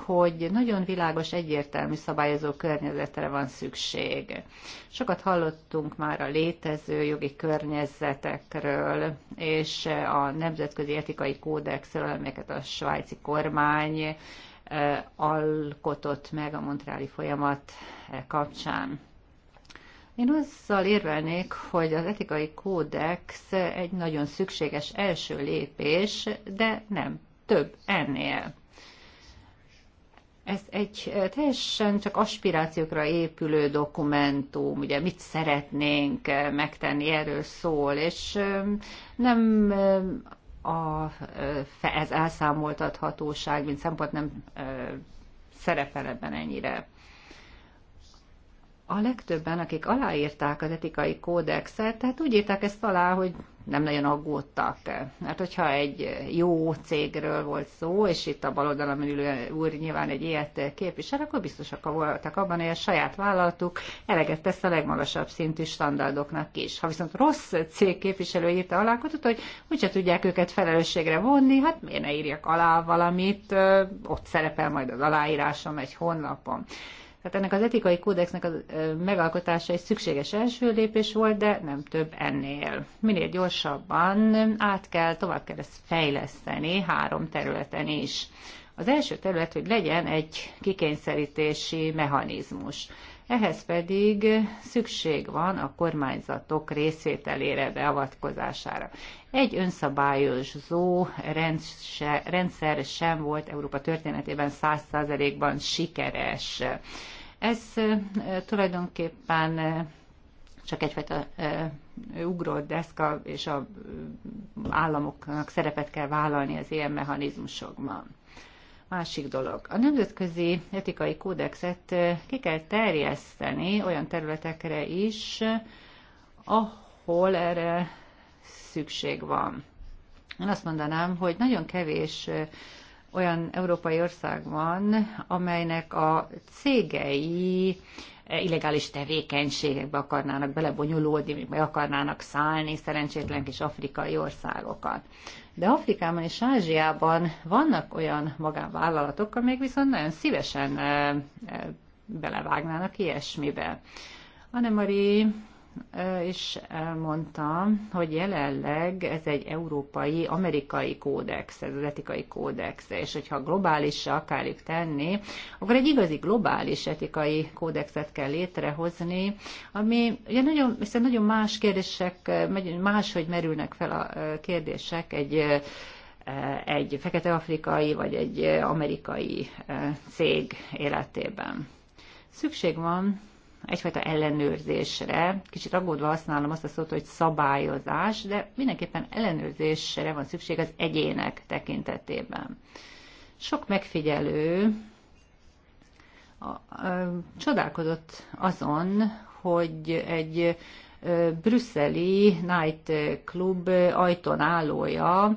Speaker 3: hogy nagyon világos, egyértelmű szabályozó környezetre van szükség. Sokat hallottunk már a létező jogi környezetekről, és a nemzetközi etikai kódexről, amelyeket a svájci kormány eh, alkotott meg a montráli folyamat eh, kapcsán. Én azzal érvelnék, hogy az etikai kódex egy nagyon szükséges első lépés, de nem több ennél. Ez egy eh, teljesen csak aspirációkra épülő dokumentum, ugye mit szeretnénk eh, megtenni, erről szól, és eh, nem a, ez elszámoltathatóság, mint szempont nem szerepel ebben ennyire a legtöbben, akik aláírták az etikai kódexet, tehát úgy írták ezt alá, hogy nem nagyon aggódtak. Mert hogyha egy jó cégről volt szó, és itt a baloldalon ülő úr nyilván egy ilyet képvisel, akkor biztosak voltak abban, hogy a saját vállalatuk eleget tesz a legmagasabb szintű standardoknak is. Ha viszont rossz cég képviselő írta alá, akkor tudta, hogy úgyse tudják őket felelősségre vonni, hát miért ne írjak alá valamit, ott szerepel majd az aláírásom egy honlapon. Tehát ennek az etikai kódexnek a megalkotása egy szükséges első lépés volt, de nem több ennél. Minél gyorsabban át kell, tovább kell ezt fejleszteni három területen is. Az első terület, hogy legyen egy kikényszerítési mechanizmus. Ehhez pedig szükség van a kormányzatok részvételére, beavatkozására. Egy önszabályozó rendszer sem volt Európa történetében 100%-ban sikeres. Ez tulajdonképpen csak egyfajta ugrott deszka, és a államoknak szerepet kell vállalni az ilyen mechanizmusokban. Másik dolog. A nemzetközi etikai kódexet ki kell terjeszteni olyan területekre is, ahol erre szükség van. Én azt mondanám, hogy nagyon kevés olyan európai ország van, amelynek a cégei illegális tevékenységekbe akarnának belebonyolódni, meg akarnának szállni szerencsétlen kis afrikai országokat. De Afrikában és Ázsiában vannak olyan magánvállalatok, amelyek viszont nagyon szívesen eh, eh, belevágnának ilyesmibe. Anne Marie és elmondtam, hogy jelenleg ez egy európai, amerikai kódex, ez az etikai kódex, és hogyha globálisra akarjuk tenni, akkor egy igazi globális etikai kódexet kell létrehozni, ami ugye nagyon, viszont nagyon más kérdések, máshogy merülnek fel a kérdések egy egy fekete-afrikai vagy egy amerikai cég életében. Szükség van egyfajta ellenőrzésre. Kicsit aggódva használom azt a szót, hogy szabályozás, de mindenképpen ellenőrzésre van szükség az egyének tekintetében. Sok megfigyelő csodálkozott azon, hogy egy brüsszeli night club ajtón állója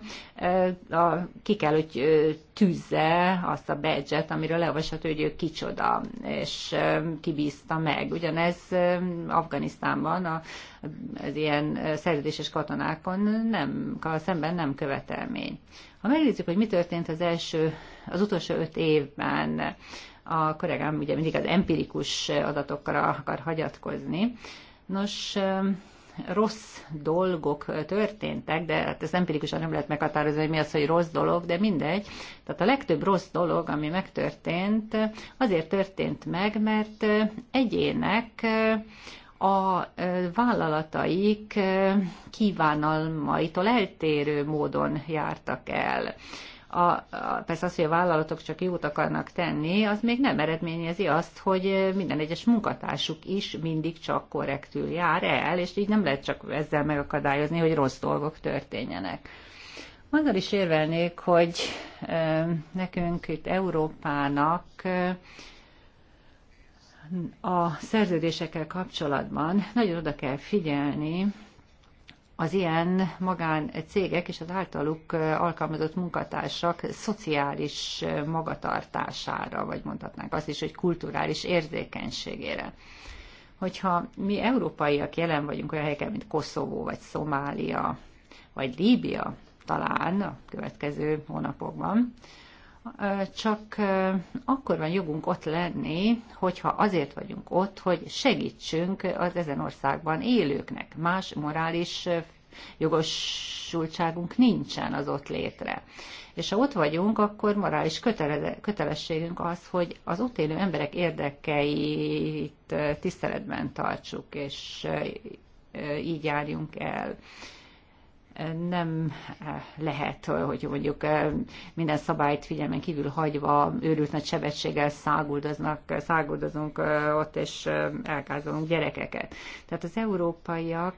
Speaker 3: ki kell, hogy tűzze azt a badge-et, amiről leolvasható, hogy ő kicsoda, és kibízta meg. Ugyanez Afganisztánban a, az ilyen szerződéses katonákon nem, szemben nem követelmény. Ha megnézzük, hogy mi történt az első, az utolsó öt évben, a kollégám ugye mindig az empirikus adatokra akar hagyatkozni, Nos, rossz dolgok történtek, de hát ez empirikusan nem lehet meghatározni, hogy mi az, hogy rossz dolog, de mindegy. Tehát a legtöbb rossz dolog, ami megtörtént, azért történt meg, mert egyének a vállalataik kívánalmaitól eltérő módon jártak el a, persze az, hogy a vállalatok csak jót akarnak tenni, az még nem eredményezi azt, hogy minden egyes munkatársuk is mindig csak korrektül jár el, és így nem lehet csak ezzel megakadályozni, hogy rossz dolgok történjenek. Azzal is érvelnék, hogy nekünk itt Európának a szerződésekkel kapcsolatban nagyon oda kell figyelni, az ilyen magáncégek és az általuk alkalmazott munkatársak szociális magatartására, vagy mondhatnánk azt is, hogy kulturális érzékenységére. Hogyha mi európaiak jelen vagyunk olyan helyeken, mint Koszovó, vagy Szomália, vagy Líbia, talán a következő hónapokban, csak akkor van jogunk ott lenni, hogyha azért vagyunk ott, hogy segítsünk az ezen országban élőknek. Más morális jogosultságunk nincsen az ott létre. És ha ott vagyunk, akkor morális kötelességünk az, hogy az ott élő emberek érdekeit tiszteletben tartsuk, és így járjunk el nem eh, lehet, hogy mondjuk eh, minden szabályt figyelmen kívül hagyva őrült nagy sebességgel száguldoznak, száguldozunk eh, ott, és elkázolunk gyerekeket. Tehát az európaiak,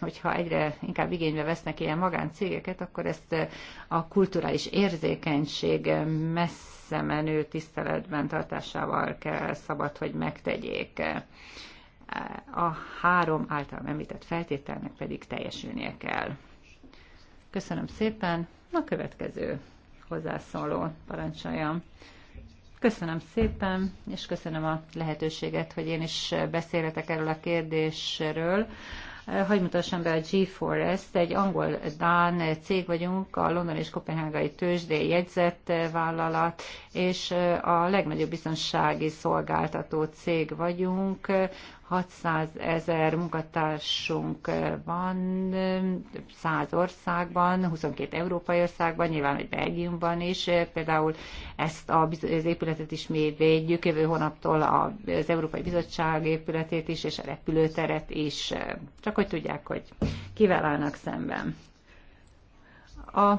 Speaker 3: hogyha egyre inkább igénybe vesznek ilyen magáncégeket, akkor ezt a kulturális érzékenység messze menő tiszteletben tartásával kell szabad, hogy megtegyék a három által említett feltételnek pedig teljesülnie kell. Köszönöm szépen. A következő hozzászóló parancsoljam. Köszönöm szépen, és köszönöm a lehetőséget, hogy én is beszélhetek erről a kérdésről. Hogy mutassam be a G4S, egy angol-dán cég vagyunk, a London és Kopenhágai tőzsdé jegyzett vállalat, és a legnagyobb biztonsági szolgáltató cég vagyunk, 600 ezer munkatársunk van 100 országban, 22 európai országban, nyilván egy Belgiumban is. Például ezt az épületet is mi védjük, jövő hónaptól az Európai Bizottság épületét is, és a repülőteret is. Csak hogy tudják, hogy kivel állnak szemben. A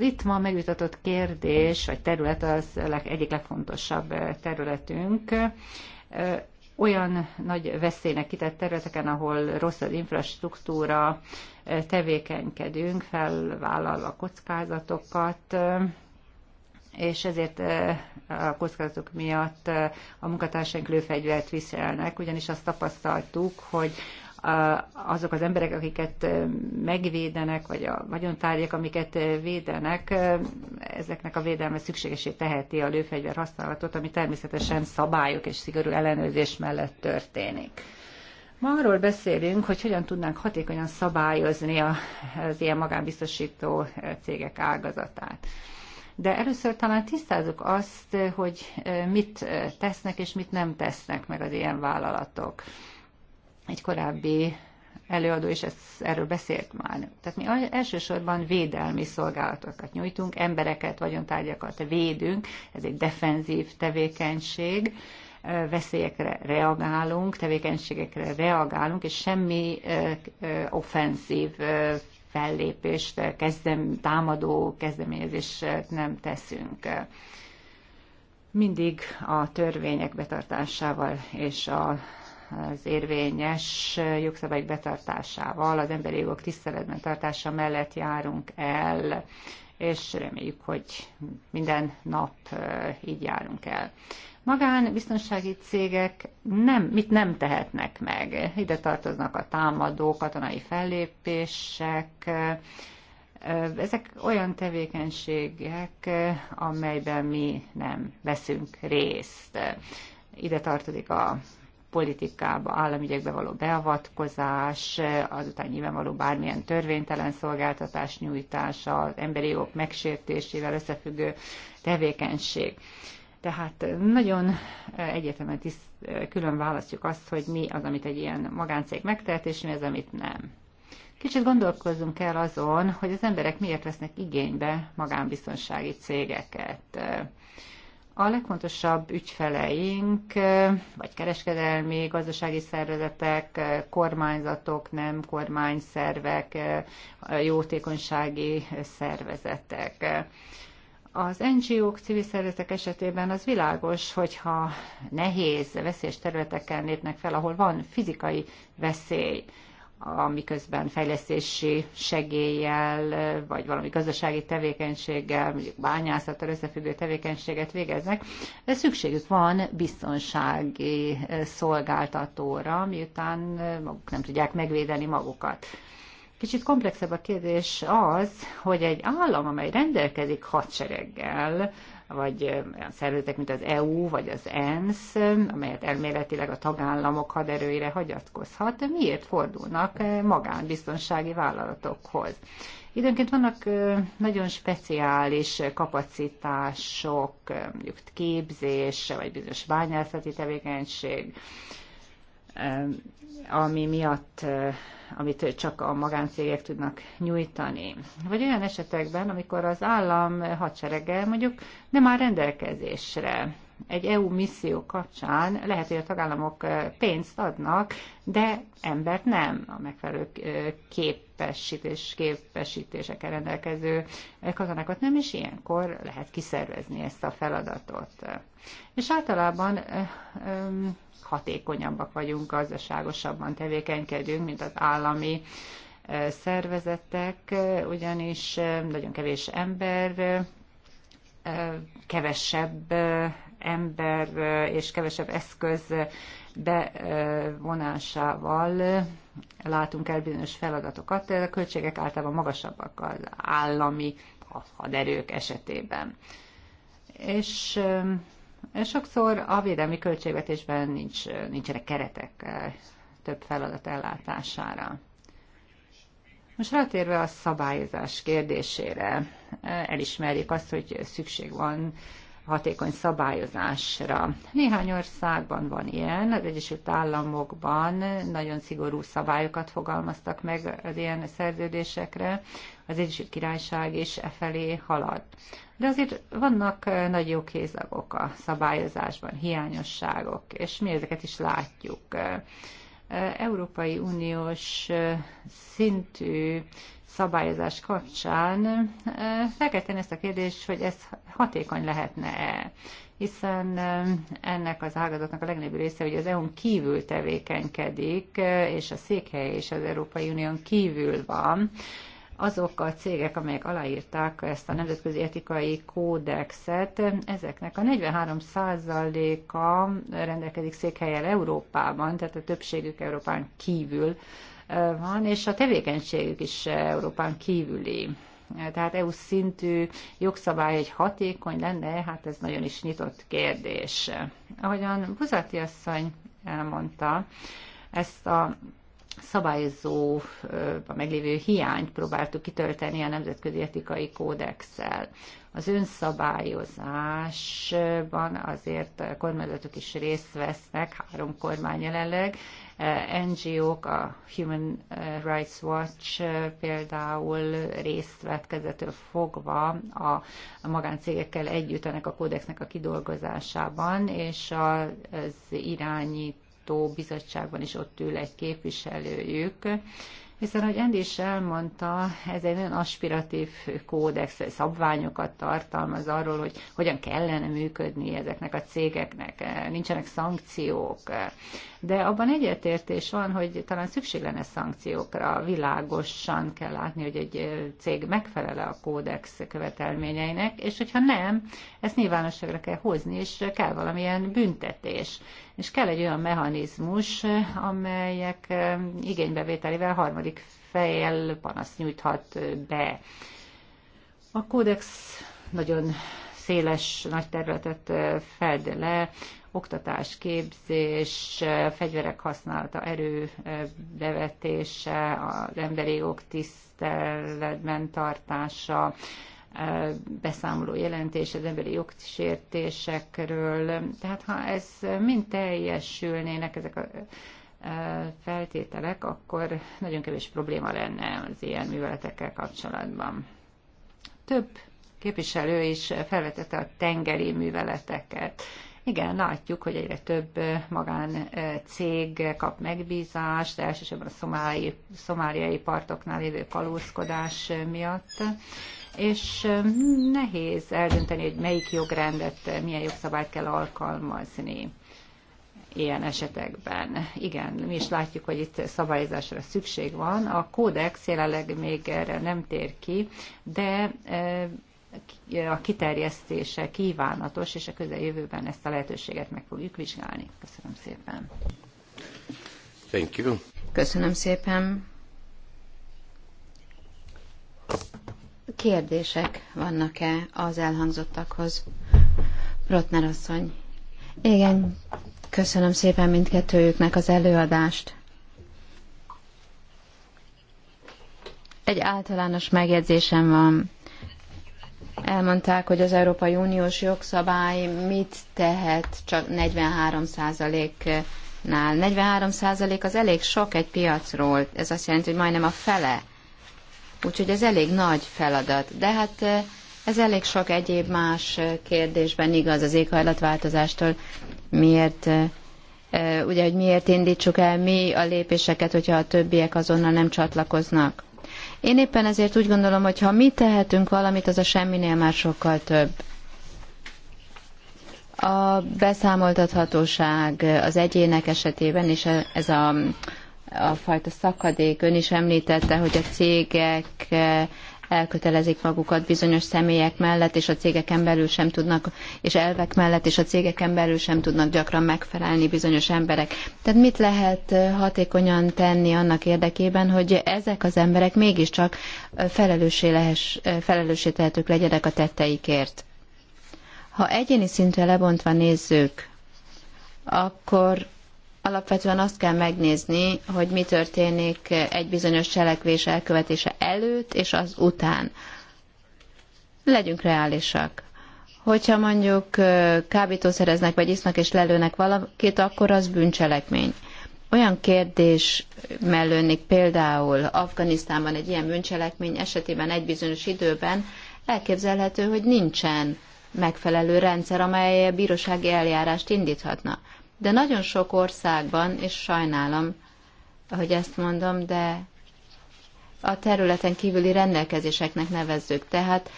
Speaker 3: itt ma megvitatott kérdés, vagy terület az egyik legfontosabb területünk olyan nagy veszélynek kitett területeken, ahol rossz az infrastruktúra, tevékenykedünk, felvállalva a kockázatokat, és ezért a kockázatok miatt a munkatársaink lőfegyvert viselnek, ugyanis azt tapasztaltuk, hogy azok az emberek, akiket megvédenek, vagy a vagyontárgyak, amiket védenek, ezeknek a védelme szükségesé teheti a lőfegyver használatot, ami természetesen szabályok és szigorú ellenőrzés mellett történik. Ma arról beszélünk, hogy hogyan tudnánk hatékonyan szabályozni az ilyen magánbiztosító cégek ágazatát. De először talán tisztázzuk azt, hogy mit tesznek és mit nem tesznek meg az ilyen vállalatok. Egy korábbi előadó is ez, erről beszélt már. Tehát mi elsősorban védelmi szolgálatokat nyújtunk, embereket, vagyontárgyakat védünk, ez egy defenzív tevékenység, veszélyekre reagálunk, tevékenységekre reagálunk, és semmi offenzív fellépést, kezdem, támadó kezdeményezést nem teszünk. Mindig a törvények betartásával és a az érvényes jogszabályok betartásával, az emberi jogok tiszteletben tartása mellett járunk el, és reméljük, hogy minden nap így járunk el. Magán biztonsági cégek nem, mit nem tehetnek meg. Ide tartoznak a támadó katonai fellépések, ezek olyan tevékenységek, amelyben mi nem veszünk részt. Ide tartozik a politikába, államügyekbe való beavatkozás, azután nyilvánvaló bármilyen törvénytelen szolgáltatás nyújtása, az emberi jogok megsértésével összefüggő tevékenység. Tehát nagyon egyértelműen tiszt, külön választjuk azt, hogy mi az, amit egy ilyen magáncég megtehet, és mi az, amit nem. Kicsit gondolkozzunk el azon, hogy az emberek miért vesznek igénybe magánbiztonsági cégeket a legfontosabb ügyfeleink, vagy kereskedelmi, gazdasági szervezetek, kormányzatok, nem kormányszervek, jótékonysági szervezetek. Az NGO-k, civil szervezetek esetében az világos, hogyha nehéz, veszélyes területeken lépnek fel, ahol van fizikai veszély, amiközben fejlesztési segéllyel, vagy valami gazdasági tevékenységgel, mondjuk bányászattal összefüggő tevékenységet végeznek, de szükségük van biztonsági eh, szolgáltatóra, miután eh, maguk nem tudják megvédeni magukat. Kicsit komplexebb a kérdés az, hogy egy állam, amely rendelkezik hadsereggel, vagy olyan szervezetek, mint az EU, vagy az ENSZ, amelyet elméletileg a tagállamok haderőire hagyatkozhat, miért fordulnak magánbiztonsági vállalatokhoz? Időnként vannak nagyon speciális kapacitások, mondjuk képzés, vagy bizonyos bányászati tevékenység, ami miatt amit csak a magáncégek tudnak nyújtani. Vagy olyan esetekben, amikor az állam hadserege mondjuk nem áll rendelkezésre egy EU misszió kapcsán lehet, hogy a tagállamok pénzt adnak, de embert nem a megfelelő képesítés, képesítésekkel rendelkező katonákat nem, és ilyenkor lehet kiszervezni ezt a feladatot. És általában eh, hatékonyabbak vagyunk, gazdaságosabban tevékenykedünk, mint az állami eh, szervezetek, eh, ugyanis nagyon kevés ember, kevesebb ember és kevesebb eszköz bevonásával látunk el bizonyos feladatokat, a költségek általában magasabbak az állami haderők esetében. És Sokszor a védelmi költségvetésben nincs, nincsenek keretek eh, több feladat ellátására. Most rátérve a szabályozás kérdésére, eh, elismerjük azt, hogy szükség van hatékony szabályozásra. Néhány országban van ilyen, az Egyesült Államokban nagyon szigorú szabályokat fogalmaztak meg az ilyen szerződésekre, az Egyesült Királyság is e felé halad. De azért vannak eh, nagy jó kézagok a szabályozásban, hiányosságok, és mi ezeket is látjuk. Eh, Európai Uniós eh, szintű szabályozás kapcsán fel kell tenni ezt a kérdést, hogy ez hatékony lehetne-e, hiszen ennek az ágazatnak a legnagyobb része, hogy az EU-n kívül tevékenykedik, és a székhely és az Európai Unión kívül van, azok a cégek, amelyek aláírták ezt a nemzetközi etikai kódexet, ezeknek a 43%-a rendelkezik székhelyel Európában, tehát a többségük Európán kívül van, és a tevékenységük is Európán kívüli. Tehát EU szintű jogszabály egy hatékony lenne, hát ez nagyon is nyitott kérdés. Ahogyan Buzati asszony elmondta, ezt a szabályozó, a meglévő hiányt próbáltuk kitölteni a Nemzetközi Etikai Kódexsel. Az önszabályozásban azért kormányzatok is részt vesznek, három kormány jelenleg, NGO-k, a Human eh, Rights Watch eh, például részt vett kezdetől fogva a magáncégekkel együtt ennek a kódexnek a kidolgozásában, és az irányító bizottságban is ott ül egy képviselőjük, hiszen, ahogy Andy is elmondta, ez egy nagyon aspiratív kódex, szabványokat tartalmaz arról, hogy hogyan kellene működni ezeknek a cégeknek, nincsenek szankciók, de abban egyetértés van, hogy talán szükség lenne szankciókra, világosan kell látni, hogy egy cég megfelele a kódex követelményeinek, és hogyha nem, ezt nyilvánosságra kell hozni, és kell valamilyen büntetés. És kell egy olyan mechanizmus, amelyek igénybevételével harmadik fejjel panaszt nyújthat be. A kódex nagyon széles, nagy területet fed le, oktatás, képzés, fegyverek használata, erő bevetése, az emberi jog tiszteletben tartása, beszámoló jelentés az emberi jogsértésekről. Tehát ha ez mind teljesülnének ezek a feltételek, akkor nagyon kevés probléma lenne az ilyen műveletekkel kapcsolatban. Több képviselő is felvetette a tengeri műveleteket. Igen, látjuk, hogy egyre több magáncég kap megbízást, elsősorban a szomáli, szomáliai partoknál lévő kalózkodás miatt és nehéz eldönteni, hogy melyik jogrendet, milyen jogszabályt kell alkalmazni ilyen esetekben. Igen, mi is látjuk, hogy itt szabályozásra szükség van. A kódex jelenleg még erre nem tér ki, de a kiterjesztése kívánatos, és a közeljövőben ezt a lehetőséget meg fogjuk vizsgálni. Köszönöm szépen.
Speaker 1: Thank you. Köszönöm
Speaker 3: szépen.
Speaker 2: Kérdések vannak-e az elhangzottakhoz? Protner asszony. Igen, köszönöm szépen mindkettőjüknek az előadást. Egy általános megjegyzésem van elmondták, hogy az Európai Uniós jogszabály mit tehet csak 43%-nál. 43% az elég sok egy piacról, ez azt jelenti, hogy majdnem a fele. Úgyhogy ez elég nagy feladat. De hát eh, ez elég sok egyéb más eh, kérdésben igaz az éghajlatváltozástól. Miért eh, ugye, hogy miért indítsuk el mi a lépéseket, hogyha a többiek azonnal nem csatlakoznak? Én éppen ezért úgy gondolom, hogy ha mi tehetünk valamit, az a semminél már sokkal több. A beszámoltathatóság az egyének esetében, és ez a, a fajta szakadék, ön is említette, hogy a cégek elkötelezik magukat bizonyos személyek mellett, és a cégeken belül sem tudnak, és elvek mellett, és a cégeken belül sem tudnak gyakran megfelelni bizonyos emberek. Tehát mit lehet hatékonyan tenni annak érdekében, hogy ezek az emberek mégiscsak felelőssé, lehess, felelőssé tehetők legyenek a tetteikért? Ha egyéni szintre lebontva nézzük, akkor alapvetően azt kell megnézni, hogy mi történik egy bizonyos cselekvés elkövetése előtt és az után. Legyünk reálisak. Hogyha mondjuk kábítószereznek vagy isznak és lelőnek valakit, akkor az bűncselekmény. Olyan kérdés mellőnik például Afganisztánban egy ilyen bűncselekmény esetében egy bizonyos időben, elképzelhető, hogy nincsen megfelelő rendszer, amely bírósági eljárást indíthatna de nagyon sok országban, és sajnálom, ahogy ezt mondom, de a területen kívüli rendelkezéseknek nevezzük. Tehát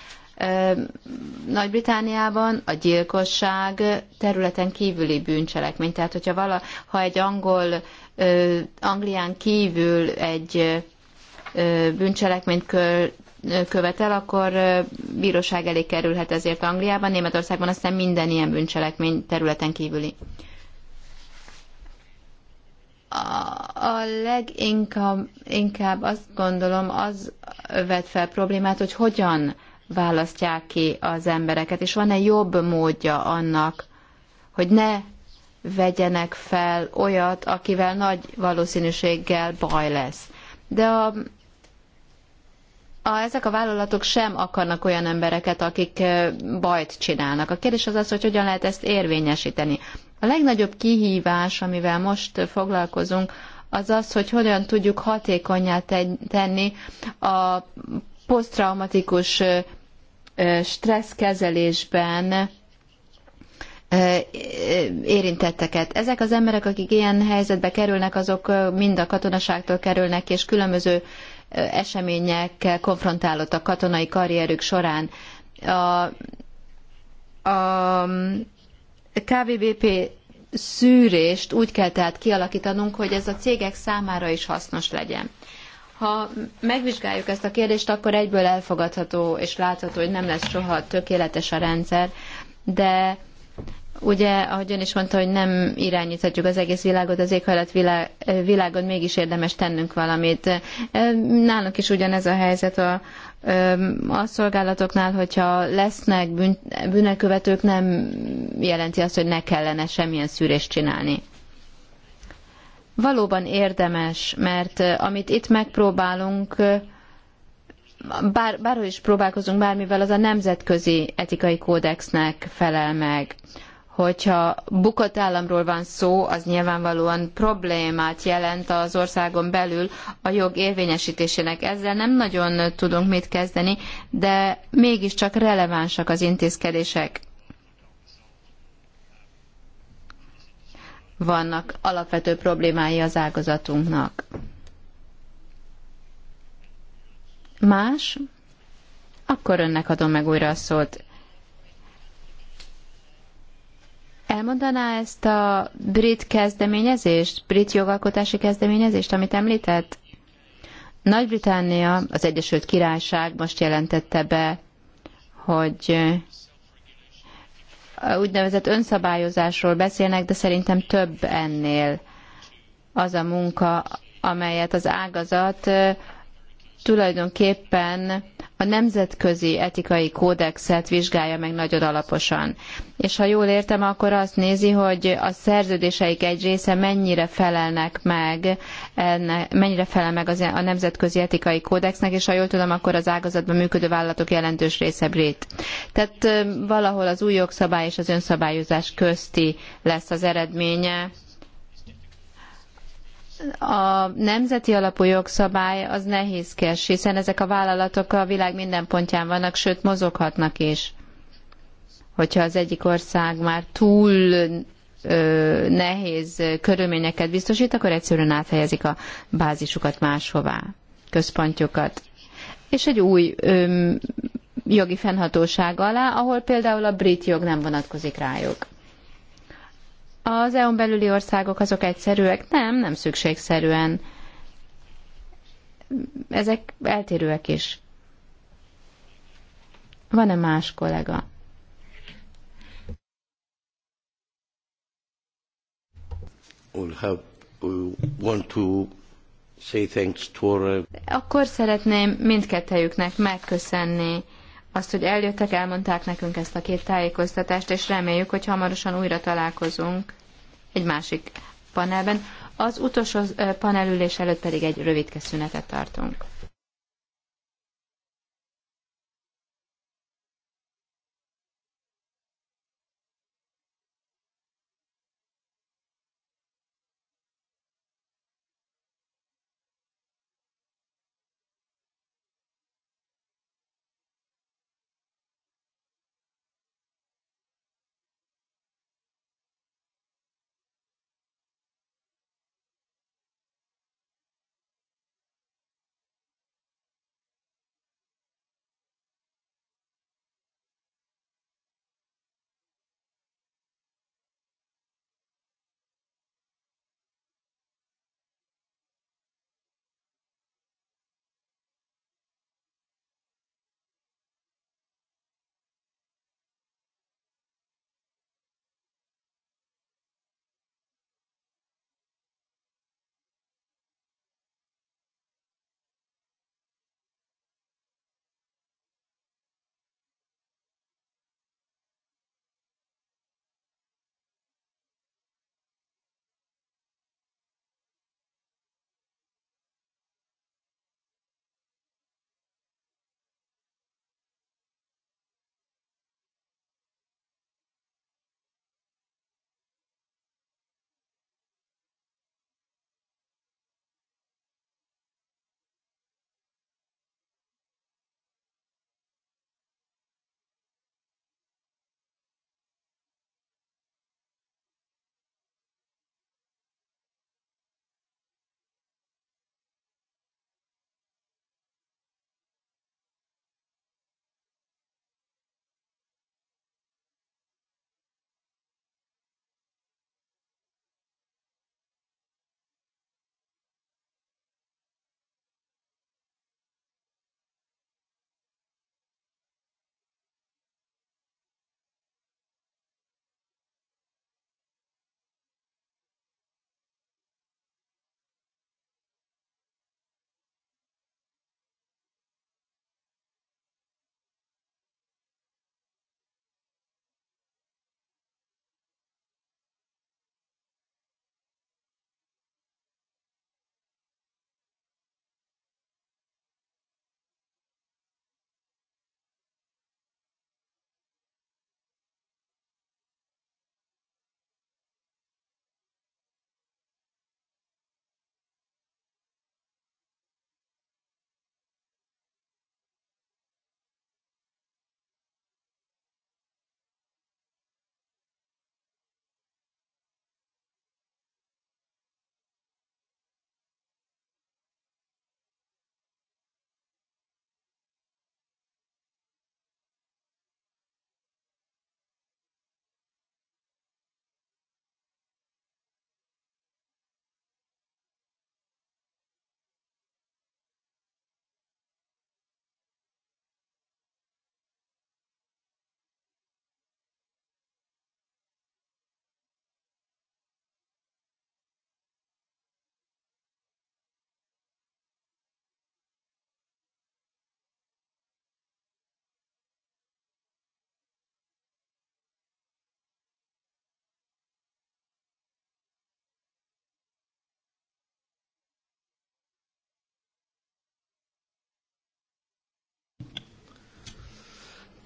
Speaker 2: nagy-Britániában a gyilkosság területen kívüli bűncselekmény. Tehát, hogyha vala, ha egy angol, ö, Anglián kívül egy ö, bűncselekményt kö, követel, akkor bíróság elé kerülhet ezért Angliában, Németországban aztán minden ilyen bűncselekmény területen kívüli a leginkább inkább azt gondolom, az vet fel problémát, hogy hogyan választják ki az embereket, és van-e jobb módja annak, hogy ne vegyenek fel olyat, akivel nagy valószínűséggel baj lesz. De a, a, ezek a vállalatok sem akarnak olyan embereket, akik bajt csinálnak. A kérdés az az, hogy hogyan lehet ezt érvényesíteni. A legnagyobb kihívás, amivel most foglalkozunk, az az, hogy hogyan tudjuk hatékonyá tenni a posztraumatikus stresszkezelésben érintetteket. Ezek az emberek, akik ilyen helyzetbe kerülnek, azok mind a katonaságtól kerülnek, és különböző eseményekkel konfrontálódtak katonai karrierük során. A, a KVBP szűrést úgy kell tehát kialakítanunk, hogy ez a cégek számára is hasznos legyen. Ha megvizsgáljuk ezt a kérdést, akkor egyből elfogadható és látható, hogy nem lesz soha tökéletes a rendszer, de ugye, ahogy ön is mondta, hogy nem irányíthatjuk az egész világot, az éghajlat világon mégis érdemes tennünk valamit. Nálunk is ugyanez a helyzet a, a szolgálatoknál, hogyha lesznek bűn, bűnekövetők, nem jelenti azt, hogy ne kellene semmilyen szűrést csinálni. Valóban érdemes, mert amit itt megpróbálunk, bár, bárhol is próbálkozunk bármivel, az a nemzetközi etikai kódexnek felel meg hogyha bukott államról van szó, az nyilvánvalóan problémát jelent az országon belül a jog érvényesítésének. Ezzel nem nagyon tudunk mit kezdeni, de mégiscsak relevánsak az intézkedések. Vannak alapvető problémái az ágazatunknak. Más? Akkor önnek adom meg újra a szót. Elmondaná ezt a brit kezdeményezést, brit jogalkotási kezdeményezést, amit említett? Nagy-Britannia, az Egyesült Királyság most jelentette be, hogy úgynevezett önszabályozásról beszélnek, de szerintem több ennél az a munka, amelyet az ágazat tulajdonképpen a nemzetközi etikai kódexet vizsgálja meg nagyon alaposan. És ha jól értem, akkor azt nézi, hogy a szerződéseik egy része mennyire felelnek meg, mennyire felel meg az, e, a nemzetközi etikai kódexnek, és ha jól tudom, akkor az ágazatban működő vállalatok jelentős része brit. Tehát valahol az új jogszabály és az önszabályozás közti lesz az eredménye a nemzeti alapú jogszabály az nehézkes, hiszen ezek a vállalatok a világ minden pontján vannak, sőt mozoghatnak is. Hogyha az egyik ország már túl ö, nehéz körülményeket biztosít, akkor egyszerűen áthelyezik a bázisukat máshová, központjukat. És egy új ö, jogi fennhatóság alá, ahol például a brit jog nem vonatkozik rájuk. Az EU-n belüli országok azok egyszerűek? Nem, nem szükségszerűen. Ezek eltérőek is. Van-e más kollega? Akkor szeretném mindkettejüknek megköszönni azt, hogy eljöttek, elmondták nekünk ezt a két tájékoztatást, és reméljük, hogy hamarosan újra találkozunk egy másik panelben. Az utolsó panelülés előtt pedig egy rövidke szünetet tartunk.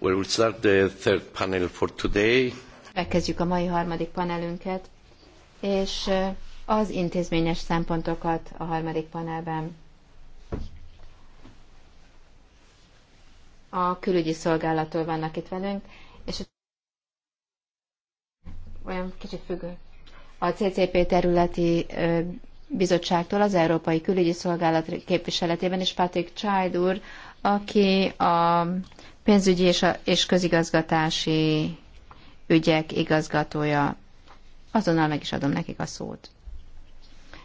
Speaker 1: Well, start the third panel for today.
Speaker 2: Megkezdjük a mai harmadik panelünket, és az intézményes szempontokat a harmadik panelben. A külügyi szolgálattól vannak itt velünk, és olyan kicsit függő. A CCP területi bizottságtól az Európai Külügyi Szolgálat képviseletében, és Patrick Child úr, aki a pénzügyi és, a, és közigazgatási ügyek igazgatója. Azonnal meg is adom nekik a szót.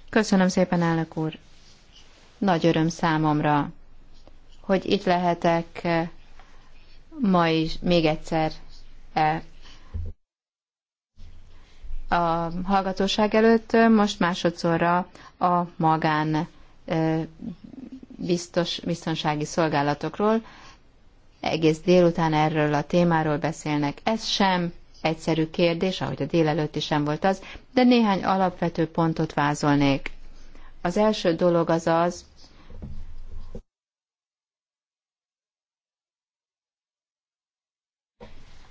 Speaker 2: Köszönöm szépen, elnök úr. Nagy öröm számomra, hogy itt lehetek ma is még egyszer e, a hallgatóság előtt, most másodszorra a magán e, biztos, biztonsági szolgálatokról, egész délután erről a témáról beszélnek. Ez sem egyszerű kérdés, ahogy a délelőtt is sem volt az, de néhány alapvető pontot vázolnék. Az első dolog az az,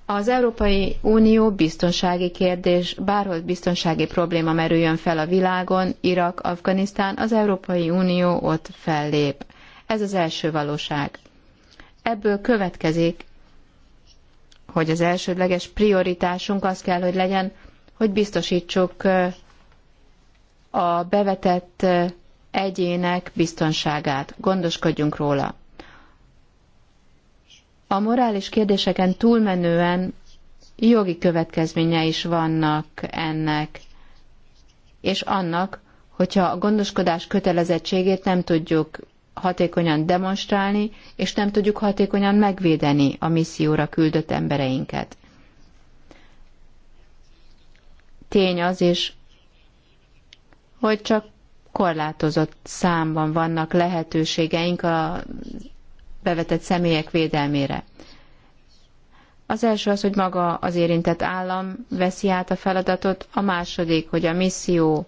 Speaker 2: Az Európai Unió biztonsági kérdés, bárhol biztonsági probléma merüljön fel a világon, Irak, Afganisztán, az Európai Unió ott fellép. Ez az első valóság. Ebből következik, hogy az elsődleges prioritásunk az kell, hogy legyen, hogy biztosítsuk a bevetett egyének biztonságát, gondoskodjunk róla. A morális kérdéseken túlmenően jogi következménye is vannak ennek, és annak, hogyha a gondoskodás kötelezettségét nem tudjuk hatékonyan demonstrálni, és nem tudjuk hatékonyan megvédeni a misszióra küldött embereinket. Tény az is, hogy csak korlátozott számban vannak lehetőségeink a bevetett személyek védelmére. Az első az, hogy maga az érintett állam veszi át a feladatot, a második, hogy a misszió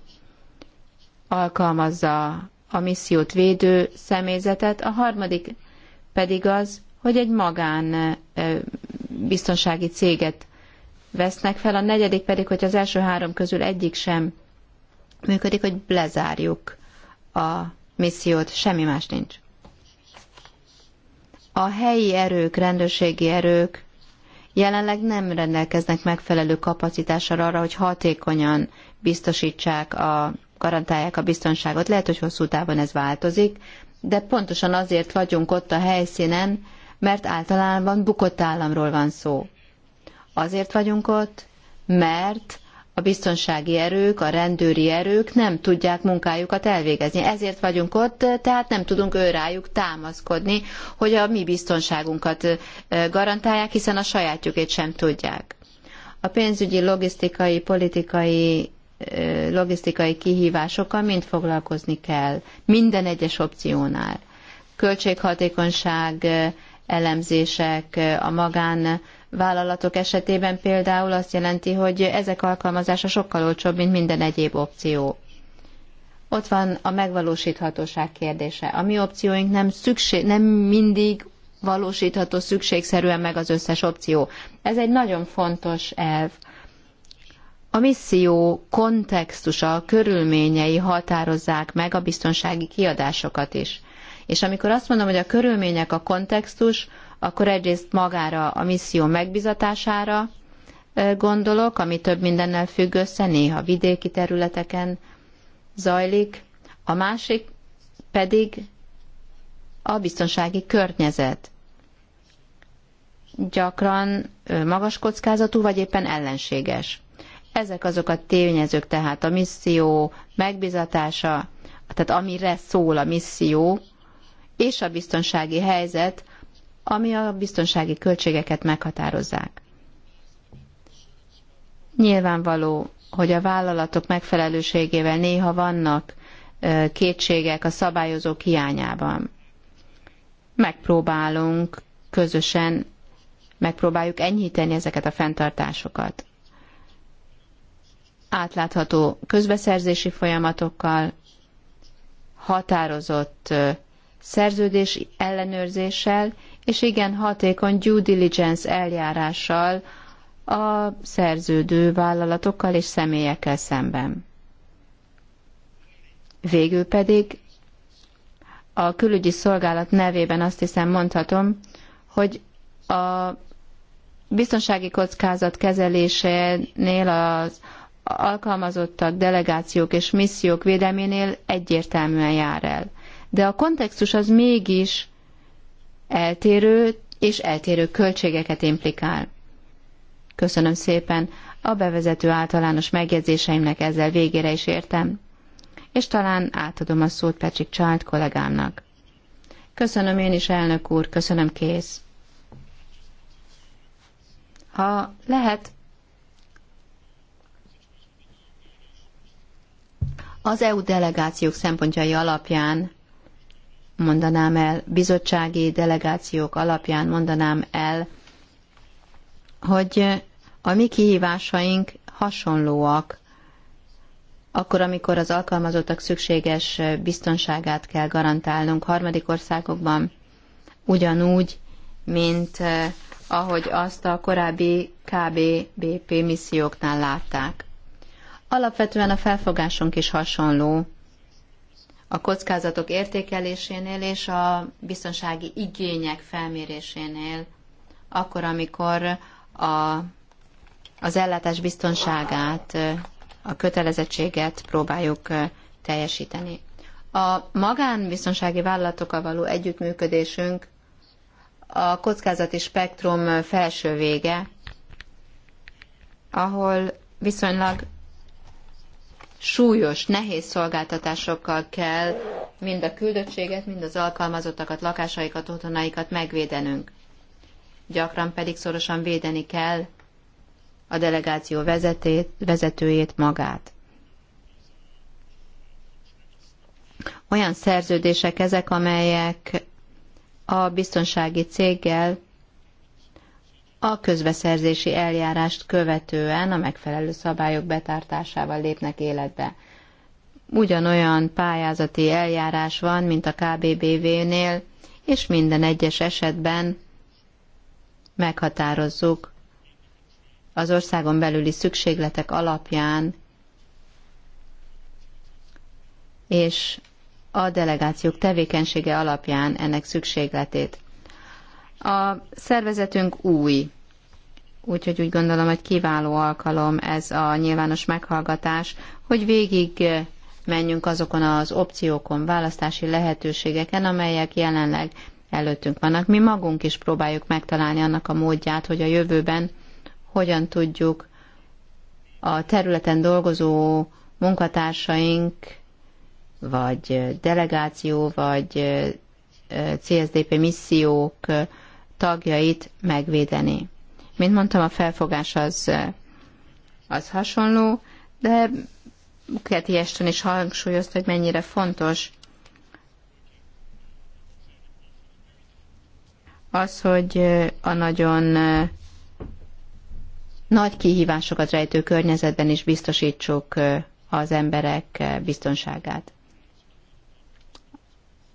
Speaker 2: alkalmazza a missziót védő személyzetet, a harmadik pedig az, hogy egy magán biztonsági céget vesznek fel, a negyedik pedig, hogy az első három közül egyik sem működik, hogy lezárjuk a missziót, semmi más nincs. A helyi erők, rendőrségi erők jelenleg nem rendelkeznek megfelelő kapacitással arra, hogy hatékonyan biztosítsák a garantálják a biztonságot. Lehet, hogy hosszú távon ez változik, de pontosan azért vagyunk ott a helyszínen, mert általában bukott államról van szó. Azért vagyunk ott, mert a biztonsági erők, a rendőri erők nem tudják munkájukat elvégezni. Ezért vagyunk ott, tehát nem tudunk őrájuk támaszkodni, hogy a mi biztonságunkat garantálják, hiszen a sajátjukét sem tudják. A pénzügyi, logisztikai, politikai logisztikai kihívásokkal mind foglalkozni kell, minden egyes opciónál. Költséghatékonyság, elemzések, a magán vállalatok esetében például azt jelenti, hogy ezek alkalmazása sokkal olcsóbb, mint minden egyéb opció. Ott van a megvalósíthatóság kérdése. A mi opcióink nem, szükség, nem mindig valósítható szükségszerűen meg az összes opció. Ez egy nagyon fontos elv. A misszió kontextusa, körülményei határozzák meg a biztonsági kiadásokat is. És amikor azt mondom, hogy a körülmények a kontextus, akkor egyrészt magára a misszió megbizatására gondolok, ami több mindennel függ össze, néha vidéki területeken zajlik. A másik pedig a biztonsági környezet. Gyakran magas kockázatú, vagy éppen ellenséges. Ezek azok a tényezők, tehát a misszió megbizatása, tehát amire szól a misszió, és a biztonsági helyzet, ami a biztonsági költségeket meghatározzák. Nyilvánvaló, hogy a vállalatok megfelelőségével néha vannak kétségek a szabályozók hiányában. Megpróbálunk közösen, megpróbáljuk enyhíteni ezeket a fenntartásokat átlátható közbeszerzési folyamatokkal, határozott szerződés ellenőrzéssel, és igen hatékony due diligence eljárással a szerződő vállalatokkal és személyekkel szemben. Végül pedig a külügyi szolgálat nevében azt hiszem mondhatom, hogy a biztonsági kockázat kezelésénél az alkalmazottak, delegációk és missziók védelménél egyértelműen jár el. De a kontextus az mégis eltérő és eltérő költségeket implikál. Köszönöm szépen, a bevezető általános megjegyzéseimnek ezzel végére is értem, és talán átadom a szót Patrick Child kollégámnak. Köszönöm én is, elnök úr, köszönöm kész. Ha lehet, Az EU delegációk szempontjai alapján mondanám el, bizottsági delegációk alapján mondanám el, hogy a mi kihívásaink hasonlóak, akkor, amikor az alkalmazottak szükséges biztonságát kell garantálnunk harmadik országokban, ugyanúgy, mint eh, ahogy azt a korábbi KBBP misszióknál látták. Alapvetően a felfogásunk is hasonló a kockázatok értékelésénél és a biztonsági igények felmérésénél, akkor, amikor a, az ellátás biztonságát, a kötelezettséget próbáljuk teljesíteni. A magánbiztonsági vállalatokkal való együttműködésünk a kockázati spektrum felső vége, ahol viszonylag súlyos, nehéz szolgáltatásokkal kell mind a küldöttséget, mind az alkalmazottakat, lakásaikat, otthonaikat megvédenünk. Gyakran pedig szorosan védeni kell a delegáció vezetét, vezetőjét magát. Olyan szerződések ezek, amelyek a biztonsági céggel a közbeszerzési eljárást követően a megfelelő szabályok betartásával lépnek életbe. Ugyanolyan pályázati eljárás van, mint a KBBV-nél, és minden egyes esetben meghatározzuk az országon belüli szükségletek alapján és a delegációk tevékenysége alapján ennek szükségletét. A szervezetünk új, Úgyhogy úgy gondolom, hogy kiváló alkalom ez a nyilvános meghallgatás, hogy végig menjünk azokon az opciókon, választási lehetőségeken, amelyek jelenleg előttünk vannak. Mi magunk is próbáljuk megtalálni annak a módját, hogy a jövőben hogyan tudjuk a területen dolgozó munkatársaink, vagy delegáció, vagy CSDP missziók tagjait megvédeni. Mint mondtam, a felfogás az, az hasonló, de Keti Eston is hangsúlyozta, hogy mennyire fontos az, hogy a nagyon nagy kihívásokat rejtő környezetben is biztosítsuk az emberek biztonságát.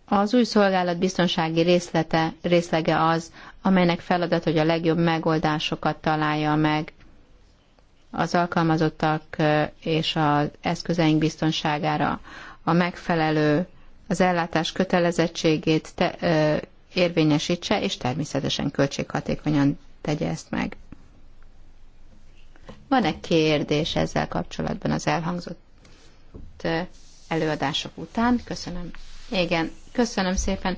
Speaker 2: Az új szolgálat biztonsági részlete, részlege az, amelynek feladat, hogy a legjobb megoldásokat találja meg az alkalmazottak és az eszközeink biztonságára, a megfelelő, az ellátás kötelezettségét te, ö, érvényesítse, és természetesen költséghatékonyan tegye ezt meg. Van-e kérdés ezzel kapcsolatban az elhangzott előadások után? Köszönöm. Igen, köszönöm szépen.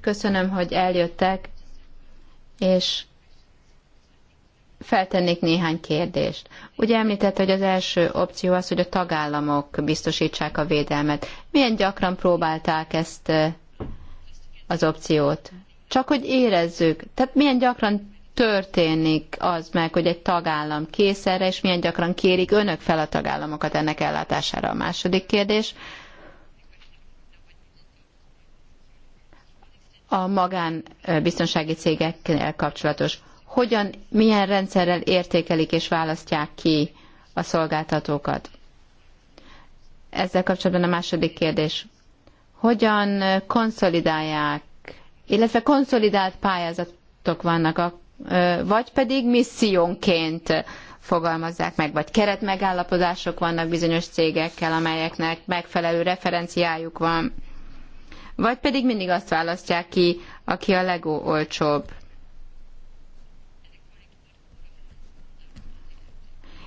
Speaker 2: Köszönöm, hogy eljöttek, és feltennék néhány kérdést. Ugye említett, hogy az első opció az, hogy a tagállamok biztosítsák a védelmet. Milyen gyakran próbálták ezt az opciót? Csak hogy érezzük. Tehát milyen gyakran történik az meg, hogy egy tagállam kész erre, és milyen gyakran kérik önök fel a tagállamokat ennek ellátására. A második kérdés. a magánbiztonsági cégekkel kapcsolatos. Hogyan, milyen rendszerrel értékelik és választják ki a szolgáltatókat? Ezzel kapcsolatban a második kérdés. Hogyan konszolidálják, illetve konszolidált pályázatok vannak, a, vagy pedig missziónként fogalmazzák meg, vagy keretmegállapodások vannak bizonyos cégekkel, amelyeknek megfelelő referenciájuk van vagy pedig mindig azt választják ki, aki a legolcsóbb.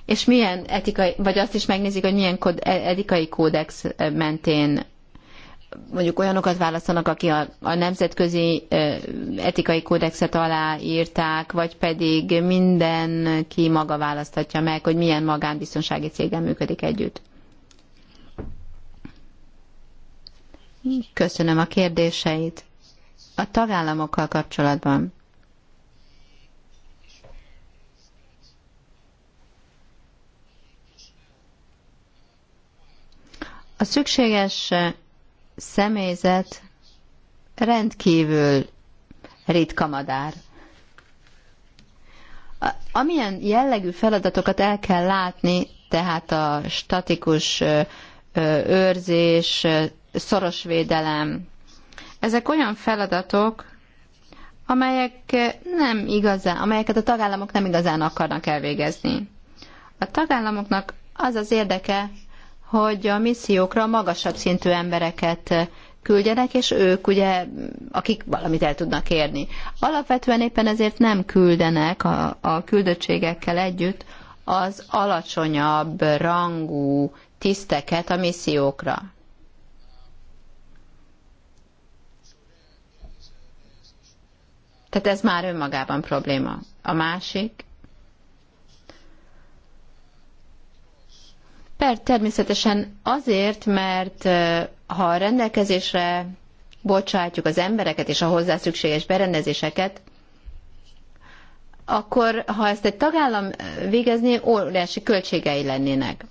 Speaker 2: És milyen etikai, vagy azt is megnézik, hogy milyen kod, e- etikai kódex mentén mondjuk olyanokat választanak, aki a, a nemzetközi etikai kódexet aláírták, vagy pedig mindenki maga választhatja meg, hogy milyen magánbiztonsági céggel működik együtt. Köszönöm a kérdéseit. A tagállamokkal kapcsolatban. A szükséges személyzet rendkívül ritka madár. Amilyen jellegű feladatokat el kell látni, tehát a statikus őrzés, szoros védelem. Ezek olyan feladatok, amelyek nem igazán, amelyeket a tagállamok nem igazán akarnak elvégezni. A tagállamoknak az az érdeke, hogy a missziókra magasabb szintű embereket küldjenek, és ők ugye, akik valamit el tudnak érni. Alapvetően éppen ezért nem küldenek a, a küldöttségekkel együtt az alacsonyabb rangú tiszteket a missziókra. Tehát ez már önmagában probléma. A másik, Per, természetesen azért, mert ha a rendelkezésre bocsátjuk az embereket és a hozzá szükséges berendezéseket, akkor ha ezt egy tagállam végezné, óriási költségei lennének.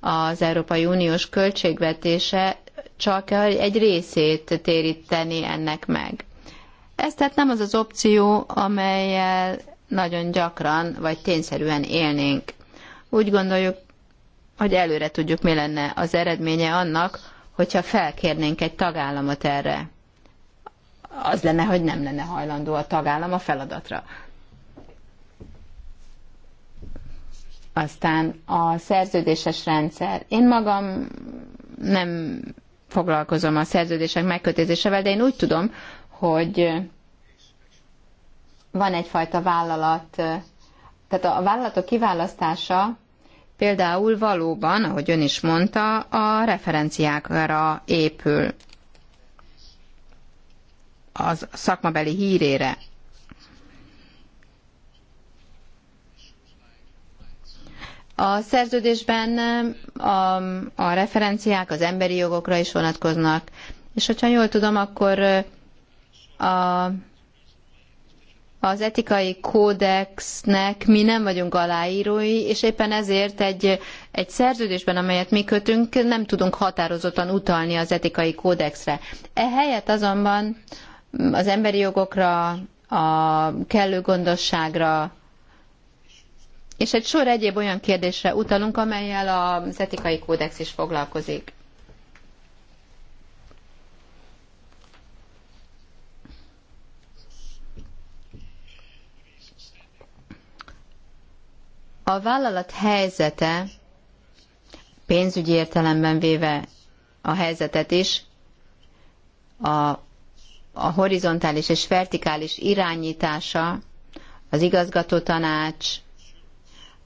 Speaker 2: Az Európai Uniós költségvetése csak egy részét téríteni ennek meg. Ez tehát nem az az opció, amelyel nagyon gyakran vagy tényszerűen élnénk. Úgy gondoljuk, hogy előre tudjuk, mi lenne az eredménye annak, hogyha felkérnénk egy tagállamot erre. Az lenne, hogy nem lenne hajlandó a tagállam a feladatra. Aztán a szerződéses rendszer. Én magam nem foglalkozom a szerződések megkötésével, de én úgy tudom, hogy van egyfajta vállalat, tehát a vállalatok kiválasztása például valóban, ahogy ön is mondta, a referenciákra épül, az szakmabeli hírére. A szerződésben a, a referenciák az emberi jogokra is vonatkoznak, és hogyha jól tudom, akkor a, az etikai kódexnek mi nem vagyunk aláírói, és éppen ezért egy, egy szerződésben, amelyet mi kötünk, nem tudunk határozottan utalni az etikai kódexre. Ehelyett azonban az emberi jogokra, a kellő gondosságra, és egy sor egyéb olyan kérdésre utalunk, amelyel az etikai kódex is foglalkozik. A vállalat helyzete, pénzügyi értelemben véve a helyzetet is, a, a horizontális és vertikális irányítása, az igazgató tanács,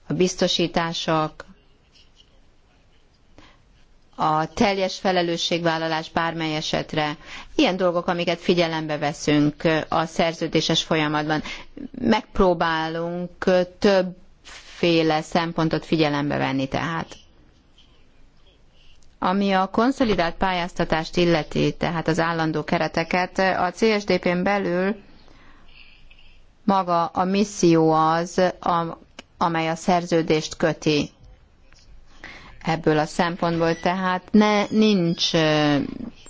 Speaker 2: a biztosítások, a teljes felelősségvállalás bármely esetre. Ilyen dolgok, amiket figyelembe veszünk a szerződéses folyamatban. Megpróbálunk több féle szempontot figyelembe venni tehát. Ami a konszolidált pályáztatást illeti, tehát az állandó kereteket, a CSDP-n belül maga a misszió az, amely a szerződést köti. Ebből a szempontból tehát ne, nincs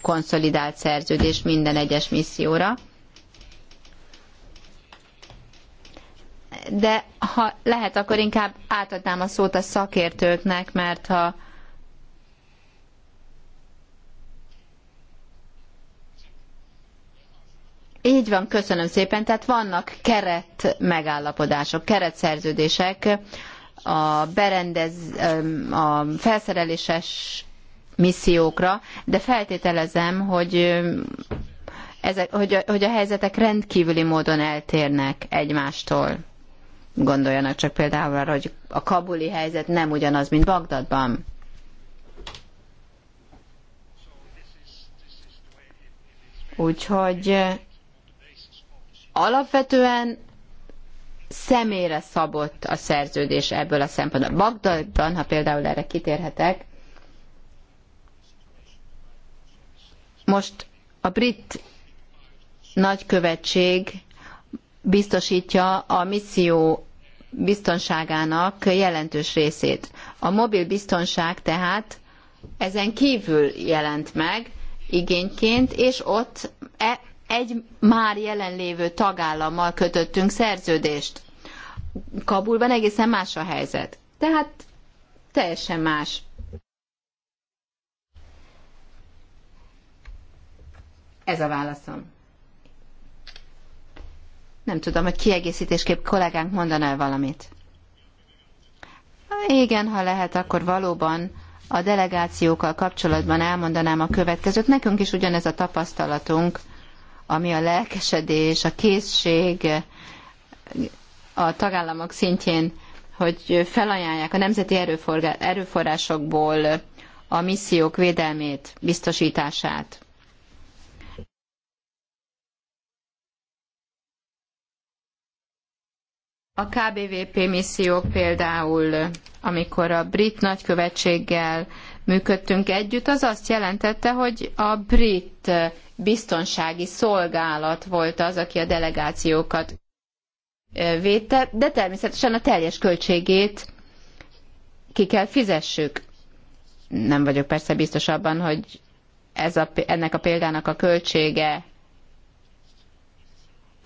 Speaker 2: konszolidált szerződés minden egyes misszióra, de ha lehet, akkor inkább átadnám a szót a szakértőknek, mert ha Így van, köszönöm szépen. Tehát vannak keret megállapodások, keretszerződések, a berendez, a felszereléses missziókra, de feltételezem, hogy ezek, hogy, a, hogy a helyzetek rendkívüli módon eltérnek egymástól. Gondoljanak csak például arra, hogy a kabuli helyzet nem ugyanaz, mint Bagdadban. Úgyhogy eh, alapvetően személyre szabott a szerződés ebből a szempontból. Bagdadban, ha például erre kitérhetek, most a brit nagykövetség biztosítja a misszió biztonságának jelentős részét. A mobil biztonság tehát ezen kívül jelent meg igényként, és ott e, egy már jelenlévő tagállammal kötöttünk szerződést. Kabulban egészen más a helyzet. Tehát teljesen más. Ez a válaszom. Nem tudom, hogy kiegészítésképp kollégánk mondaná -e valamit. Igen, ha lehet, akkor valóban a delegációkkal kapcsolatban elmondanám a következőt. Nekünk is ugyanez a tapasztalatunk, ami a lelkesedés, a készség a tagállamok szintjén, hogy felajánlják a nemzeti erőforrásokból a missziók védelmét, biztosítását. A KBVP missziók például, amikor a brit nagykövetséggel működtünk együtt, az azt jelentette, hogy a brit biztonsági szolgálat volt az, aki a delegációkat védte, de természetesen a teljes költségét ki kell fizessük. Nem vagyok persze biztos abban, hogy ez a, ennek a példának a költsége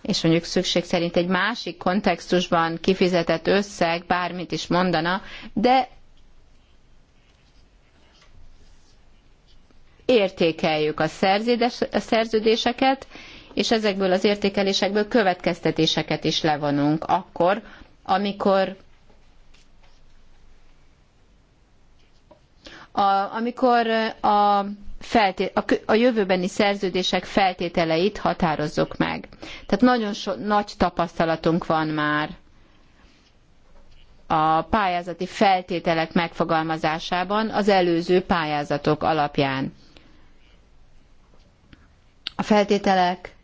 Speaker 2: és mondjuk szükség szerint egy másik kontextusban kifizetett összeg bármit is mondana, de értékeljük a, a szerződéseket, és ezekből az értékelésekből következtetéseket is levonunk akkor, amikor a, amikor a a jövőbeni szerződések feltételeit határozzuk meg. Tehát nagyon so, nagy tapasztalatunk van már a pályázati feltételek megfogalmazásában az előző pályázatok alapján. A feltételek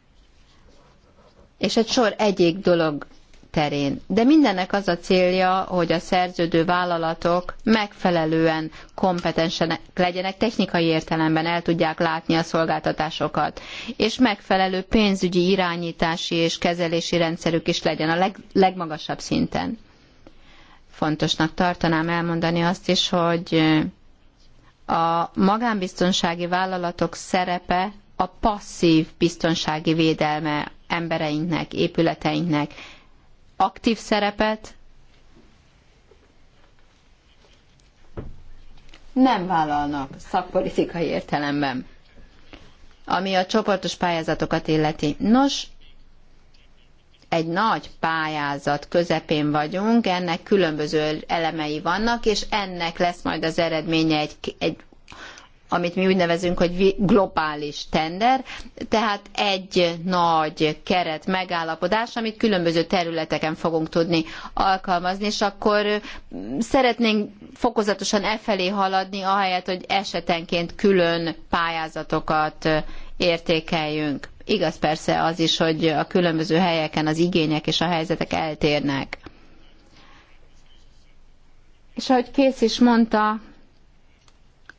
Speaker 2: és egy sor egyik dolog terén. De mindennek az a célja, hogy a szerződő vállalatok megfelelően kompetensek legyenek, technikai értelemben el tudják látni a szolgáltatásokat, és megfelelő pénzügyi irányítási és kezelési rendszerük is legyen a leg, legmagasabb szinten. Fontosnak tartanám elmondani azt is, hogy a magánbiztonsági vállalatok szerepe a passzív biztonsági védelme embereinknek, épületeinknek aktív szerepet nem vállalnak szakpolitikai értelemben, ami a csoportos pályázatokat illeti. Nos, egy nagy pályázat közepén vagyunk, ennek különböző elemei vannak, és ennek lesz majd az eredménye egy, egy amit mi úgy nevezünk, hogy globális tender, tehát egy nagy keret megállapodás, amit különböző területeken fogunk tudni alkalmazni, és akkor szeretnénk fokozatosan e felé haladni, ahelyett, hogy esetenként külön pályázatokat értékeljünk. Igaz persze az is, hogy a különböző helyeken az igények és a helyzetek eltérnek. És ahogy Kész is mondta,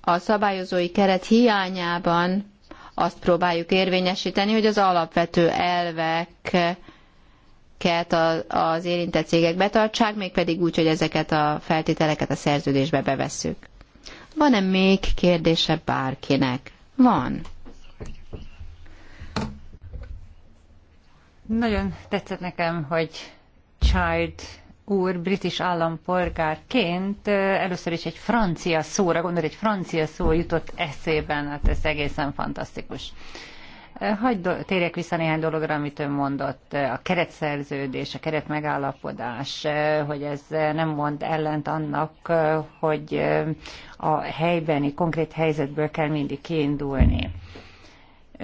Speaker 2: a szabályozói keret hiányában azt próbáljuk érvényesíteni, hogy az alapvető elveket az érintett cégek betartsák, mégpedig úgy, hogy ezeket a feltételeket a szerződésbe bevesszük. Van-e még kérdése bárkinek? Van.
Speaker 3: Nagyon tetszett nekem, hogy Child úr brit állampolgárként először is egy francia szóra, gondolt egy francia szó jutott eszében, hát ez egészen fantasztikus. Hagy térjek vissza néhány dologra, amit ön mondott, a keretszerződés, a keretmegállapodás, hogy ez nem mond ellent annak, hogy a helybeni, konkrét helyzetből kell mindig kiindulni.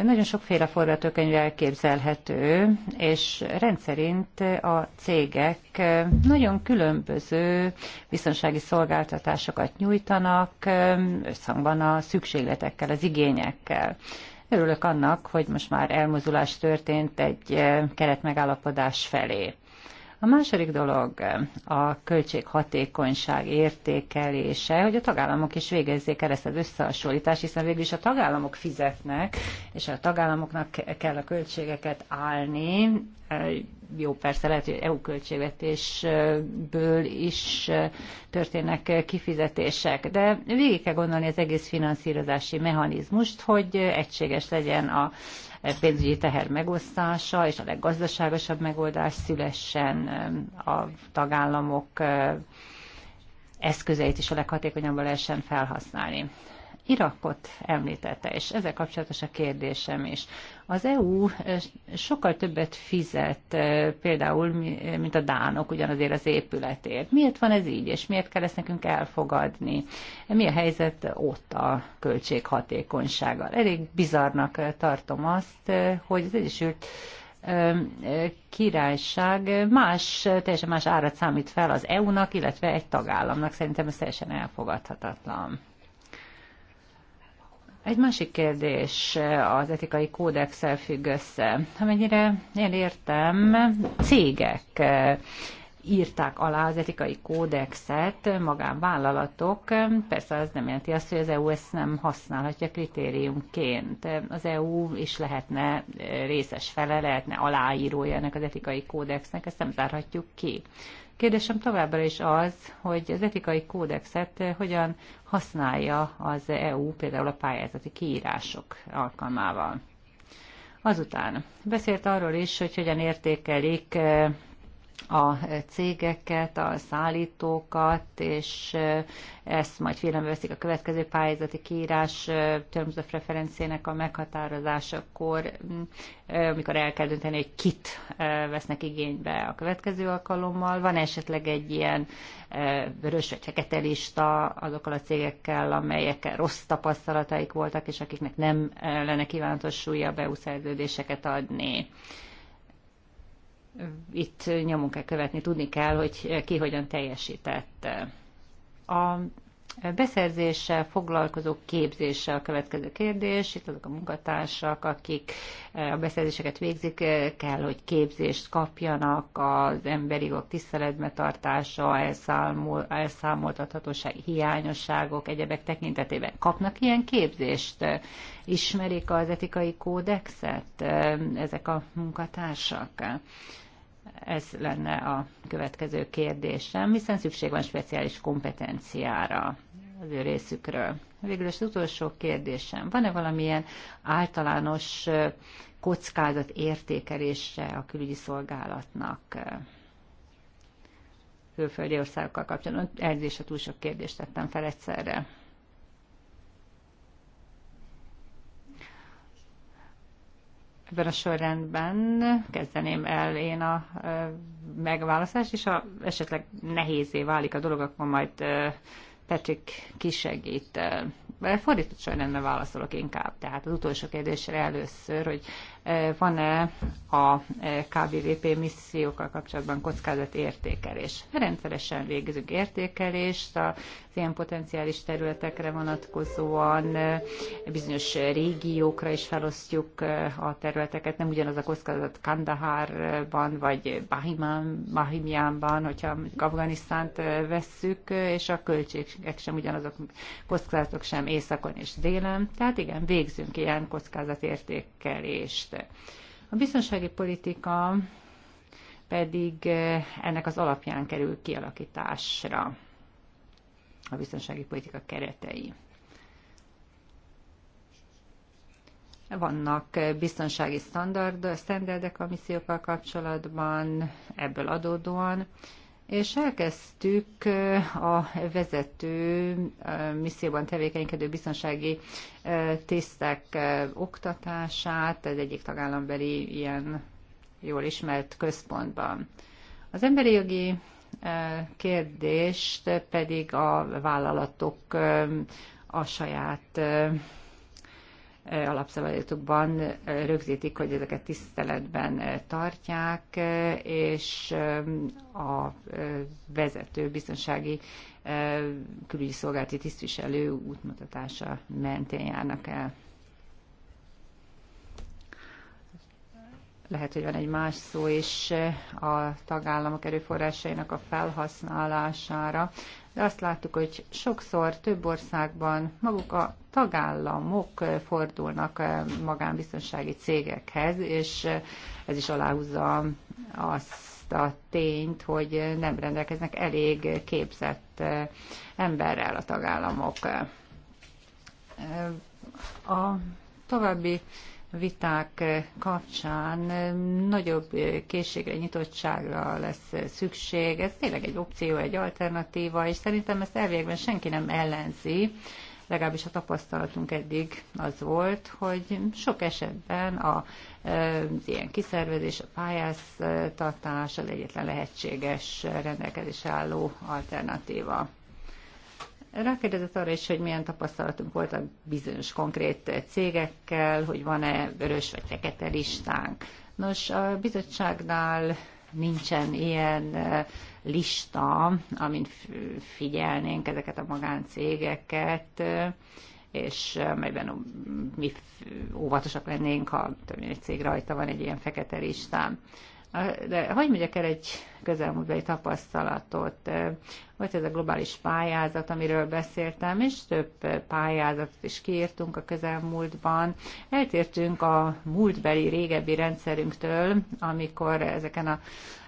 Speaker 3: Nagyon sokféle forgatókönyv elképzelhető, és rendszerint a cégek nagyon különböző biztonsági szolgáltatásokat nyújtanak összhangban a szükségletekkel, az igényekkel. Örülök annak, hogy most már elmozulás történt egy keretmegállapodás felé. A második dolog a költséghatékonyság értékelése, hogy a tagállamok is végezzék el ezt az összehasonlítást, hiszen végül is a tagállamok fizetnek, és a tagállamoknak kell a költségeket állni. Jó, persze lehet, hogy EU költségvetésből is történnek kifizetések, de végig kell gondolni az egész finanszírozási mechanizmust, hogy egységes legyen a pénzügyi teher megosztása és a leggazdaságosabb megoldás szülessen a tagállamok eszközeit is a leghatékonyabban lehessen felhasználni. Irakot említette, és ezzel kapcsolatos a kérdésem is. Az EU eh, sokkal többet fizet eh, például, eh, mint a dánok ugyanazért az épületért. Miért van ez így, és miért kell ezt nekünk elfogadni? Mi a helyzet ott a költséghatékonysággal? Elég bizarnak tartom azt, hogy az Egyesült királyság más, teljesen más árat számít fel az EU-nak, illetve egy tagállamnak. Szerintem ez teljesen elfogadhatatlan. Egy másik kérdés eh, az etikai kódexel függ össze. Amennyire én értem, cégek eh, írták alá az etikai kódexet magánvállalatok. Persze az nem jelenti azt, hogy az EU ezt nem használhatja kritériumként. Az EU is lehetne eh, részes fele, lehetne aláírója ennek az etikai kódexnek, ezt nem zárhatjuk ki. Kérdésem továbbra is az, hogy az etikai kódexet eh, hogyan használja az EU például a pályázati kiírások alkalmával. Azután beszélt arról is, hogy hogyan értékelik eh, a cégeket, a szállítókat, és ezt majd figyelembe veszik a következő pályázati kiírás terms of referencének a meghatározásakor, mm, amikor el kell dönteni, hogy kit vesznek igénybe a következő alkalommal. Van esetleg egy ilyen vörös vagy fekete lista azokkal a cégekkel, amelyek rossz tapasztalataik voltak, és akiknek nem lenne kívánatos újabb beúszerződéseket adni itt nyomunk kell követni, tudni kell, hogy ki hogyan teljesített. A beszerzéssel foglalkozó képzése, a következő kérdés. Itt azok a munkatársak, akik eh, a beszerzéseket végzik, eh, kell, hogy képzést kapjanak az emberi jogok tiszteletbe tartása, elszámol, elszámoltathatóság, hiányosságok, egyebek tekintetében. Kapnak ilyen képzést? Ismerik az etikai kódexet eh, ezek a munkatársak? Ez lenne a következő kérdésem, hiszen szükség van speciális kompetenciára az ő részükről. Végül az utolsó kérdésem, van-e valamilyen általános kockázat értékelése a külügyi szolgálatnak külföldi országokkal kapcsolatban? Elnézést, túl sok kérdést tettem fel egyszerre. ebben a sorrendben kezdeném el én a megválaszást, és ha esetleg nehézé válik a dolog, akkor majd Petrik kisegít. Fordított sorrendben válaszolok inkább, tehát az utolsó kérdésre először, hogy van-e a e, KBVP missziókkal kapcsolatban értékelés. Rendszeresen végzünk értékelést az ilyen potenciális területekre vonatkozóan, bizonyos régiókra is felosztjuk e, a területeket, nem ugyanaz a kockázat Kandahárban vagy Bahimianban, hogyha Afganisztánt e, vesszük, és a költségek sem ugyanazok, kockázatok sem északon és délen. Tehát igen, végzünk ilyen kockázatértékelést a biztonsági politika pedig eh, ennek az alapján kerül kialakításra a biztonsági politika keretei. Vannak eh, biztonsági standard, standardek a missziókkal kapcsolatban, ebből adódóan, és elkezdtük a vezető misszióban tevékenykedő biztonsági tisztek oktatását, ez egyik tagállambeli ilyen jól ismert központban. Az emberi jogi kérdést pedig a vállalatok a saját alapszabályokban rögzítik, hogy ezeket tiszteletben tartják, és a vezető biztonsági külügyi szolgálati tisztviselő útmutatása mentén járnak el. Lehet, hogy van egy más szó is a tagállamok erőforrásainak a felhasználására azt láttuk, hogy sokszor több országban maguk a tagállamok fordulnak eh, magánbiztonsági cégekhez, és eh, ez is aláhúzza azt a tényt, hogy nem rendelkeznek elég képzett eh, emberrel a tagállamok. A további viták kapcsán nagyobb készségre, nyitottságra lesz szükség. Ez tényleg egy opció, egy alternatíva, és szerintem ezt elvégben senki nem ellenzi. Legalábbis a tapasztalatunk eddig az volt, hogy sok esetben a, az ilyen kiszervezés, a pályáztatás az egyetlen lehetséges rendelkezés álló alternatíva. Rákérdezett arra is, hogy milyen tapasztalatunk voltak bizonyos konkrét cégekkel, hogy van-e vörös vagy fekete listánk. Nos, a bizottságnál nincsen ilyen lista, amin figyelnénk ezeket a magáncégeket, és melyben mi óvatosak lennénk, ha több egy cég rajta van egy ilyen fekete listán. De hogy megyek el egy közelmúltbeli tapasztalatot. Volt ez a globális pályázat, amiről beszéltem, és több pályázatot is kiírtunk a közelmúltban. Eltértünk a múltbeli régebbi rendszerünktől, amikor ezeken a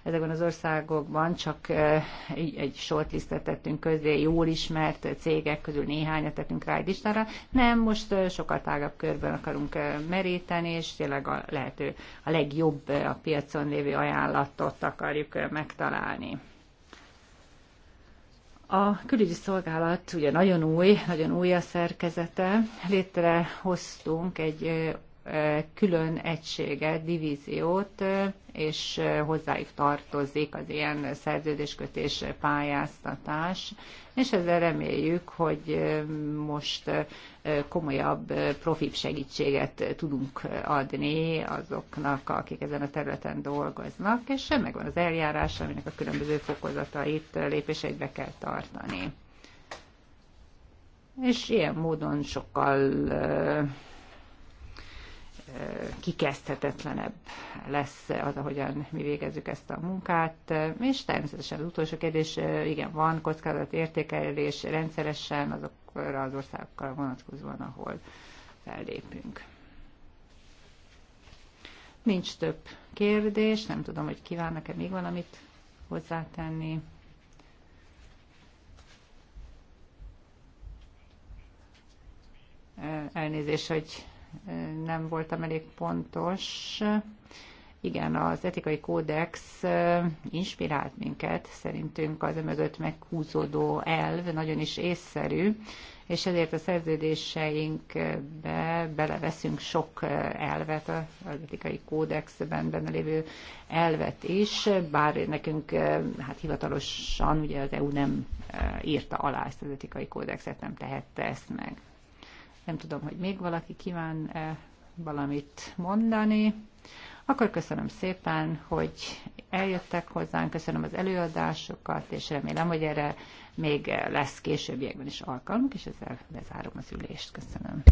Speaker 3: ezekben az országokban csak egy, egy shortlistet tettünk közé, jól ismert cégek közül néhányat tettünk rá egy listára. Nem, most sokkal tágabb körben akarunk meríteni, és tényleg a lehető a legjobb a piacon lévő ajánlatot akarjuk megtalálni. A külügyi szolgálat ugye nagyon új, nagyon új a szerkezete. Létrehoztunk egy külön egységet, divíziót, és hozzájuk tartozik az ilyen szerződéskötés pályáztatás, és ezzel reméljük, hogy most komolyabb, profi segítséget tudunk adni azoknak, akik ezen a területen dolgoznak, és megvan az eljárás, aminek a különböző fokozatait, lépéseit kell tartani. És ilyen módon sokkal kikezdhetetlenebb lesz az, ahogyan mi végezzük ezt a munkát. És természetesen az utolsó kérdés, igen, van kockázatértékelés rendszeresen, azok azokra az országokkal vonatkozóan, ahol fellépünk. Nincs több kérdés, nem tudom, hogy kívánnak-e még valamit hozzátenni. Elnézés, hogy nem voltam elég pontos. Igen, az etikai kódex inspirált minket, szerintünk az emögött meghúzódó elv nagyon is észszerű, és ezért a szerződéseinkbe beleveszünk sok elvet, az etikai kódexben benne lévő elvet is, bár nekünk hát hivatalosan ugye az EU nem írta alá ezt az etikai kódexet, nem tehette ezt meg. Nem tudom, hogy még valaki kíván -e valamit mondani. Akkor köszönöm szépen, hogy eljöttek hozzánk, köszönöm az előadásokat, és remélem, hogy erre még lesz későbbiekben is alkalmunk, és ezzel bezárom az ülést. Köszönöm.